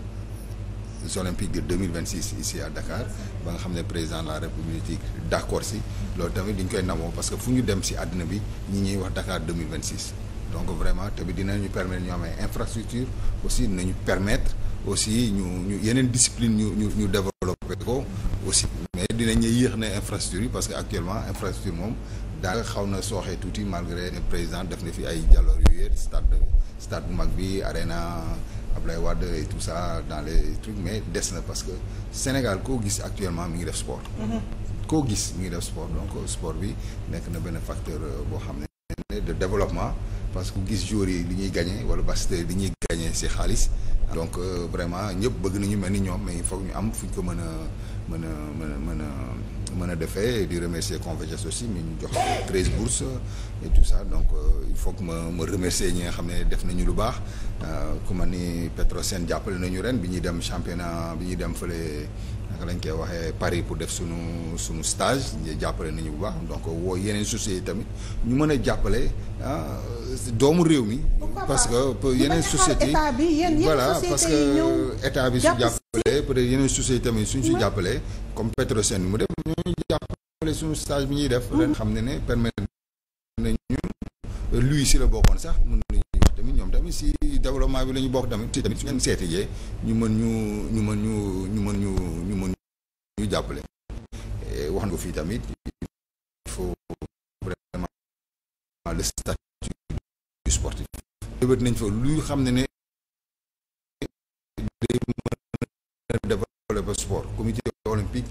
olympiques de 2026 ici à Dakar ba nga xam ne président de la République d'accord si loo tamit dañ koy namoo parce que fu ñu dem si àddina bi ñi ñuy wax Dakar 2026 donc vraiment tamit dinañu permettre ñu am ay infrastructure aussi ñu permettre aussi ñu ñu yeneen discipline ñu ñu ñu développer ko aussi mais dinañu yéex ne infrastructure yi parce que actuellement infrastructure moom daal xaw na sooxee tuuti malgré ne président def na fi ay jaloor yu yéen stade stade bu mag bi arena Ablaye Wade et tout ça dans les trucs mais des na parce que Sénégal koo gis actuellement mi ngi def sport. Mhm. koo gis mi ngi def sport donc sport bi nekk na benn facteur euh, boo xam ne de développement parce que ku gis joueurs yi li ñuy gagné wala basket li ñuy gagné si xaalis. donc euh, vraiment ñëpp bëgg nañu mel ni ñoom mais il faut ñu am fu ñu ko mën a mën a mën a mën a. mën a defee di remercier Convergence aussi mu ñu jox treize bourses et tout ça donc euh, il faut que ma ma remercier ñi nga xam ne def nañu lu baax euh, ku ma ni Petrosen jàppale nañu ren bi ñuy dem championnat bi ñuy dem fële naka koy waxee Paris pour def sunu sunu stage jàppale nañu bu baax donc woo yeneen sociétés tamit ñu mën a jàppale ah, doomu réew mi. parce que yeneen sociétés voilà parce que état bi su jàppale peut-être yeneen sociétés tamit suñ si jàppalee comme Petrosen mu def ñooñu jàppale suñu stage bi ñuy def mmh. ren xam ne ne luy si la bokkoon sax mun nañu wax tamit ñoom tamit si développement bi la ñu bokk tamit si tamit su ngeen seeti jee ñu mën ñu ñu mën ñu ñu mën ñu ñu mën ñu jàppale wax na fii tamit il faut vraiment le statut du sportif débët nañ fa luy xam ne ne day ba sport comité olympique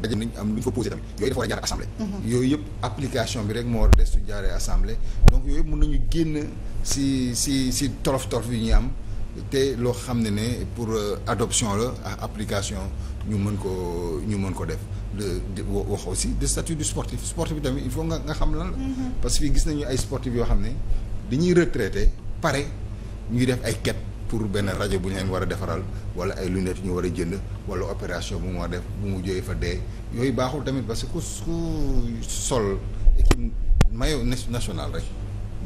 daje nañ am lu ñu fa posé tamit yooyu dafa war a jaar assemblée mhm. yooyu yëpp application bi rek moo war a des su jaaree assemblée donc yooyu yëpp mën nañu génn si si si tolof tolof yi ñuy am te loo xam ne ne pour euh, adoption la ak ah, application ñu mën ko ñu mën def de wax aussi de statut du sportif sportif bi tamit il faut nga nga xam lan la mhm. parce que gis nañu ay sportif yoo xam ne dañuy retraité pare ñuy def ay quête pour benn rajo bu ñu leen war a defaral wala ay lunettes ñu war a jënd wala opération bu mu war def bu mu jógee fa dee yooyu baaxul tamit parce que ku ku sol équipe maillot national rek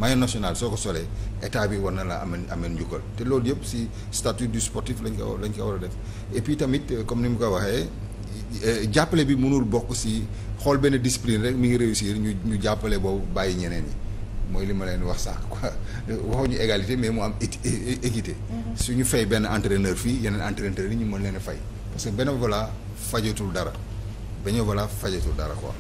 maillot national soo ko solee état bi war na laa ameen amee njukkal te loolu yëpp si statut du sportif lañ ko lañ ko war a def et puis tamit euh, comme ni mu koy waxee euh, jàppale bi mënul bokk si xool benn discipline rek mi ngi réussir ñu ñu jàppale boobu bàyyi ñeneen ñi. mooy li ma leen wax sànq quoi waxuñu égalité mais mu am équité mm-hmm. ñu fay benn entraîneur fii yeneen entraîneur yi ñu mën leen a fay parce que bénévolat fajatul dara bénévolat fajatul dara quoi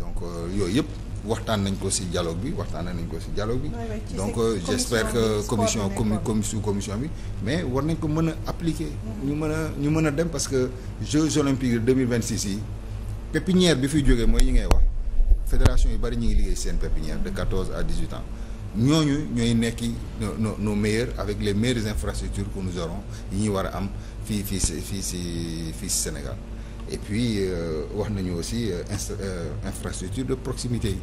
donc euh, yooyu yëpp waxtaan nañ ko si dialogue bi waxtaan nañ ko si dialogue bi donc euh, j'espère que commission commi sous commission bi mais war nañ ko mën a appliquer mm-hmm. ñu mën a ñu mën a dem parce que Jeux olympiques de 2026 yi pépinière bi fi jógee mooy yi ngay wax fédération yu bëri ñu ngi liggéey seen pépinière de 14 à 18 ans ñooñu ñooy nekki nos nos meilleurs avec les meilleures infrastructures que nous aurons yi ñuy war a am fii fii si fii si fii si Sénégal et puis euh, wax nañu aussi euh, euh, infrastructure de proximité yi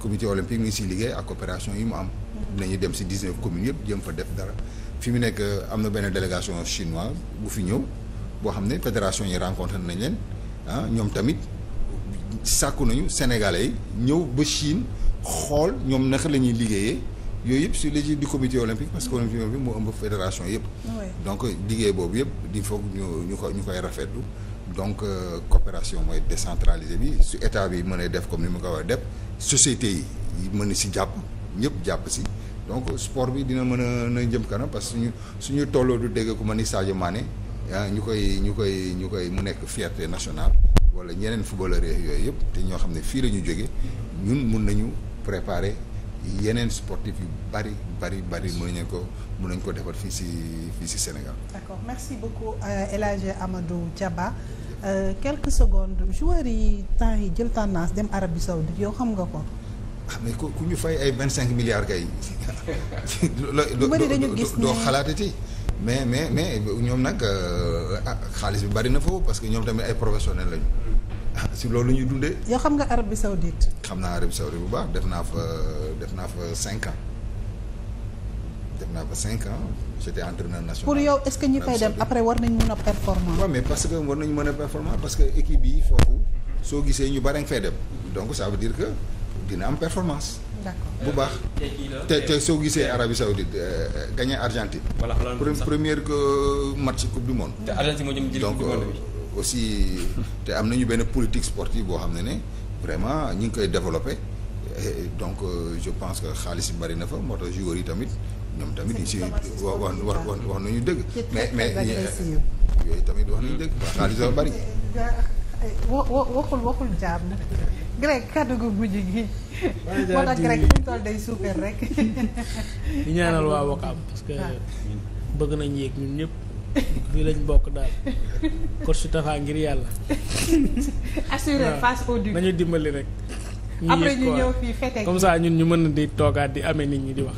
comité olympique mi ngi siy liggéey ak coopération yi mu am dinañu dem si 19 communes yëpp jëm fa def dara fi mu nekk am na benn délégation chinoise bu fi ñëw boo xam ne fédération yi rencontré nañ leen ah ñoom tamit sàkku nañu sénégalais yi ñëw ba Chine xool ñoom naka la ñuy liggéeyee yooyu yëpp sur l'égide du comité olympique parce que comité olympique moo ëmb fédération yëpp. donc liggéey boobu yëpp di foog ñu ñu ko ñu koy rafetlu. donc euh, coopération mooy décentralisée bi su état bi mën a def comme ni ma ko war a def société yi mën si jàpp ñëpp jàpp si donc sport bi dina mën a na jëm kanam parce que suñu suñu tolloo du dégg ku ni Sadio Mané ah, ñu koy ñu koy ñu koy mu nekk fierté national wala ñeneen footballeur yooyu yëpp te ñoo xam ne fii la ñu jóge ñun mun nañu préparer yeneen sportif yu bari bari bari mën nañu ko mën nañu ko defar fii si fii si Sénégal. d'accord merci beaucoup euh, El Hadj Amadou Diaba euh, quelques secondes joueurs yi temps yi jël tendance dem bi Saoudite yow xam nga ko. ah mais ku ñu fay ay vingt cinq milliards kay. lu bëri dañu gis doo mais mais mais ñoom nag euh, ah, xaalis bi bari na foofu parce que ñoom tamit ay professionnels lañu. Ah, si loolu ñuy dundee. yoo xam nga Arabie Saoudite. xam naa Arabie Saoudite bu baax def naa fa def naa fa cinq ans def naa fa cinq ans j'étais entraîneur national. pour yow est-ce que ñi fay dem après war nañ mën a performant. waaw mais parce que war nañ mën a performant parce que équipe yi foofu soo gisee ñu bari nga fay dem donc ça veut dire que dina am performance. bu baax te te soo gisee Arabie Saoudite euh, euh, gagné Argentine. voilà première que euh, match coupe du monde. te Argentine moo jëm jël coupe du monde bi donc aussi te am na ñu benn politique sportive boo xam ne ne vraiment ñu ngi koy développé donc je pense que xaalis bari na fa moo tax joueurs yi tamit ñoom tamit ñu si wax wax wax nañu dëgg. mais mais yooyu tamit wax nañu dëgg waa xaalis dafa bari. waxul waxul jaar na. Greg kàddu gu mujj gi. moo tax rek fu mu toll day suukar rek. ñu ñaanal waa Wakaam parce ah. bëgg nañ yéeg ñun ñëpp. fii lañ bokk daal. coach ngir yàlla. assurer face au duc nañu dimbali rek. ñu ñëw fii comme ça ñun ñu mën na di toogaat di ame nit ñi di wax.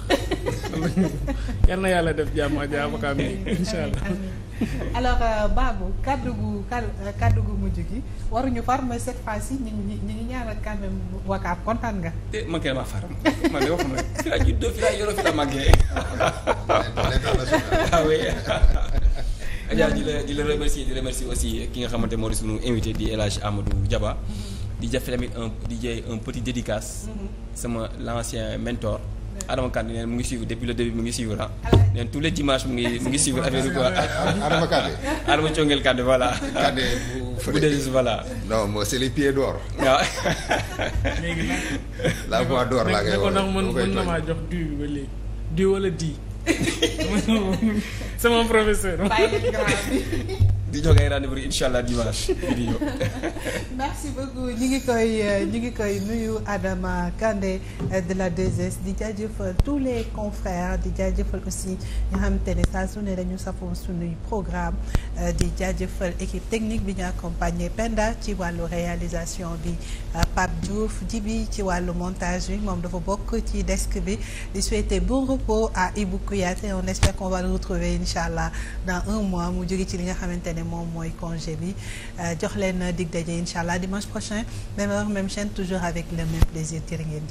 yal na yàlla def jàmm ak jàmm ak am incha allah. alors euh, Babou kaddu gu euh, kaddu gu mujj gi waruñu far mais cette fois ci ñu ngi ñu ngi ñaanal quand même wakaab kontaan nga. te man kay maa far man de waxuma fi laa juddoo fi laa ah di la di la remercier di remercier aussi ki nga xamante moo di sunu invité di El Hadj Amadou Diaba. Mm-hmm. di jafe tamit un di jëy un petit dédicace. Mm-hmm. sama l'ancien mentor. Adama Kandé neen mu ngi suivre depuis le début mu ngi suivre ah, ah neen tous les dimanches mu ngi suivre affaire bi ah, ah, Adama Kandé Adama Thiongel bu dee voilà non moo c'est les pieds d'or waaw léegi la voix d'or laa koy wax ndax man mën na maa jox du bi ba léegi du wala di sama professeur di jox ay rendez-vous incha di ñëw. merci beaucoup ñu ngi koy euh, ñu ngi koy nuyu Adama Kandé euh, de la 2S di jaajëfal tous les confrères di jaajëfal aussi ñu xam te ne saa su ne dañu safoo suñuy programme euh, di jaajëfal équipe technique bi ñu accompagné Penda ci wàllu réalisation bi Pape Diouf Djibi ci wàllu montage bi moom dafa bokk ci desk bi di souhaiter bon repos à Ibou Kouyaté on espère qu'on va le retrouver incha dans un mois mu jóge ci li nga xamante ne moom mooy congé bi euh, jox leen dig daje incha allah dimanche prochain même heure même chaîne toujours avec le même plaisir jërë ngeen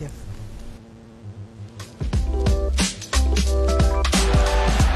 jëf.